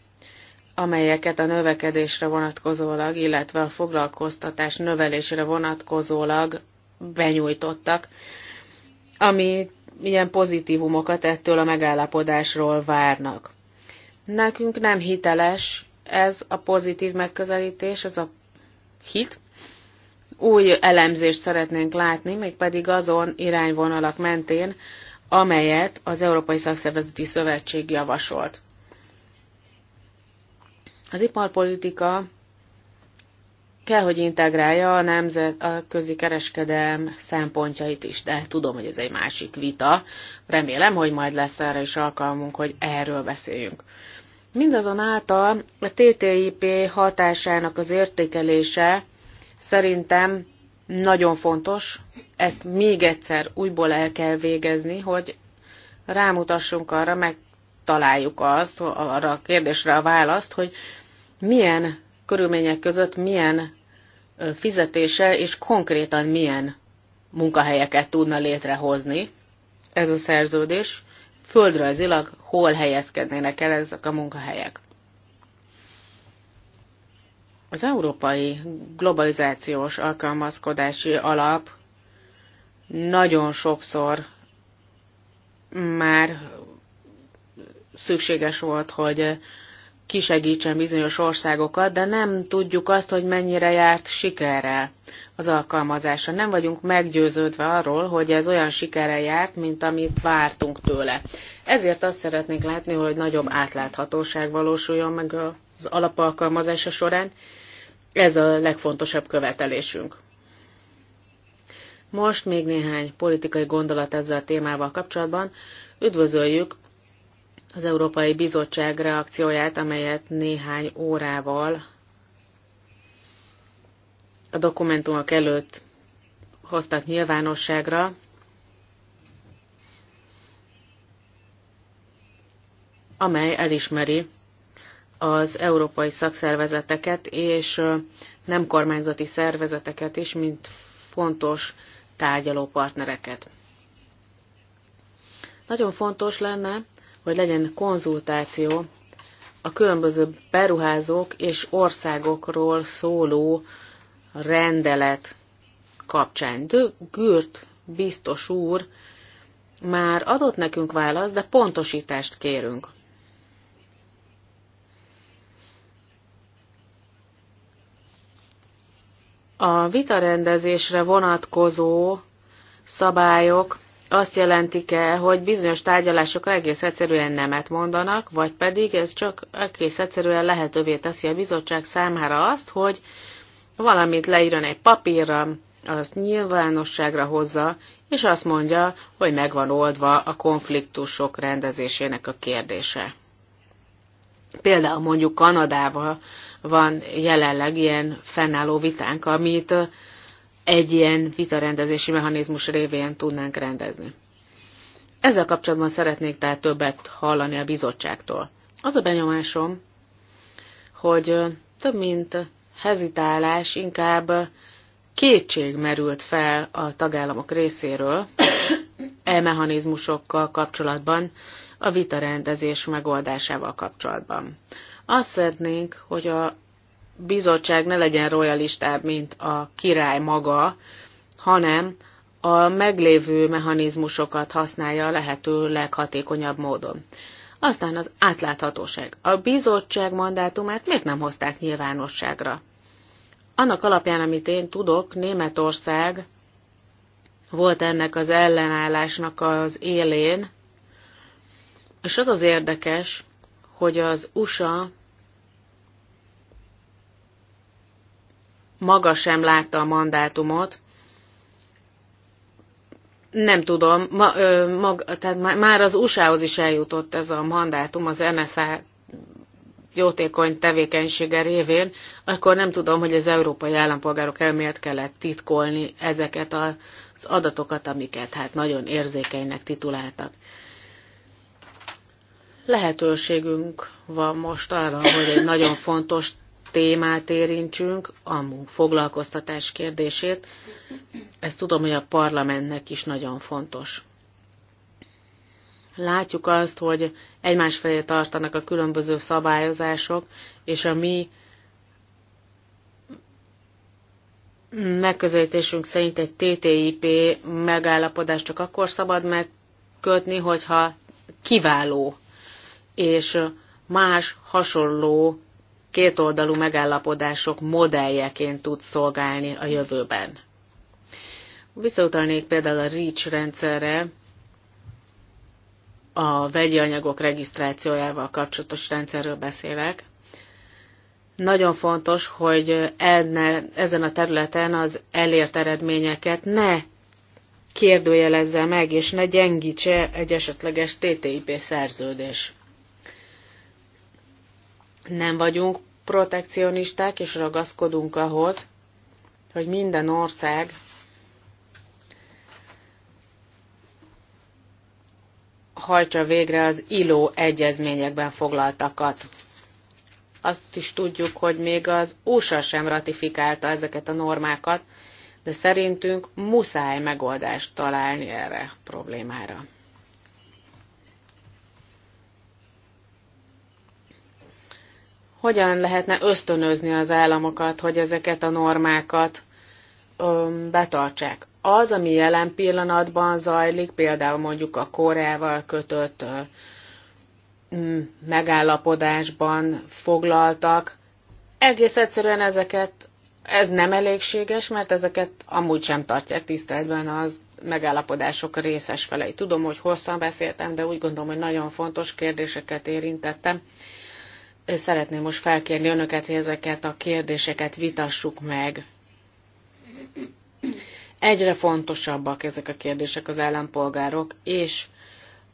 amelyeket a növekedésre vonatkozólag, illetve a foglalkoztatás növelésre vonatkozólag benyújtottak, ami ilyen pozitívumokat ettől a megállapodásról várnak. Nekünk nem hiteles ez a pozitív megközelítés, ez a hit, új elemzést szeretnénk látni, mégpedig azon irányvonalak mentén, amelyet az Európai Szakszervezeti Szövetség javasolt. Az iparpolitika kell, hogy integrálja a nemzet a közi kereskedelm szempontjait is, de tudom, hogy ez egy másik vita. Remélem, hogy majd lesz erre is alkalmunk, hogy erről beszéljünk. Mindazonáltal a TTIP hatásának az értékelése Szerintem nagyon fontos, ezt még egyszer újból el kell végezni, hogy rámutassunk arra, megtaláljuk azt, arra a kérdésre a választ, hogy milyen körülmények között milyen fizetéssel és konkrétan milyen munkahelyeket tudna létrehozni ez a szerződés, földrajzilag hol helyezkednének el ezek a munkahelyek. Az európai globalizációs alkalmazkodási alap nagyon sokszor már szükséges volt, hogy kisegítsen bizonyos országokat, de nem tudjuk azt, hogy mennyire járt sikerrel az alkalmazása. Nem vagyunk meggyőződve arról, hogy ez olyan sikerrel járt, mint amit vártunk tőle. Ezért azt szeretnénk látni, hogy nagyobb átláthatóság valósuljon meg az alapalkalmazása során, ez a legfontosabb követelésünk. Most még néhány politikai gondolat ezzel a témával kapcsolatban. Üdvözöljük az Európai Bizottság reakcióját, amelyet néhány órával a dokumentumok előtt hoztak nyilvánosságra. amely elismeri az európai szakszervezeteket és nem kormányzati szervezeteket is, mint fontos tárgyalópartnereket. Nagyon fontos lenne, hogy legyen konzultáció a különböző beruházók és országokról szóló rendelet kapcsán. De Gürt biztos úr már adott nekünk választ, de pontosítást kérünk. A vitarendezésre vonatkozó szabályok azt jelentik-e, hogy bizonyos tárgyalásokra egész egyszerűen nemet mondanak, vagy pedig ez csak egész egyszerűen lehetővé teszi a bizottság számára azt, hogy valamit leírjon egy papírra, azt nyilvánosságra hozza, és azt mondja, hogy megvan oldva a konfliktusok rendezésének a kérdése. Például mondjuk Kanadával van jelenleg ilyen fennálló vitánk, amit egy ilyen vitarendezési mechanizmus révén tudnánk rendezni. Ezzel kapcsolatban szeretnék tehát többet hallani a bizottságtól. Az a benyomásom, hogy több mint hezitálás, inkább kétség merült fel a tagállamok részéről e mechanizmusokkal kapcsolatban, a vitarendezés megoldásával kapcsolatban. Azt szeretnénk, hogy a bizottság ne legyen royalistább, mint a király maga, hanem a meglévő mechanizmusokat használja a lehető leghatékonyabb módon. Aztán az átláthatóság. A bizottság mandátumát miért nem hozták nyilvánosságra? Annak alapján, amit én tudok, Németország volt ennek az ellenállásnak az élén, és az az érdekes, hogy az USA maga sem látta a mandátumot. Nem tudom, ma, ö, mag, tehát már az USA-hoz is eljutott ez a mandátum az NSA jótékony tevékenysége révén, akkor nem tudom, hogy az európai állampolgárok el kellett titkolni ezeket az adatokat, amiket hát nagyon érzékenynek tituláltak. Lehetőségünk van most arra, hogy egy nagyon fontos témát érintsünk, a foglalkoztatás kérdését. Ezt tudom, hogy a parlamentnek is nagyon fontos. Látjuk azt, hogy egymás felé tartanak a különböző szabályozások, és a mi megközelítésünk szerint egy TTIP megállapodást csak akkor szabad megkötni, hogyha kiváló és más hasonló kétoldalú megállapodások modelljeként tud szolgálni a jövőben. Visszautalnék például a REACH rendszerre, a vegyi anyagok regisztrációjával kapcsolatos rendszerről beszélek. Nagyon fontos, hogy enne, ezen a területen az elért eredményeket ne kérdőjelezze meg, és ne gyengítse egy esetleges TTIP szerződés. Nem vagyunk protekcionisták, és ragaszkodunk ahhoz, hogy minden ország hajtsa végre az ILO egyezményekben foglaltakat. Azt is tudjuk, hogy még az USA sem ratifikálta ezeket a normákat, de szerintünk muszáj megoldást találni erre a problémára. hogyan lehetne ösztönözni az államokat, hogy ezeket a normákat öm, betartsák. Az, ami jelen pillanatban zajlik, például mondjuk a Koreával kötött öm, megállapodásban foglaltak, egész egyszerűen ezeket, ez nem elégséges, mert ezeket amúgy sem tartják tiszteletben az megállapodások részes felei. Tudom, hogy hosszan beszéltem, de úgy gondolom, hogy nagyon fontos kérdéseket érintettem szeretném most felkérni önöket, hogy ezeket a kérdéseket vitassuk meg. Egyre fontosabbak ezek a kérdések az állampolgárok, és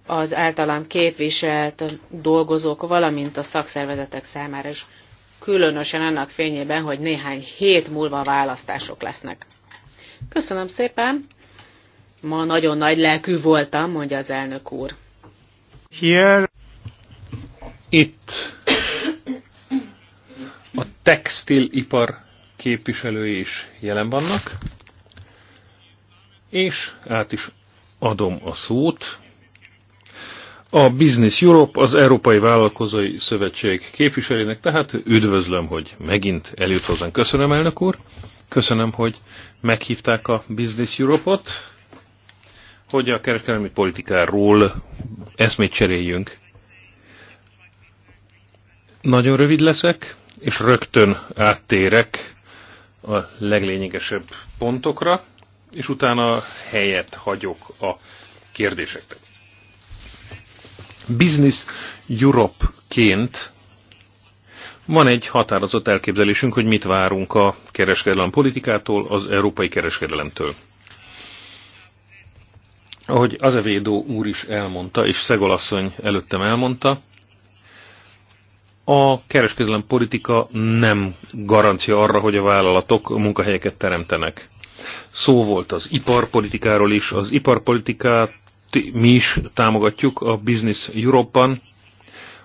az általam képviselt dolgozók, valamint a szakszervezetek számára is, különösen annak fényében, hogy néhány hét múlva választások lesznek. Köszönöm szépen! Ma nagyon nagy lelkű voltam, mondja az elnök úr. Here. Itt textilipar képviselői is jelen vannak, és át is adom a szót. A Business Europe az Európai Vállalkozói Szövetség képviselőnek, tehát üdvözlöm, hogy megint eljött hozzánk. Köszönöm, elnök úr. Köszönöm, hogy meghívták a Business Europe-ot, hogy a kereskedelmi politikáról eszmét cseréljünk. Nagyon rövid leszek, és rögtön áttérek a leglényegesebb pontokra, és utána helyet hagyok a kérdéseknek. Business Europe-ként van egy határozott elképzelésünk, hogy mit várunk a kereskedelem politikától, az európai kereskedelemtől. Ahogy az úr is elmondta, és Szegolasszony előttem elmondta, a kereskedelem politika nem garancia arra, hogy a vállalatok munkahelyeket teremtenek. Szó volt az iparpolitikáról is, az iparpolitikát mi is támogatjuk a Business Europe-ban,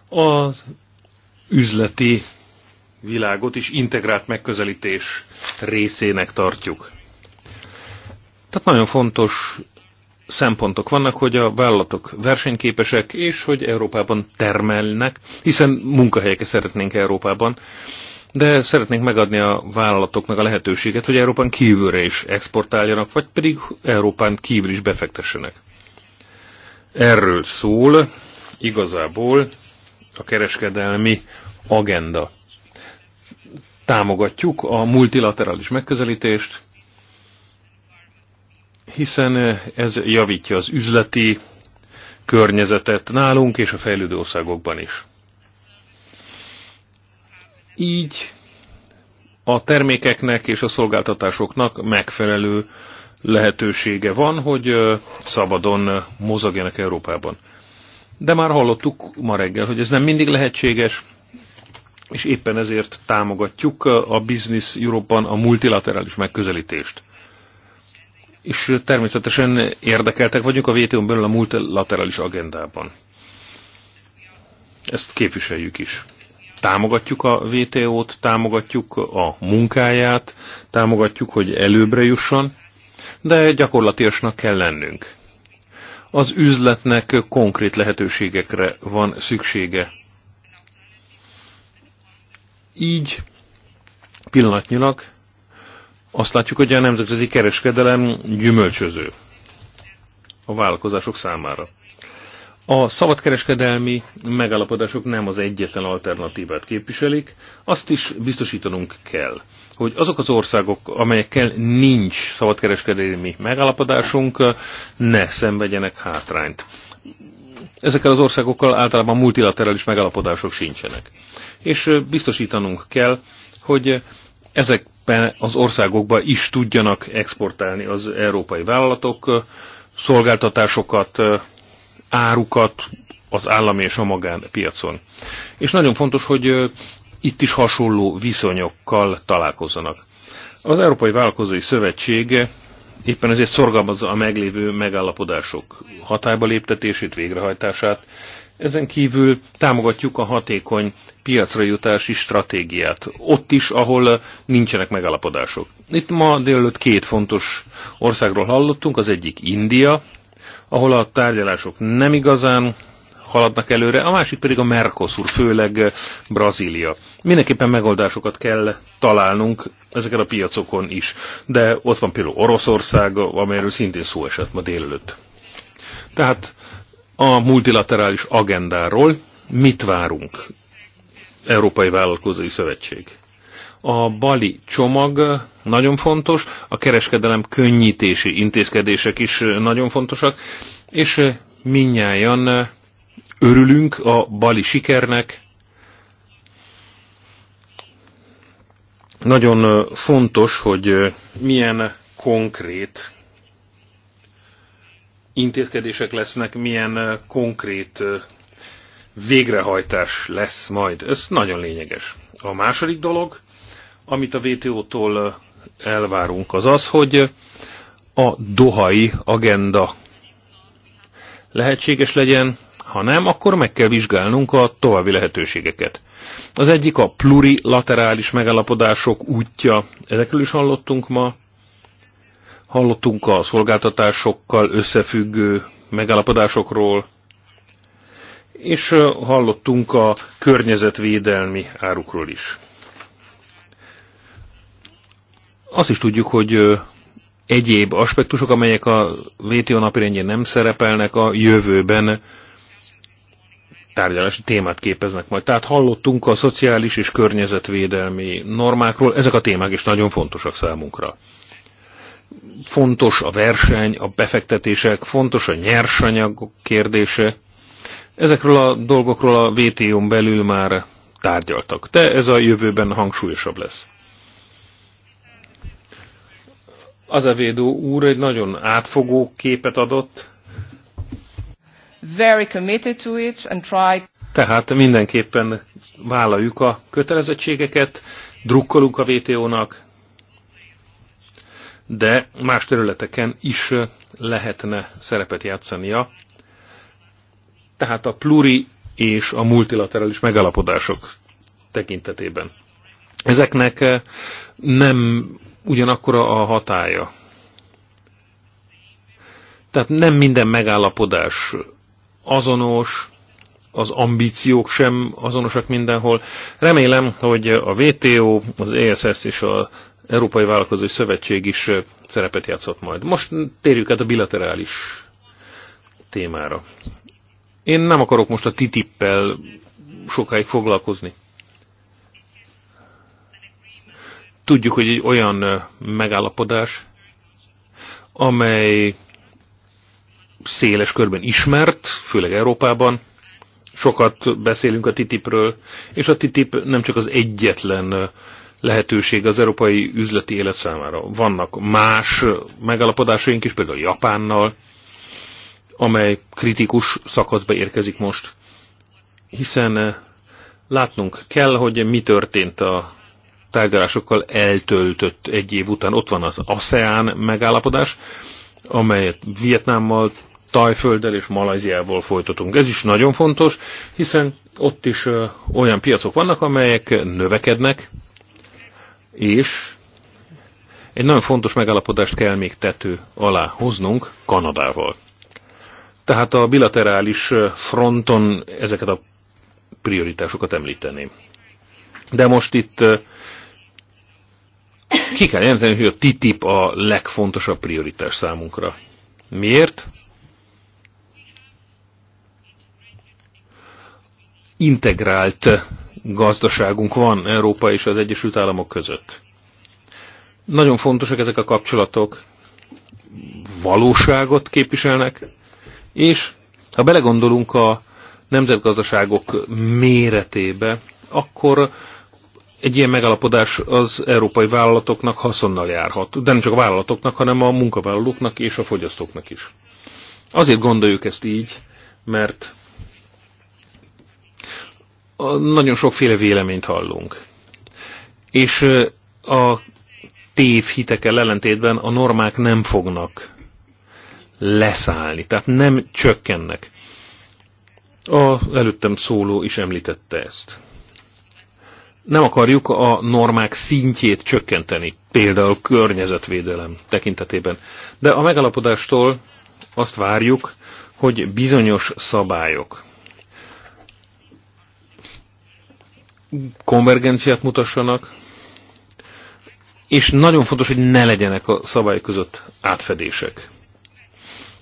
az üzleti világot is integrált megközelítés részének tartjuk. Tehát nagyon fontos szempontok vannak, hogy a vállalatok versenyképesek, és hogy Európában termelnek, hiszen munkahelyeket szeretnénk Európában, de szeretnénk megadni a vállalatoknak a lehetőséget, hogy Európán kívülre is exportáljanak, vagy pedig Európán kívül is befektessenek. Erről szól igazából a kereskedelmi agenda. Támogatjuk a multilaterális megközelítést, hiszen eh, ez javítja az üzleti környezetet nálunk és a fejlődő országokban is. Így a termékeknek és a szolgáltatásoknak megfelelő lehetősége van, hogy eh, szabadon eh, mozogjanak Európában. De már hallottuk ma reggel, hogy ez nem mindig lehetséges, és éppen ezért támogatjuk a Business Europe-ban a multilaterális megközelítést és természetesen érdekeltek vagyunk a WTO-n belül a multilaterális agendában. Ezt képviseljük is. Támogatjuk a WTO-t, támogatjuk a munkáját, támogatjuk, hogy előbbre jusson, de gyakorlatiasnak kell lennünk. Az üzletnek konkrét lehetőségekre van szüksége. Így pillanatnyilag azt látjuk, hogy a nemzetközi kereskedelem gyümölcsöző a vállalkozások számára. A szabadkereskedelmi megállapodások nem az egyetlen alternatívát képviselik, azt is biztosítanunk kell, hogy azok az országok, amelyekkel nincs szabadkereskedelmi megállapodásunk, ne szenvedjenek hátrányt. Ezekkel az országokkal általában multilaterális megállapodások sincsenek. És biztosítanunk kell, hogy ezekben az országokba is tudjanak exportálni az európai vállalatok szolgáltatásokat, árukat az állami és a magánpiacon. És nagyon fontos, hogy itt is hasonló viszonyokkal találkozzanak. Az Európai Vállalkozói Szövetség éppen ezért szorgalmazza a meglévő megállapodások hatályba léptetését, végrehajtását, ezen kívül támogatjuk a hatékony piacra jutási stratégiát, ott is, ahol nincsenek megalapodások. Itt ma délelőtt két fontos országról hallottunk, az egyik India, ahol a tárgyalások nem igazán haladnak előre, a másik pedig a Mercosur, főleg Brazília. Mindenképpen megoldásokat kell találnunk ezeken a piacokon is, de ott van például Oroszország, amelyről szintén szó esett ma délelőtt. Tehát a multilaterális agendáról mit várunk? Európai Vállalkozói Szövetség. A bali csomag nagyon fontos, a kereskedelem könnyítési intézkedések is nagyon fontosak, és minnyáján örülünk a bali sikernek. Nagyon fontos, hogy milyen konkrét intézkedések lesznek, milyen konkrét végrehajtás lesz majd. Ez nagyon lényeges. A második dolog, amit a WTO-tól elvárunk, az az, hogy a dohai agenda lehetséges legyen, ha nem, akkor meg kell vizsgálnunk a további lehetőségeket. Az egyik a plurilaterális megállapodások útja, ezekről is hallottunk ma, Hallottunk a szolgáltatásokkal összefüggő megállapodásokról, és hallottunk a környezetvédelmi árukról is. Azt is tudjuk, hogy egyéb aspektusok, amelyek a VTO napirendjén nem szerepelnek, a jövőben tárgyalási témát képeznek majd. Tehát hallottunk a szociális és környezetvédelmi normákról, ezek a témák is nagyon fontosak számunkra fontos a verseny, a befektetések, fontos a nyersanyag kérdése. Ezekről a dolgokról a vto n belül már tárgyaltak, de ez a jövőben hangsúlyosabb lesz. Az a védő úr egy nagyon átfogó képet adott. Very committed to it and try... Tehát mindenképpen vállaljuk a kötelezettségeket, drukkolunk a vto nak de más területeken is lehetne szerepet játszania. Tehát a pluri és a multilaterális megalapodások tekintetében. Ezeknek nem ugyanakkora a hatája. Tehát nem minden megállapodás azonos, az ambíciók sem azonosak mindenhol. Remélem, hogy a WTO, az ESS és a Európai Vállalkozói Szövetség is szerepet játszott majd. Most térjük át a bilaterális témára. Én nem akarok most a TTIP-pel sokáig foglalkozni. Tudjuk, hogy egy olyan megállapodás, amely széles körben ismert, főleg Európában. Sokat beszélünk a TTIP-ről, és a TTIP nem csak az egyetlen lehetőség az európai üzleti élet számára. Vannak más megalapodásaink is, például Japánnal, amely kritikus szakaszba érkezik most, hiszen eh, látnunk kell, hogy mi történt a tárgyalásokkal eltöltött egy év után. Ott van az ASEAN megállapodás, amelyet Vietnámmal, Tajfölddel és Malajziával folytatunk. Ez is nagyon fontos, hiszen ott is eh, olyan piacok vannak, amelyek növekednek, és egy nagyon fontos megállapodást kell még tető alá hoznunk Kanadával. Tehát a bilaterális fronton ezeket a prioritásokat említeném. De most itt ki kell jelenteni, hogy a TTIP a legfontosabb prioritás számunkra. Miért? Integrált gazdaságunk van Európa és az Egyesült Államok között. Nagyon fontosak ezek a kapcsolatok, valóságot képviselnek, és ha belegondolunk a nemzetgazdaságok méretébe, akkor egy ilyen megalapodás az európai vállalatoknak haszonnal járhat. De nem csak a vállalatoknak, hanem a munkavállalóknak és a fogyasztóknak is. Azért gondoljuk ezt így, mert nagyon sokféle véleményt hallunk. És a tévhitekkel ellentétben a normák nem fognak leszállni, tehát nem csökkennek. A előttem szóló is említette ezt. Nem akarjuk a normák szintjét csökkenteni, például környezetvédelem tekintetében. De a megalapodástól azt várjuk, hogy bizonyos szabályok, konvergenciát mutassanak, és nagyon fontos, hogy ne legyenek a szabály között átfedések.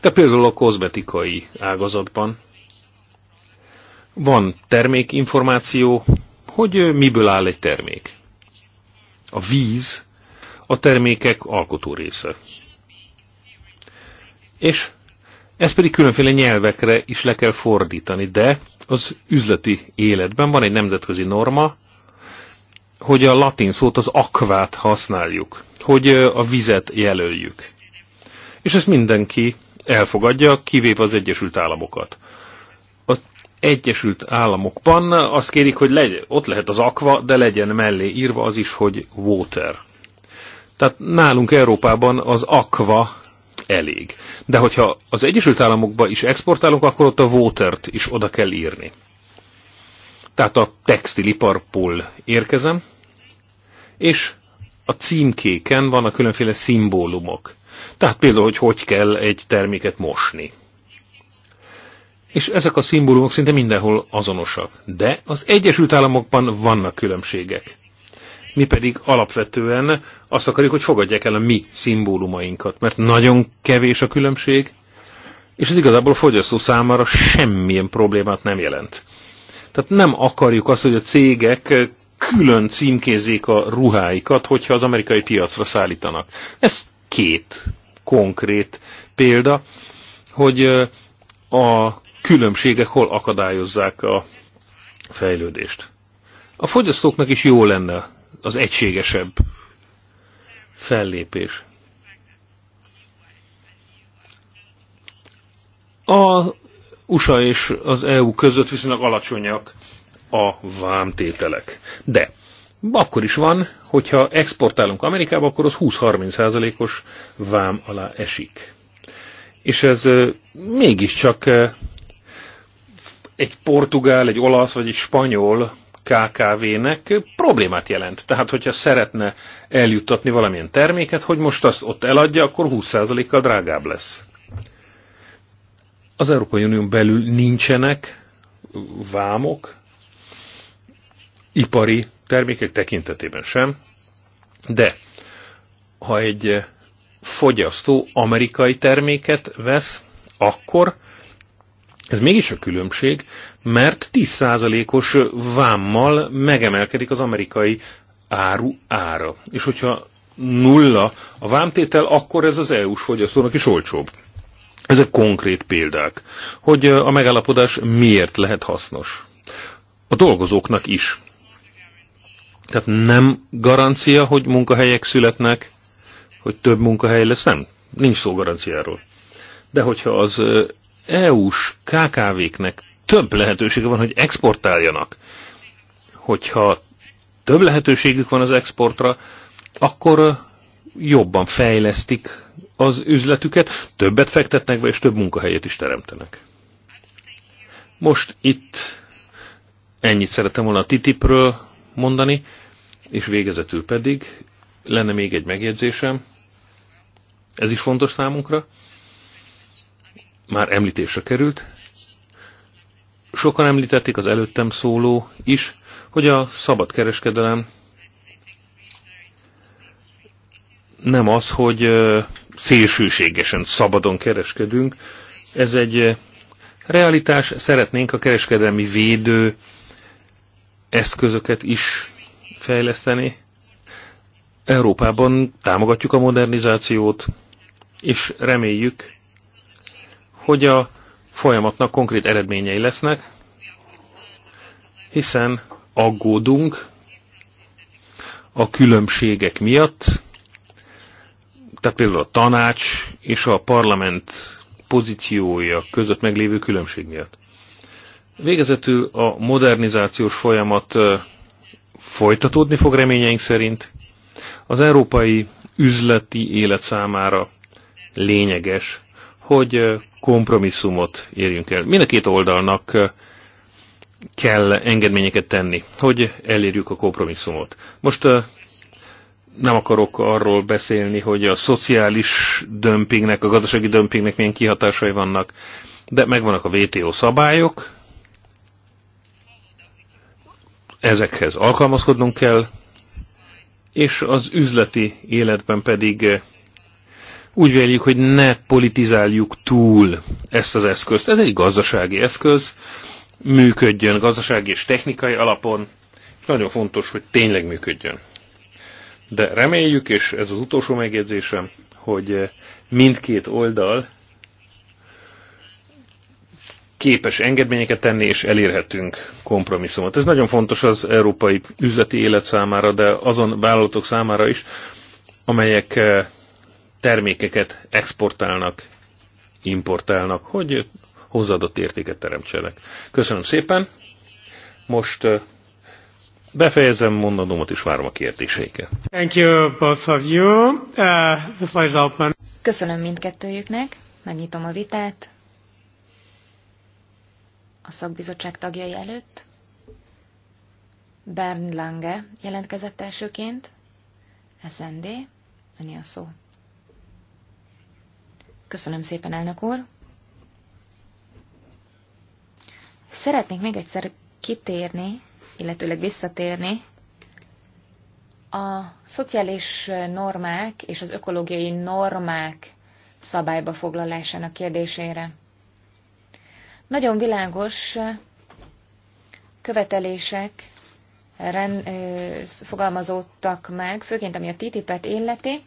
De például a kozmetikai ágazatban van termékinformáció, hogy miből áll egy termék. A víz a termékek alkotó része. És ezt pedig különféle nyelvekre is le kell fordítani, de az üzleti életben van egy nemzetközi norma, hogy a latin szót, az akvát használjuk, hogy a vizet jelöljük. És ezt mindenki elfogadja, kivéve az Egyesült Államokat. Az Egyesült Államokban azt kérik, hogy legyen, ott lehet az akva, de legyen mellé írva az is, hogy water. Tehát nálunk Európában az akva elég. De hogyha az Egyesült Államokba is exportálunk, akkor ott a watert is oda kell írni. Tehát a textiliparból érkezem, és a címkéken vannak különféle szimbólumok. Tehát például, hogy hogy kell egy terméket mosni. És ezek a szimbólumok szinte mindenhol azonosak. De az Egyesült Államokban vannak különbségek mi pedig alapvetően azt akarjuk, hogy fogadják el a mi szimbólumainkat, mert nagyon kevés a különbség, és ez igazából a fogyasztó számára semmilyen problémát nem jelent. Tehát nem akarjuk azt, hogy a cégek külön címkézzék a ruháikat, hogyha az amerikai piacra szállítanak. Ez két konkrét példa, hogy a különbségek hol akadályozzák a fejlődést. A fogyasztóknak is jó lenne az egységesebb fellépés. A USA és az EU között viszonylag alacsonyak a vámtételek. De akkor is van, hogyha exportálunk Amerikába, akkor az 20-30%-os vám alá esik. És ez mégiscsak egy portugál, egy olasz vagy egy spanyol KKV-nek problémát jelent. Tehát, hogyha szeretne eljuttatni valamilyen terméket, hogy most azt ott eladja, akkor 20%-kal drágább lesz. Az Európai Unión belül nincsenek vámok, ipari termékek tekintetében sem, de ha egy fogyasztó amerikai terméket vesz, akkor ez mégis a különbség, mert 10%-os vámmal megemelkedik az amerikai áru ára. És hogyha nulla a vámtétel, akkor ez az EU-s fogyasztónak is olcsóbb. Ezek konkrét példák, hogy a megállapodás miért lehet hasznos. A dolgozóknak is. Tehát nem garancia, hogy munkahelyek születnek, hogy több munkahely lesz, nem. Nincs szó garanciáról. De hogyha az EU-s KKV-knek több lehetősége van, hogy exportáljanak. Hogyha több lehetőségük van az exportra, akkor jobban fejlesztik az üzletüket, többet fektetnek be, és több munkahelyet is teremtenek. Most itt ennyit szeretem volna a TTIP-ről mondani, és végezetül pedig lenne még egy megjegyzésem, ez is fontos számunkra, már említésre került, Sokan említették az előttem szóló is, hogy a szabad kereskedelem nem az, hogy szélsőségesen szabadon kereskedünk. Ez egy realitás, szeretnénk a kereskedelmi védő eszközöket is fejleszteni. Európában támogatjuk a modernizációt, és reméljük, hogy a folyamatnak konkrét eredményei lesznek, hiszen aggódunk a különbségek miatt, tehát például a tanács és a parlament pozíciója között meglévő különbség miatt. Végezetül a modernizációs folyamat folytatódni fog reményeink szerint. Az európai üzleti élet számára lényeges, hogy kompromisszumot érjünk el. Mind a két oldalnak kell engedményeket tenni, hogy elérjük a kompromisszumot. Most nem akarok arról beszélni, hogy a szociális dömpingnek, a gazdasági dömpingnek milyen kihatásai vannak, de megvannak a WTO szabályok, ezekhez alkalmazkodnunk kell, és az üzleti életben pedig úgy véljük, hogy ne politizáljuk túl ezt az eszközt. Ez egy gazdasági eszköz, működjön gazdasági és technikai alapon, és nagyon fontos, hogy tényleg működjön. De reméljük, és ez az utolsó megjegyzésem, hogy mindkét oldal képes engedményeket tenni, és elérhetünk kompromisszumot. Ez nagyon fontos az európai üzleti élet számára, de azon vállalatok számára is, amelyek eh, termékeket exportálnak, importálnak, hogy hozzáadott értéket teremtsenek. Köszönöm szépen. Most befejezem mondanomat és várom a kérdéseiket. Thank you both of you. Uh, the floor is open. Köszönöm mindkettőjüknek. Megnyitom a vitát a szakbizottság tagjai előtt. Bern Lange jelentkezett elsőként. SND, öni a szó. Köszönöm szépen, elnök úr. Szeretnék még egyszer kitérni, illetőleg visszatérni a szociális normák és az ökológiai normák szabályba foglalásának kérdésére. Nagyon világos követelések rend, ö, fogalmazódtak meg, főként ami a TTIP-et illeti,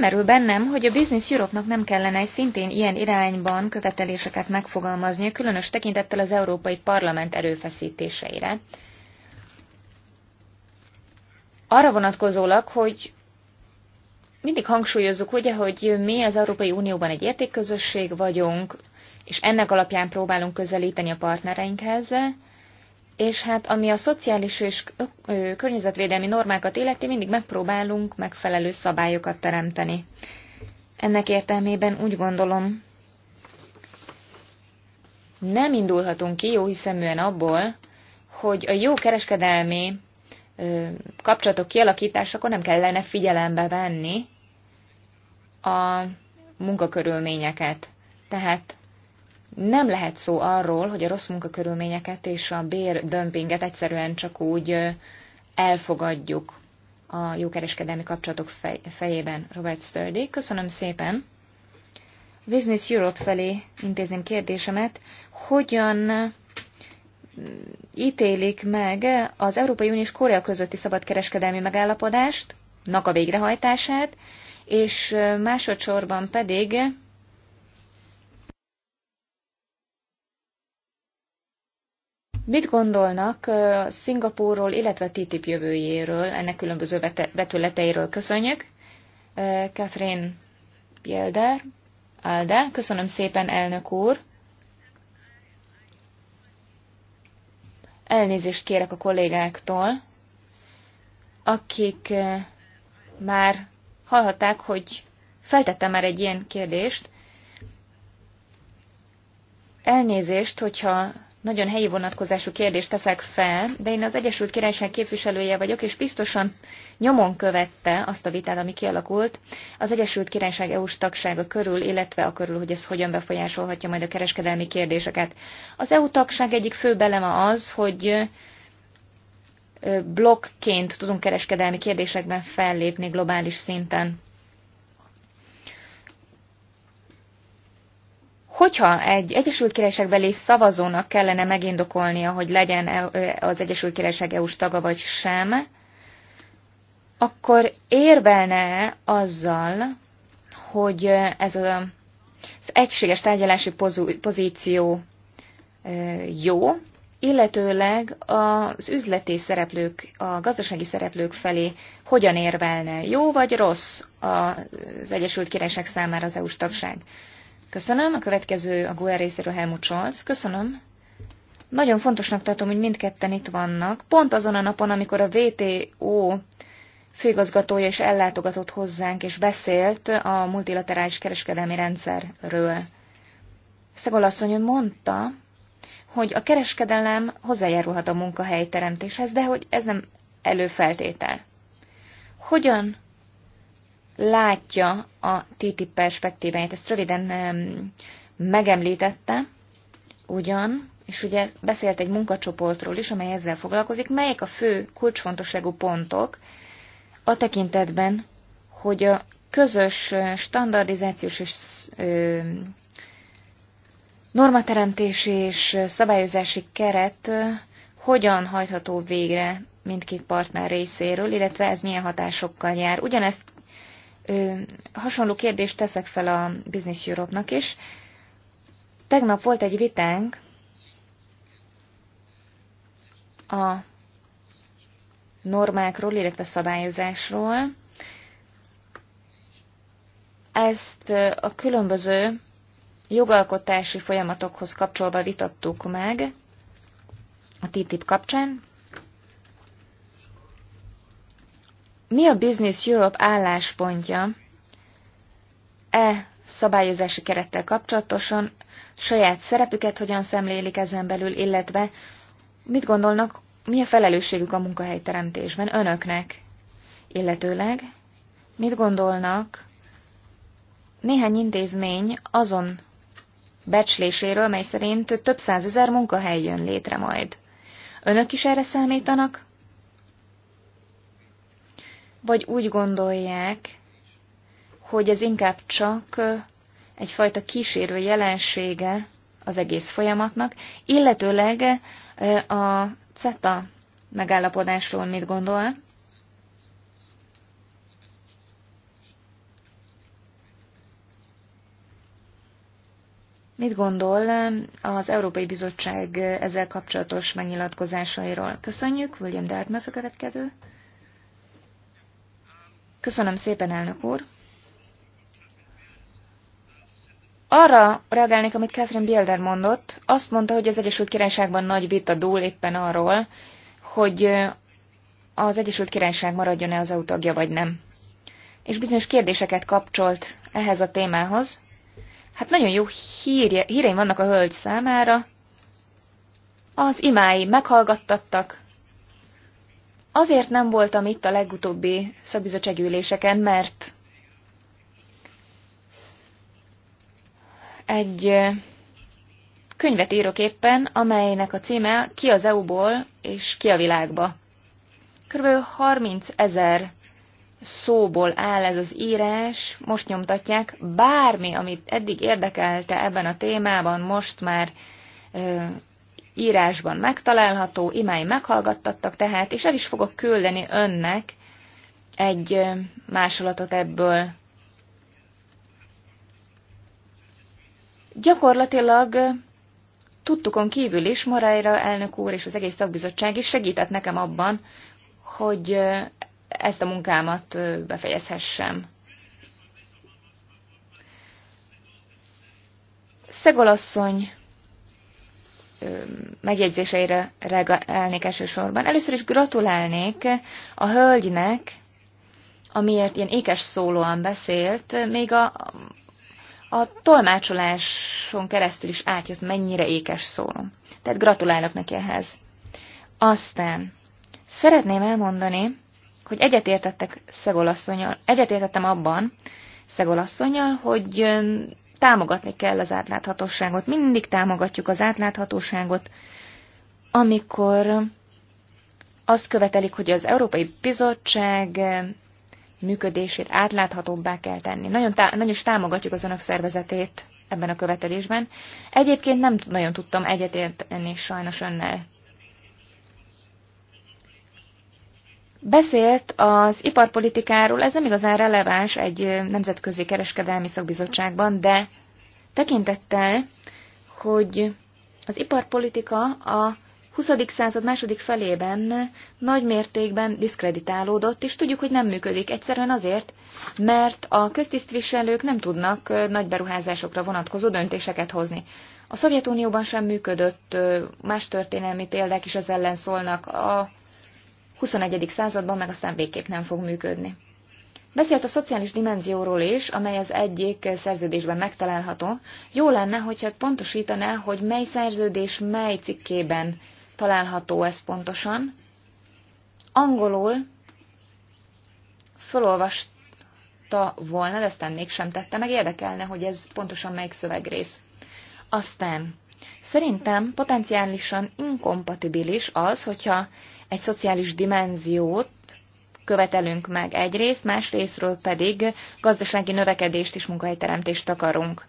Felmerül bennem, hogy a Business Europe-nak nem kellene szintén ilyen irányban követeléseket megfogalmaznia, különös tekintettel az Európai Parlament erőfeszítéseire. Arra vonatkozólag, hogy mindig hangsúlyozzuk, ugye, hogy mi az Európai Unióban egy értékközösség vagyunk, és ennek alapján próbálunk közelíteni a partnereinkhez, és hát ami a szociális és környezetvédelmi normákat illeti, mindig megpróbálunk megfelelő szabályokat teremteni. Ennek értelmében úgy gondolom, nem indulhatunk ki jó hiszeműen abból, hogy a jó kereskedelmi kapcsolatok kialakításakor nem kellene figyelembe venni a munkakörülményeket. Tehát nem lehet szó arról, hogy a rossz munkakörülményeket és a bérdömpinget egyszerűen csak úgy elfogadjuk a jókereskedelmi kapcsolatok fejében Robert Sturdy. Köszönöm szépen! Business Europe felé intézném kérdésemet, hogyan ítélik meg az Európai Unió és Korea közötti szabadkereskedelmi megállapodást, nak a végrehajtását, és másodszorban pedig Mit gondolnak Szingapúrról, illetve TTIP jövőjéről, ennek különböző vetületeiről köszönjük. Catherine Bielder, Alde, köszönöm szépen, elnök úr. Elnézést kérek a kollégáktól, akik már hallhatták, hogy feltettem már egy ilyen kérdést. Elnézést, hogyha nagyon helyi vonatkozású kérdést teszek fel, de én az Egyesült Királyság képviselője vagyok, és biztosan nyomon követte azt a vitát, ami kialakult az Egyesült Királyság EU-s tagsága körül, illetve a körül, hogy ez hogyan befolyásolhatja majd a kereskedelmi kérdéseket. Az EU tagság egyik fő beleme az, hogy blokként tudunk kereskedelmi kérdésekben fellépni globális szinten. Hogyha egy Egyesült Királyságbeli szavazónak kellene megindokolnia, hogy legyen e, az Egyesült Királyság EU-s taga vagy sem, akkor érvelne azzal, hogy ez a, az egységes tárgyalási pozíció jó, illetőleg az üzleti szereplők, a gazdasági szereplők felé hogyan érvelne, jó vagy rossz az Egyesült Királyság számára az EU-s tagság. Köszönöm. A következő a Guer részéről Helmut Scholz. Köszönöm. Nagyon fontosnak tartom, hogy mindketten itt vannak. Pont azon a napon, amikor a VTO főigazgatója is ellátogatott hozzánk, és beszélt a multilaterális kereskedelmi rendszerről. Szegol asszony mondta, hogy a kereskedelem hozzájárulhat a munkahelyteremtéshez, de hogy ez nem előfeltétel. Hogyan látja a Titi perspektíváját. Ezt röviden megemlítette, ugyan, és ugye beszélt egy munkacsoportról is, amely ezzel foglalkozik, melyek a fő kulcsfontosságú pontok a tekintetben, hogy a közös standardizációs és normateremtési és szabályozási keret hogyan hajtható végre mindkét partner részéről, illetve ez milyen hatásokkal jár. Ugyanezt hasonló kérdést teszek fel a Business Europe-nak is. Tegnap volt egy vitánk a normákról, illetve szabályozásról. Ezt a különböző jogalkotási folyamatokhoz kapcsolva vitattuk meg a TTIP kapcsán. Mi a Business Europe álláspontja e szabályozási kerettel kapcsolatosan, saját szerepüket hogyan szemlélik ezen belül, illetve mit gondolnak, mi a felelősségük a munkahelyteremtésben önöknek, illetőleg mit gondolnak néhány intézmény azon becsléséről, mely szerint több százezer munkahely jön létre majd. Önök is erre számítanak? vagy úgy gondolják, hogy ez inkább csak egyfajta kísérő jelensége az egész folyamatnak, illetőleg a CETA megállapodásról mit gondol? Mit gondol az Európai Bizottság ezzel kapcsolatos megnyilatkozásairól? Köszönjük, William Dartmouth a következő. Köszönöm szépen, elnök úr. Arra reagálnék, amit Catherine Bielder mondott. Azt mondta, hogy az Egyesült Királyságban nagy vita dúl éppen arról, hogy az Egyesült Királyság maradjon-e az EU tagja, vagy nem. És bizonyos kérdéseket kapcsolt ehhez a témához. Hát nagyon jó hírje, híreim vannak a hölgy számára. Az imái meghallgattattak, Azért nem voltam itt a legutóbbi szakbizottságüléseken, mert egy könyvet írok éppen, amelynek a címe Ki az EU-ból és ki a világba. Körülbelül 30 ezer szóból áll ez az írás, most nyomtatják, bármi, amit eddig érdekelte ebben a témában, most már írásban megtalálható, imáim meghallgattattak tehát, és el is fogok küldeni önnek egy másolatot ebből. Gyakorlatilag tudtukon kívül is Moreira elnök úr és az egész szakbizottság is segített nekem abban, hogy ezt a munkámat befejezhessem. Szegolasszony megjegyzéseire reagálnék elsősorban. Először is gratulálnék a hölgynek, amiért ilyen ékes szólóan beszélt, még a, a tolmácsoláson keresztül is átjött, mennyire ékes szóló. Tehát gratulálok neki ehhez. Aztán szeretném elmondani, hogy egyetértettek Szegolasszonyjal, egyetértettem abban Szegolasszonyjal, hogy támogatni kell az átláthatóságot. Mindig támogatjuk az átláthatóságot, amikor azt követelik, hogy az Európai Bizottság működését átláthatóbbá kell tenni. Nagyon, tá- nagyon is támogatjuk az önök szervezetét ebben a követelésben. Egyébként nem nagyon tudtam egyetérteni sajnos önnel. Beszélt az iparpolitikáról, ez nem igazán releváns egy nemzetközi kereskedelmi szakbizottságban, de tekintettel, hogy az iparpolitika a 20. század második felében nagy mértékben diszkreditálódott, és tudjuk, hogy nem működik egyszerűen azért, mert a köztisztviselők nem tudnak nagy beruházásokra vonatkozó döntéseket hozni. A Szovjetunióban sem működött, más történelmi példák is ezzel ellen szólnak, a 21. században meg aztán végképp nem fog működni. Beszélt a szociális dimenzióról is, amely az egyik szerződésben megtalálható. Jó lenne, hogyha pontosítaná, hogy mely szerződés mely cikkében található ez pontosan. Angolul felolvasta volna, de aztán mégsem tette, meg érdekelne, hogy ez pontosan melyik szövegrész. Aztán Szerintem potenciálisan inkompatibilis az, hogyha egy szociális dimenziót követelünk meg egyrészt, másrésztről pedig gazdasági növekedést és munkahelyteremtést akarunk.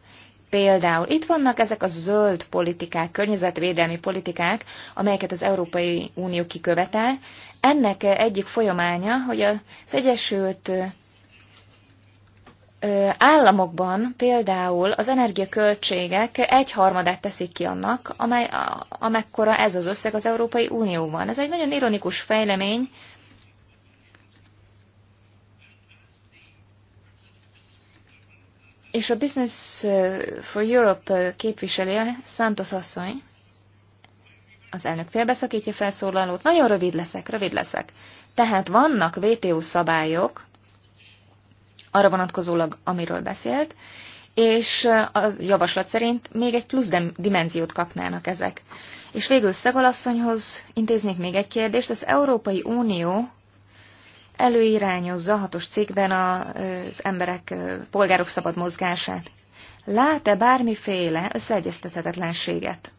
Például itt vannak ezek a zöld politikák, környezetvédelmi politikák, amelyeket az Európai Unió kikövetel. Ennek egyik folyamánya, hogy az Egyesült államokban például az energiaköltségek egyharmadát teszik ki annak, amely, amekkora ez az összeg az Európai Unióban. Ez egy nagyon ironikus fejlemény, És a Business for Europe képviselője, Santos asszony, az elnök félbeszakítja felszólalót. Nagyon rövid leszek, rövid leszek. Tehát vannak WTO szabályok, arra amiről beszélt, és az javaslat szerint még egy plusz dimenziót kapnának ezek. És végül Szegalasszonyhoz intéznék még egy kérdést. Az Európai Unió előirányozza hatos cikkben az emberek, polgárok szabad mozgását. Lát-e bármiféle összeegyeztethetetlenséget?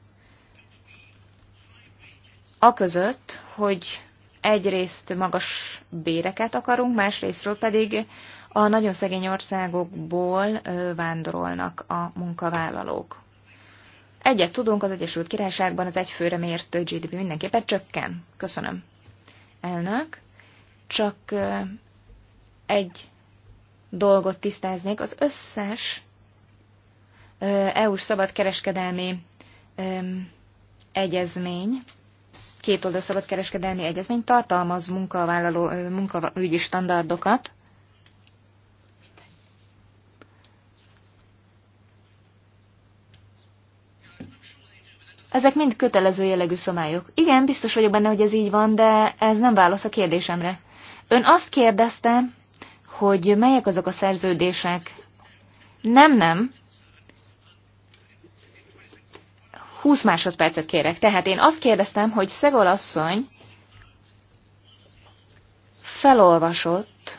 között, hogy egyrészt magas béreket akarunk, másrésztről pedig a nagyon szegény országokból vándorolnak a munkavállalók. Egyet tudunk, az Egyesült Királyságban az egyfőre mért GDP mindenképpen csökken. Köszönöm. Elnök, csak egy dolgot tisztáznék. Az összes EU-s szabadkereskedelmi egyezmény, kétoldal szabadkereskedelmi egyezmény tartalmaz munkavállaló munkaügyi standardokat, Ezek mind kötelező jellegű szabályok. Igen, biztos vagyok benne, hogy ez így van, de ez nem válasz a kérdésemre. Ön azt kérdezte, hogy melyek azok a szerződések? Nem, nem. 20 másodpercet kérek. Tehát én azt kérdeztem, hogy Szegol asszony felolvasott,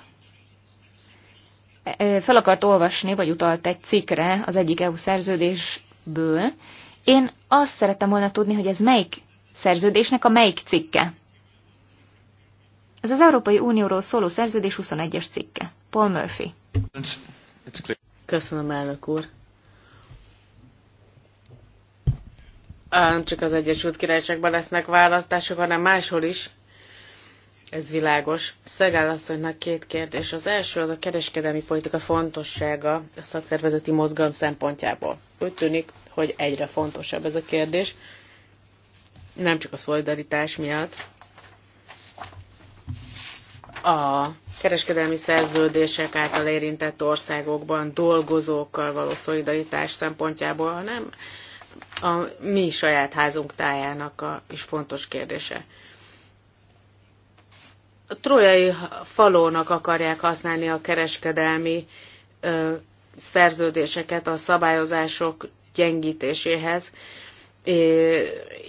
fel akart olvasni, vagy utalt egy cikkre az egyik EU szerződésből, én azt szerettem volna tudni, hogy ez melyik szerződésnek a melyik cikke. Ez az Európai Unióról szóló szerződés 21-es cikke. Paul Murphy. Köszönöm, elnök úr. Á, nem csak az Egyesült Királyságban lesznek választások, hanem máshol is ez világos. Szegál asszonynak két kérdés. Az első az a kereskedelmi politika fontossága a szakszervezeti mozgalom szempontjából. Úgy tűnik, hogy egyre fontosabb ez a kérdés, nem csak a szolidaritás miatt. A kereskedelmi szerződések által érintett országokban dolgozókkal való szolidaritás szempontjából, hanem a mi saját házunk tájának a, is fontos kérdése a trójai falónak akarják használni a kereskedelmi ö, szerződéseket a szabályozások gyengítéséhez. É,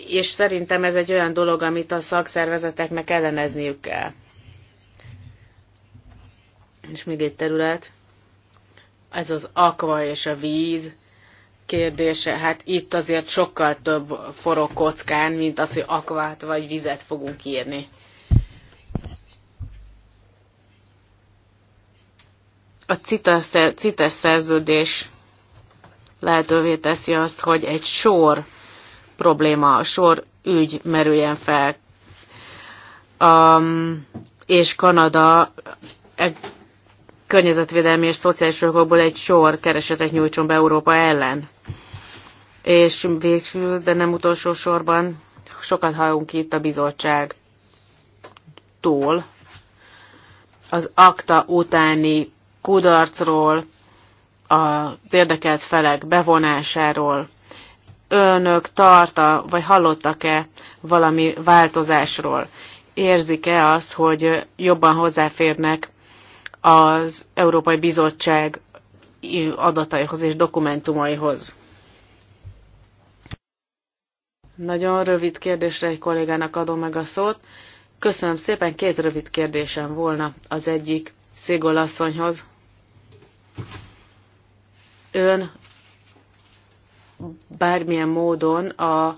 és szerintem ez egy olyan dolog, amit a szakszervezeteknek ellenezniük kell. És még egy terület, ez az akva és a víz kérdése. Hát itt azért sokkal több forog kockán, mint az, hogy akvát vagy vizet fogunk írni. A CITES szerződés lehetővé teszi azt, hogy egy sor probléma, a sor ügy merüljen fel. Um, és Kanada e környezetvédelmi és szociális jogokból egy sor keresetet nyújtson be Európa ellen. És végül, de nem utolsó sorban, sokat hallunk itt a bizottságtól az akta utáni kudarcról, az érdekelt felek bevonásáról. Önök tarta, vagy hallottak-e valami változásról? Érzik-e azt, hogy jobban hozzáférnek az Európai Bizottság adataihoz és dokumentumaihoz? Nagyon rövid kérdésre egy kollégának adom meg a szót. Köszönöm szépen, két rövid kérdésem volna az egyik Szigol asszonyhoz ön bármilyen módon a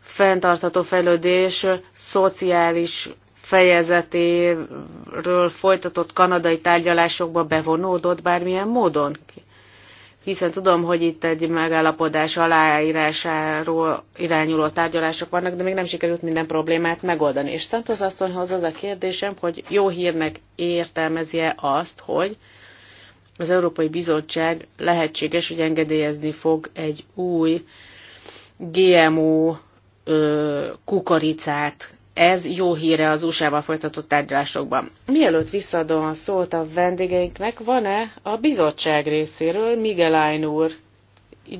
fenntartható fejlődés szociális fejezetéről folytatott kanadai tárgyalásokba bevonódott bármilyen módon? Hiszen tudom, hogy itt egy megállapodás aláírásáról irányuló tárgyalások vannak, de még nem sikerült minden problémát megoldani. És Szentos asszonyhoz az a kérdésem, hogy jó hírnek értelmezje azt, hogy az Európai Bizottság lehetséges, hogy engedélyezni fog egy új GMO ö, kukoricát. Ez jó híre az USA-ban folytatott tárgyalásokban. Mielőtt visszaadom a szót a vendégeinknek, van-e a bizottság részéről Miguel Ayn úr,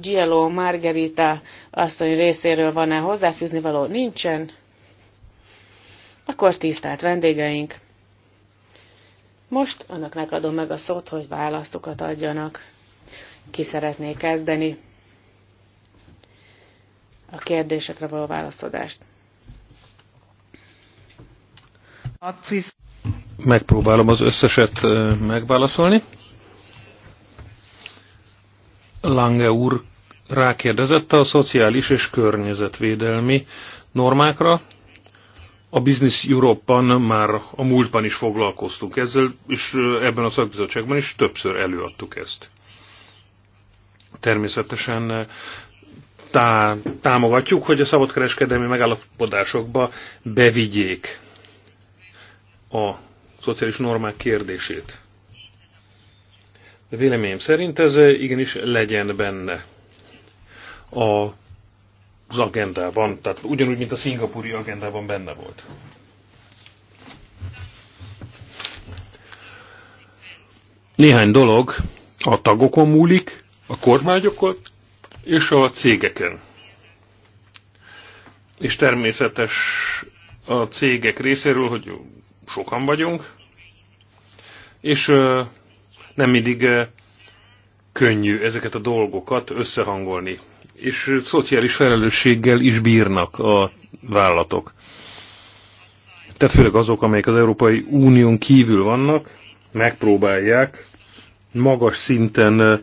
Gielo Margarita asszony részéről van-e hozzáfűzni való? Nincsen. Akkor tisztelt vendégeink! Most önöknek adom meg a szót, hogy válaszokat adjanak. Ki szeretné kezdeni a kérdésekre való válaszadást? Megpróbálom az összeset megválaszolni. Lange úr rákérdezett a szociális és környezetvédelmi normákra, a Business Europe-ban már a múltban is foglalkoztunk ezzel, és ebben a szakbizottságban is többször előadtuk ezt. Természetesen tá támogatjuk, hogy a szabadkereskedelmi megállapodásokba bevigyék a szociális normák kérdését. De véleményem szerint ez igenis legyen benne. A az agendában, tehát ugyanúgy, mint a szingapúri agendában benne volt. Néhány dolog a tagokon múlik, a kormányokon és a cégeken. És természetes a cégek részéről, hogy sokan vagyunk, és nem mindig könnyű ezeket a dolgokat összehangolni és szociális felelősséggel is bírnak a vállalatok. Tehát főleg azok, amelyek az Európai Unión kívül vannak, megpróbálják magas szinten eh,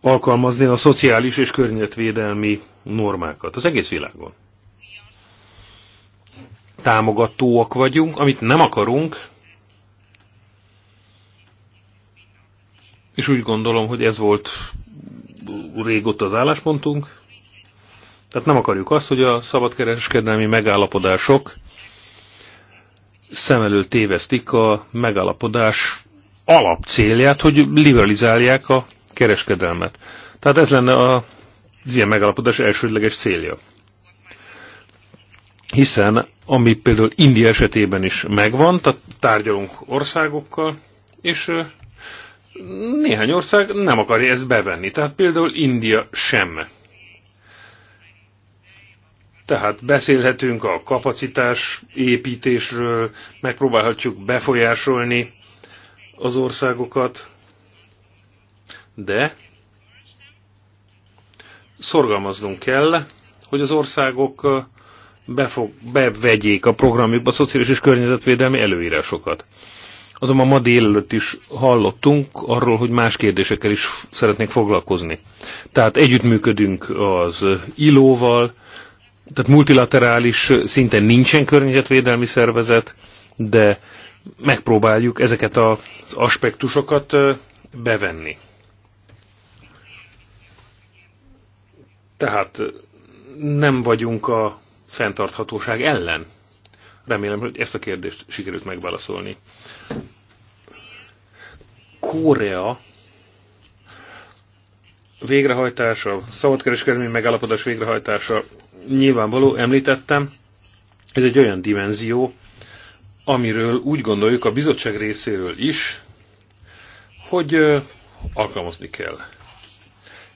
alkalmazni a szociális és környezetvédelmi normákat az egész világon. Támogatóak vagyunk, amit nem akarunk, és úgy gondolom, hogy ez volt régóta az álláspontunk. Tehát nem akarjuk azt, hogy a szabadkereskedelmi megállapodások szem elől tévesztik a megállapodás alapcélját, hogy liberalizálják a kereskedelmet. Tehát ez lenne a, az ilyen megállapodás elsődleges célja. Hiszen, ami például India esetében is megvan, tehát tárgyalunk országokkal, és néhány ország nem akarja ezt bevenni, tehát például India sem. Tehát beszélhetünk a kapacitás építésről, megpróbálhatjuk befolyásolni az országokat, de szorgalmaznunk kell, hogy az országok befog, bevegyék a programjukba a szociális és környezetvédelmi előírásokat. Azonban ma délelőtt is hallottunk arról, hogy más kérdésekkel is szeretnék foglalkozni. Tehát együttműködünk az ILO-val, tehát multilaterális szinten nincsen környezetvédelmi szervezet, de megpróbáljuk ezeket az aspektusokat bevenni. Tehát nem vagyunk a fenntarthatóság ellen remélem, hogy ezt a kérdést sikerült megválaszolni. Korea végrehajtása, szabadkereskedelmi megállapodás végrehajtása nyilvánvaló, említettem, ez egy olyan dimenzió, amiről úgy gondoljuk a bizottság részéről is, hogy alkalmazni kell.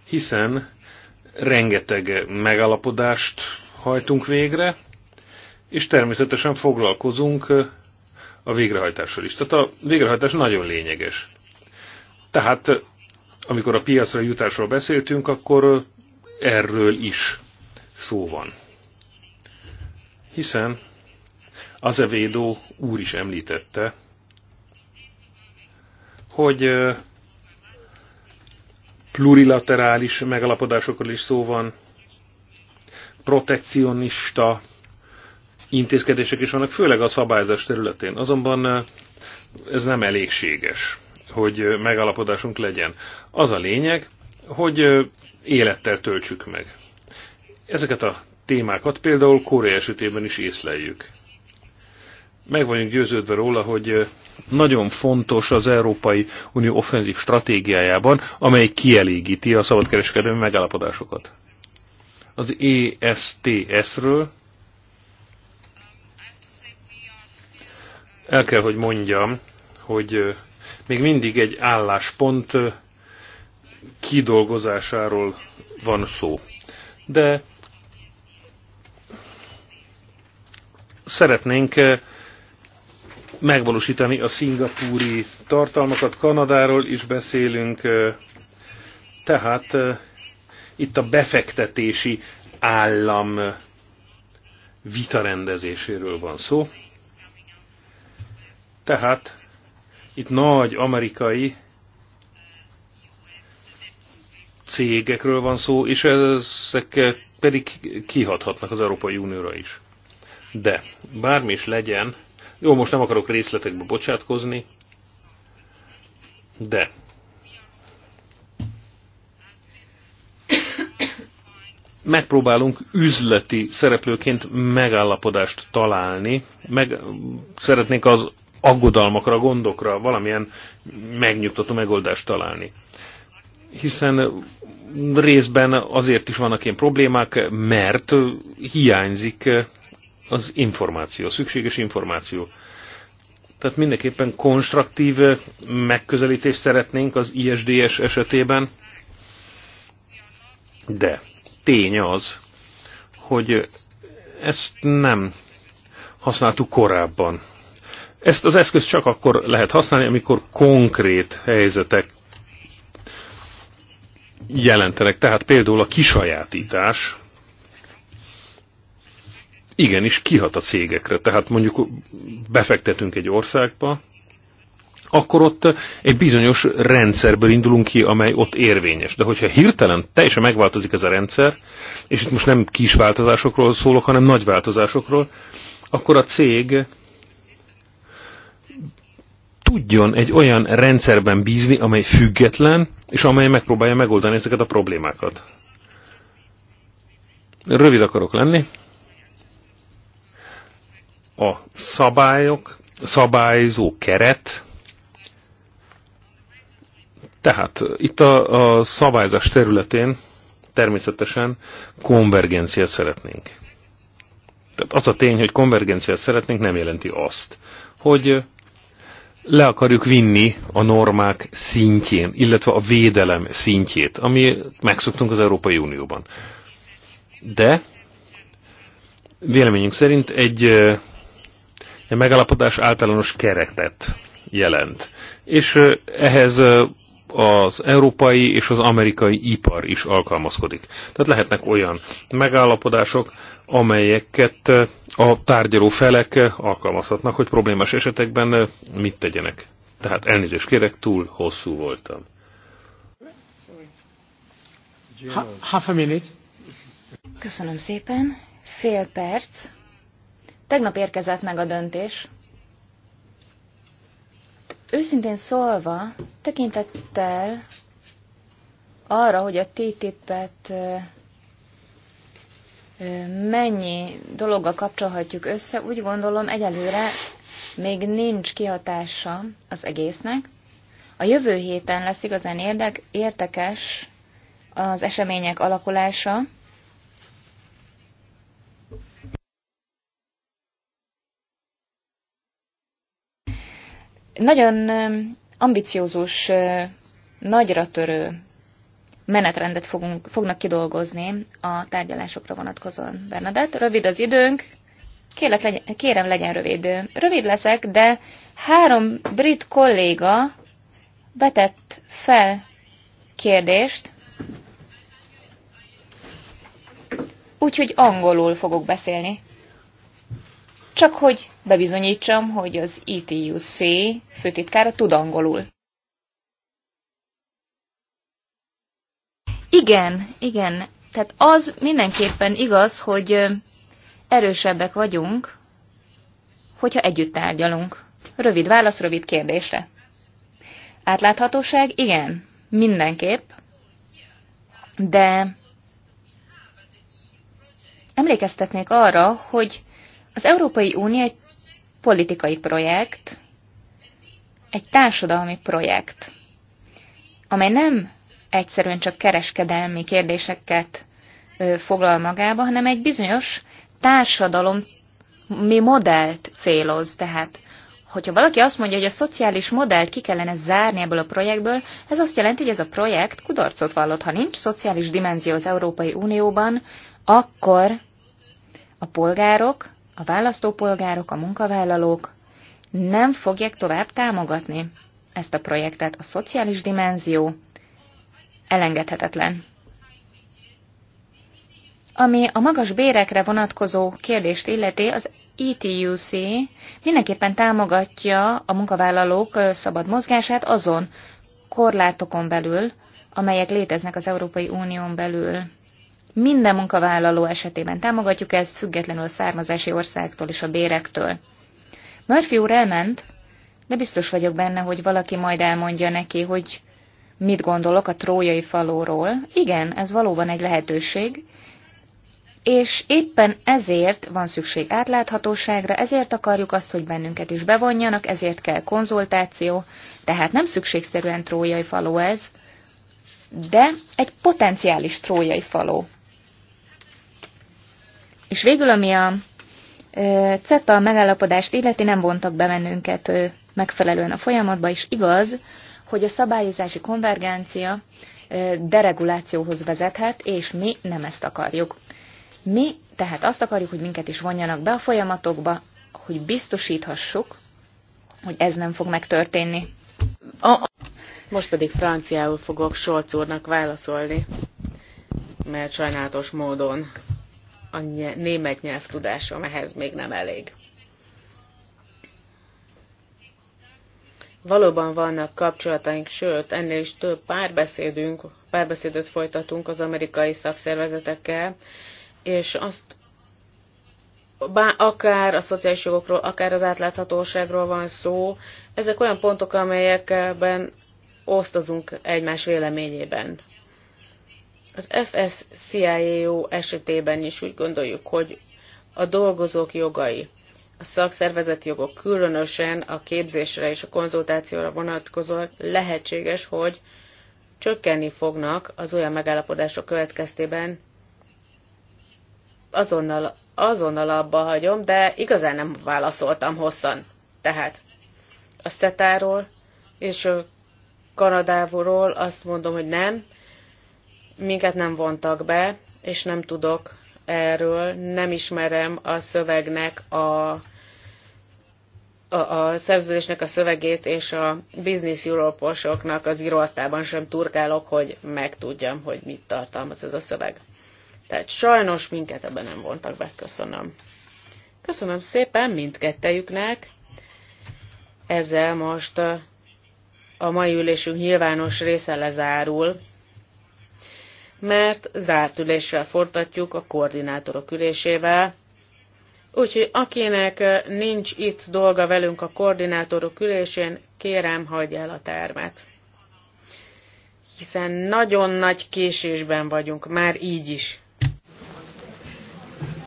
Hiszen rengeteg megállapodást hajtunk végre, és természetesen foglalkozunk a végrehajtással is. Tehát a végrehajtás nagyon lényeges. Tehát amikor a piacra jutásról beszéltünk, akkor erről is szó van. Hiszen Azevédó úr is említette, hogy plurilaterális megalapodásokról is szó van, protekcionista intézkedések is vannak, főleg a szabályozás területén. Azonban eh, ez nem elégséges, hogy eh, megállapodásunk legyen. Az a lényeg, hogy eh, élettel töltsük meg. Ezeket a témákat például Korea esetében is észleljük. Meg vagyunk győződve róla, hogy nagyon fontos az Európai Unió offenzív stratégiájában, amely kielégíti a szabadkereskedelmi megállapodásokat. Az ESTS-ről el kell, hogy mondjam, hogy még mindig egy álláspont kidolgozásáról van szó. De szeretnénk megvalósítani a szingapúri tartalmakat, Kanadáról is beszélünk, tehát itt a befektetési állam vitarendezéséről van szó, tehát itt nagy amerikai cégekről van szó, és ezek pedig kihathatnak az Európai Unióra is. De bármi is legyen, jó, most nem akarok részletekbe bocsátkozni, de megpróbálunk üzleti szereplőként megállapodást találni, meg szeretnénk az aggodalmakra, gondokra valamilyen megnyugtató megoldást találni. Hiszen részben azért is vannak ilyen problémák, mert hiányzik az információ, szükséges információ. Tehát mindenképpen konstruktív megközelítést szeretnénk az ISDS esetében, de tény az, hogy ezt nem használtuk korábban ezt az eszközt csak akkor lehet használni, amikor konkrét helyzetek jelentenek. Tehát például a kisajátítás igenis kihat a cégekre. Tehát mondjuk befektetünk egy országba, akkor ott egy bizonyos rendszerből indulunk ki, amely ott érvényes. De hogyha hirtelen teljesen megváltozik ez a rendszer, és itt most nem kis változásokról szólok, hanem nagy változásokról, akkor a cég tudjon egy olyan rendszerben bízni, amely független, és amely megpróbálja megoldani ezeket a problémákat. Rövid akarok lenni. A szabályok, szabályzó keret, tehát itt a, a szabályzás területén természetesen konvergenciát szeretnénk. Tehát az a tény, hogy konvergenciát szeretnénk, nem jelenti azt, hogy le akarjuk vinni a normák szintjén, illetve a védelem szintjét, ami megszoktunk az Európai Unióban. De véleményünk szerint egy, egy megállapodás általános keretet jelent. És ehhez az európai és az amerikai ipar is alkalmazkodik. Tehát lehetnek olyan megállapodások, amelyeket eh, a tárgyaló felek eh, alkalmazhatnak, hogy problémás esetekben eh, mit tegyenek. Tehát elnézést kérek, túl hosszú voltam. Half a minute. Köszönöm szépen. Fél perc. Tegnap érkezett meg a döntés. Őszintén szólva, tekintettel arra, hogy a TTIP-et mennyi dologgal kapcsolhatjuk össze, úgy gondolom egyelőre még nincs kihatása az egésznek. A jövő héten lesz igazán érdek, értekes az események alakulása, Nagyon ambiciózus, nagyra törő menetrendet fogunk, fognak kidolgozni a tárgyalásokra vonatkozóan. Bernadett, rövid az időnk, Kérlek, legyen, kérem, legyen rövid. Rövid leszek, de három brit kolléga betett fel kérdést, úgyhogy angolul fogok beszélni csak hogy bebizonyítsam, hogy az ETUC főtitkára tud angolul. Igen, igen. Tehát az mindenképpen igaz, hogy erősebbek vagyunk, hogyha együtt tárgyalunk. Rövid válasz, rövid kérdésre. Átláthatóság? Igen, mindenképp. De emlékeztetnék arra, hogy az Európai Unió egy politikai projekt, egy társadalmi projekt, amely nem egyszerűen csak kereskedelmi kérdéseket foglal magába, hanem egy bizonyos társadalom mi modellt céloz. Tehát, hogyha valaki azt mondja, hogy a szociális modellt ki kellene zárni ebből a projektből, ez azt jelenti, hogy ez a projekt kudarcot vallott. Ha nincs szociális dimenzió az Európai Unióban, akkor a polgárok a választópolgárok, a munkavállalók nem fogják tovább támogatni ezt a projektet. A szociális dimenzió elengedhetetlen. Ami a magas bérekre vonatkozó kérdést illeti, az ETUC mindenképpen támogatja a munkavállalók szabad mozgását azon korlátokon belül, amelyek léteznek az Európai Unión belül. Minden munkavállaló esetében támogatjuk ezt, függetlenül a származási országtól és a bérektől. Murphy úr elment, de biztos vagyok benne, hogy valaki majd elmondja neki, hogy mit gondolok a trójai falóról. Igen, ez valóban egy lehetőség, és éppen ezért van szükség átláthatóságra, ezért akarjuk azt, hogy bennünket is bevonjanak, ezért kell konzultáció, tehát nem szükségszerűen trójai faló ez, de egy potenciális trójai faló. És végül, ami a CETA megállapodást illeti, nem vontak be bennünket megfelelően a folyamatba, és igaz, hogy a szabályozási konvergencia deregulációhoz vezethet, és mi nem ezt akarjuk. Mi tehát azt akarjuk, hogy minket is vonjanak be a folyamatokba, hogy biztosíthassuk, hogy ez nem fog megtörténni. Most pedig franciául fogok Solc úrnak válaszolni, mert sajnálatos módon a német nyelvtudásom ehhez még nem elég. Valóban vannak kapcsolataink, sőt, ennél is több párbeszédünk, párbeszédet folytatunk az amerikai szakszervezetekkel, és azt bár akár a szociális jogokról, akár az átláthatóságról van szó, ezek olyan pontok, amelyekben osztozunk egymás véleményében. Az FSCIO esetében is úgy gondoljuk, hogy a dolgozók jogai, a szakszervezeti jogok különösen a képzésre és a konzultációra vonatkozóan lehetséges, hogy csökkenni fognak az olyan megállapodások következtében, azonnal, azonnal abba hagyom, de igazán nem válaszoltam hosszan. Tehát a szetáról és a Kanadáról azt mondom, hogy nem, minket nem vontak be, és nem tudok erről, nem ismerem a szövegnek a a, a szerződésnek a szövegét és a Business europe az íróasztában sem turkálok, hogy megtudjam, hogy mit tartalmaz ez a szöveg. Tehát sajnos minket ebben nem vontak be, köszönöm. Köszönöm szépen mindkettejüknek. Ezzel most a mai ülésünk nyilvános része lezárul mert zárt üléssel fortatjuk a koordinátorok ülésével. Úgyhogy akinek nincs itt dolga velünk a koordinátorok ülésén, kérem, hagyja el a termet. Hiszen nagyon nagy késésben vagyunk, már így is.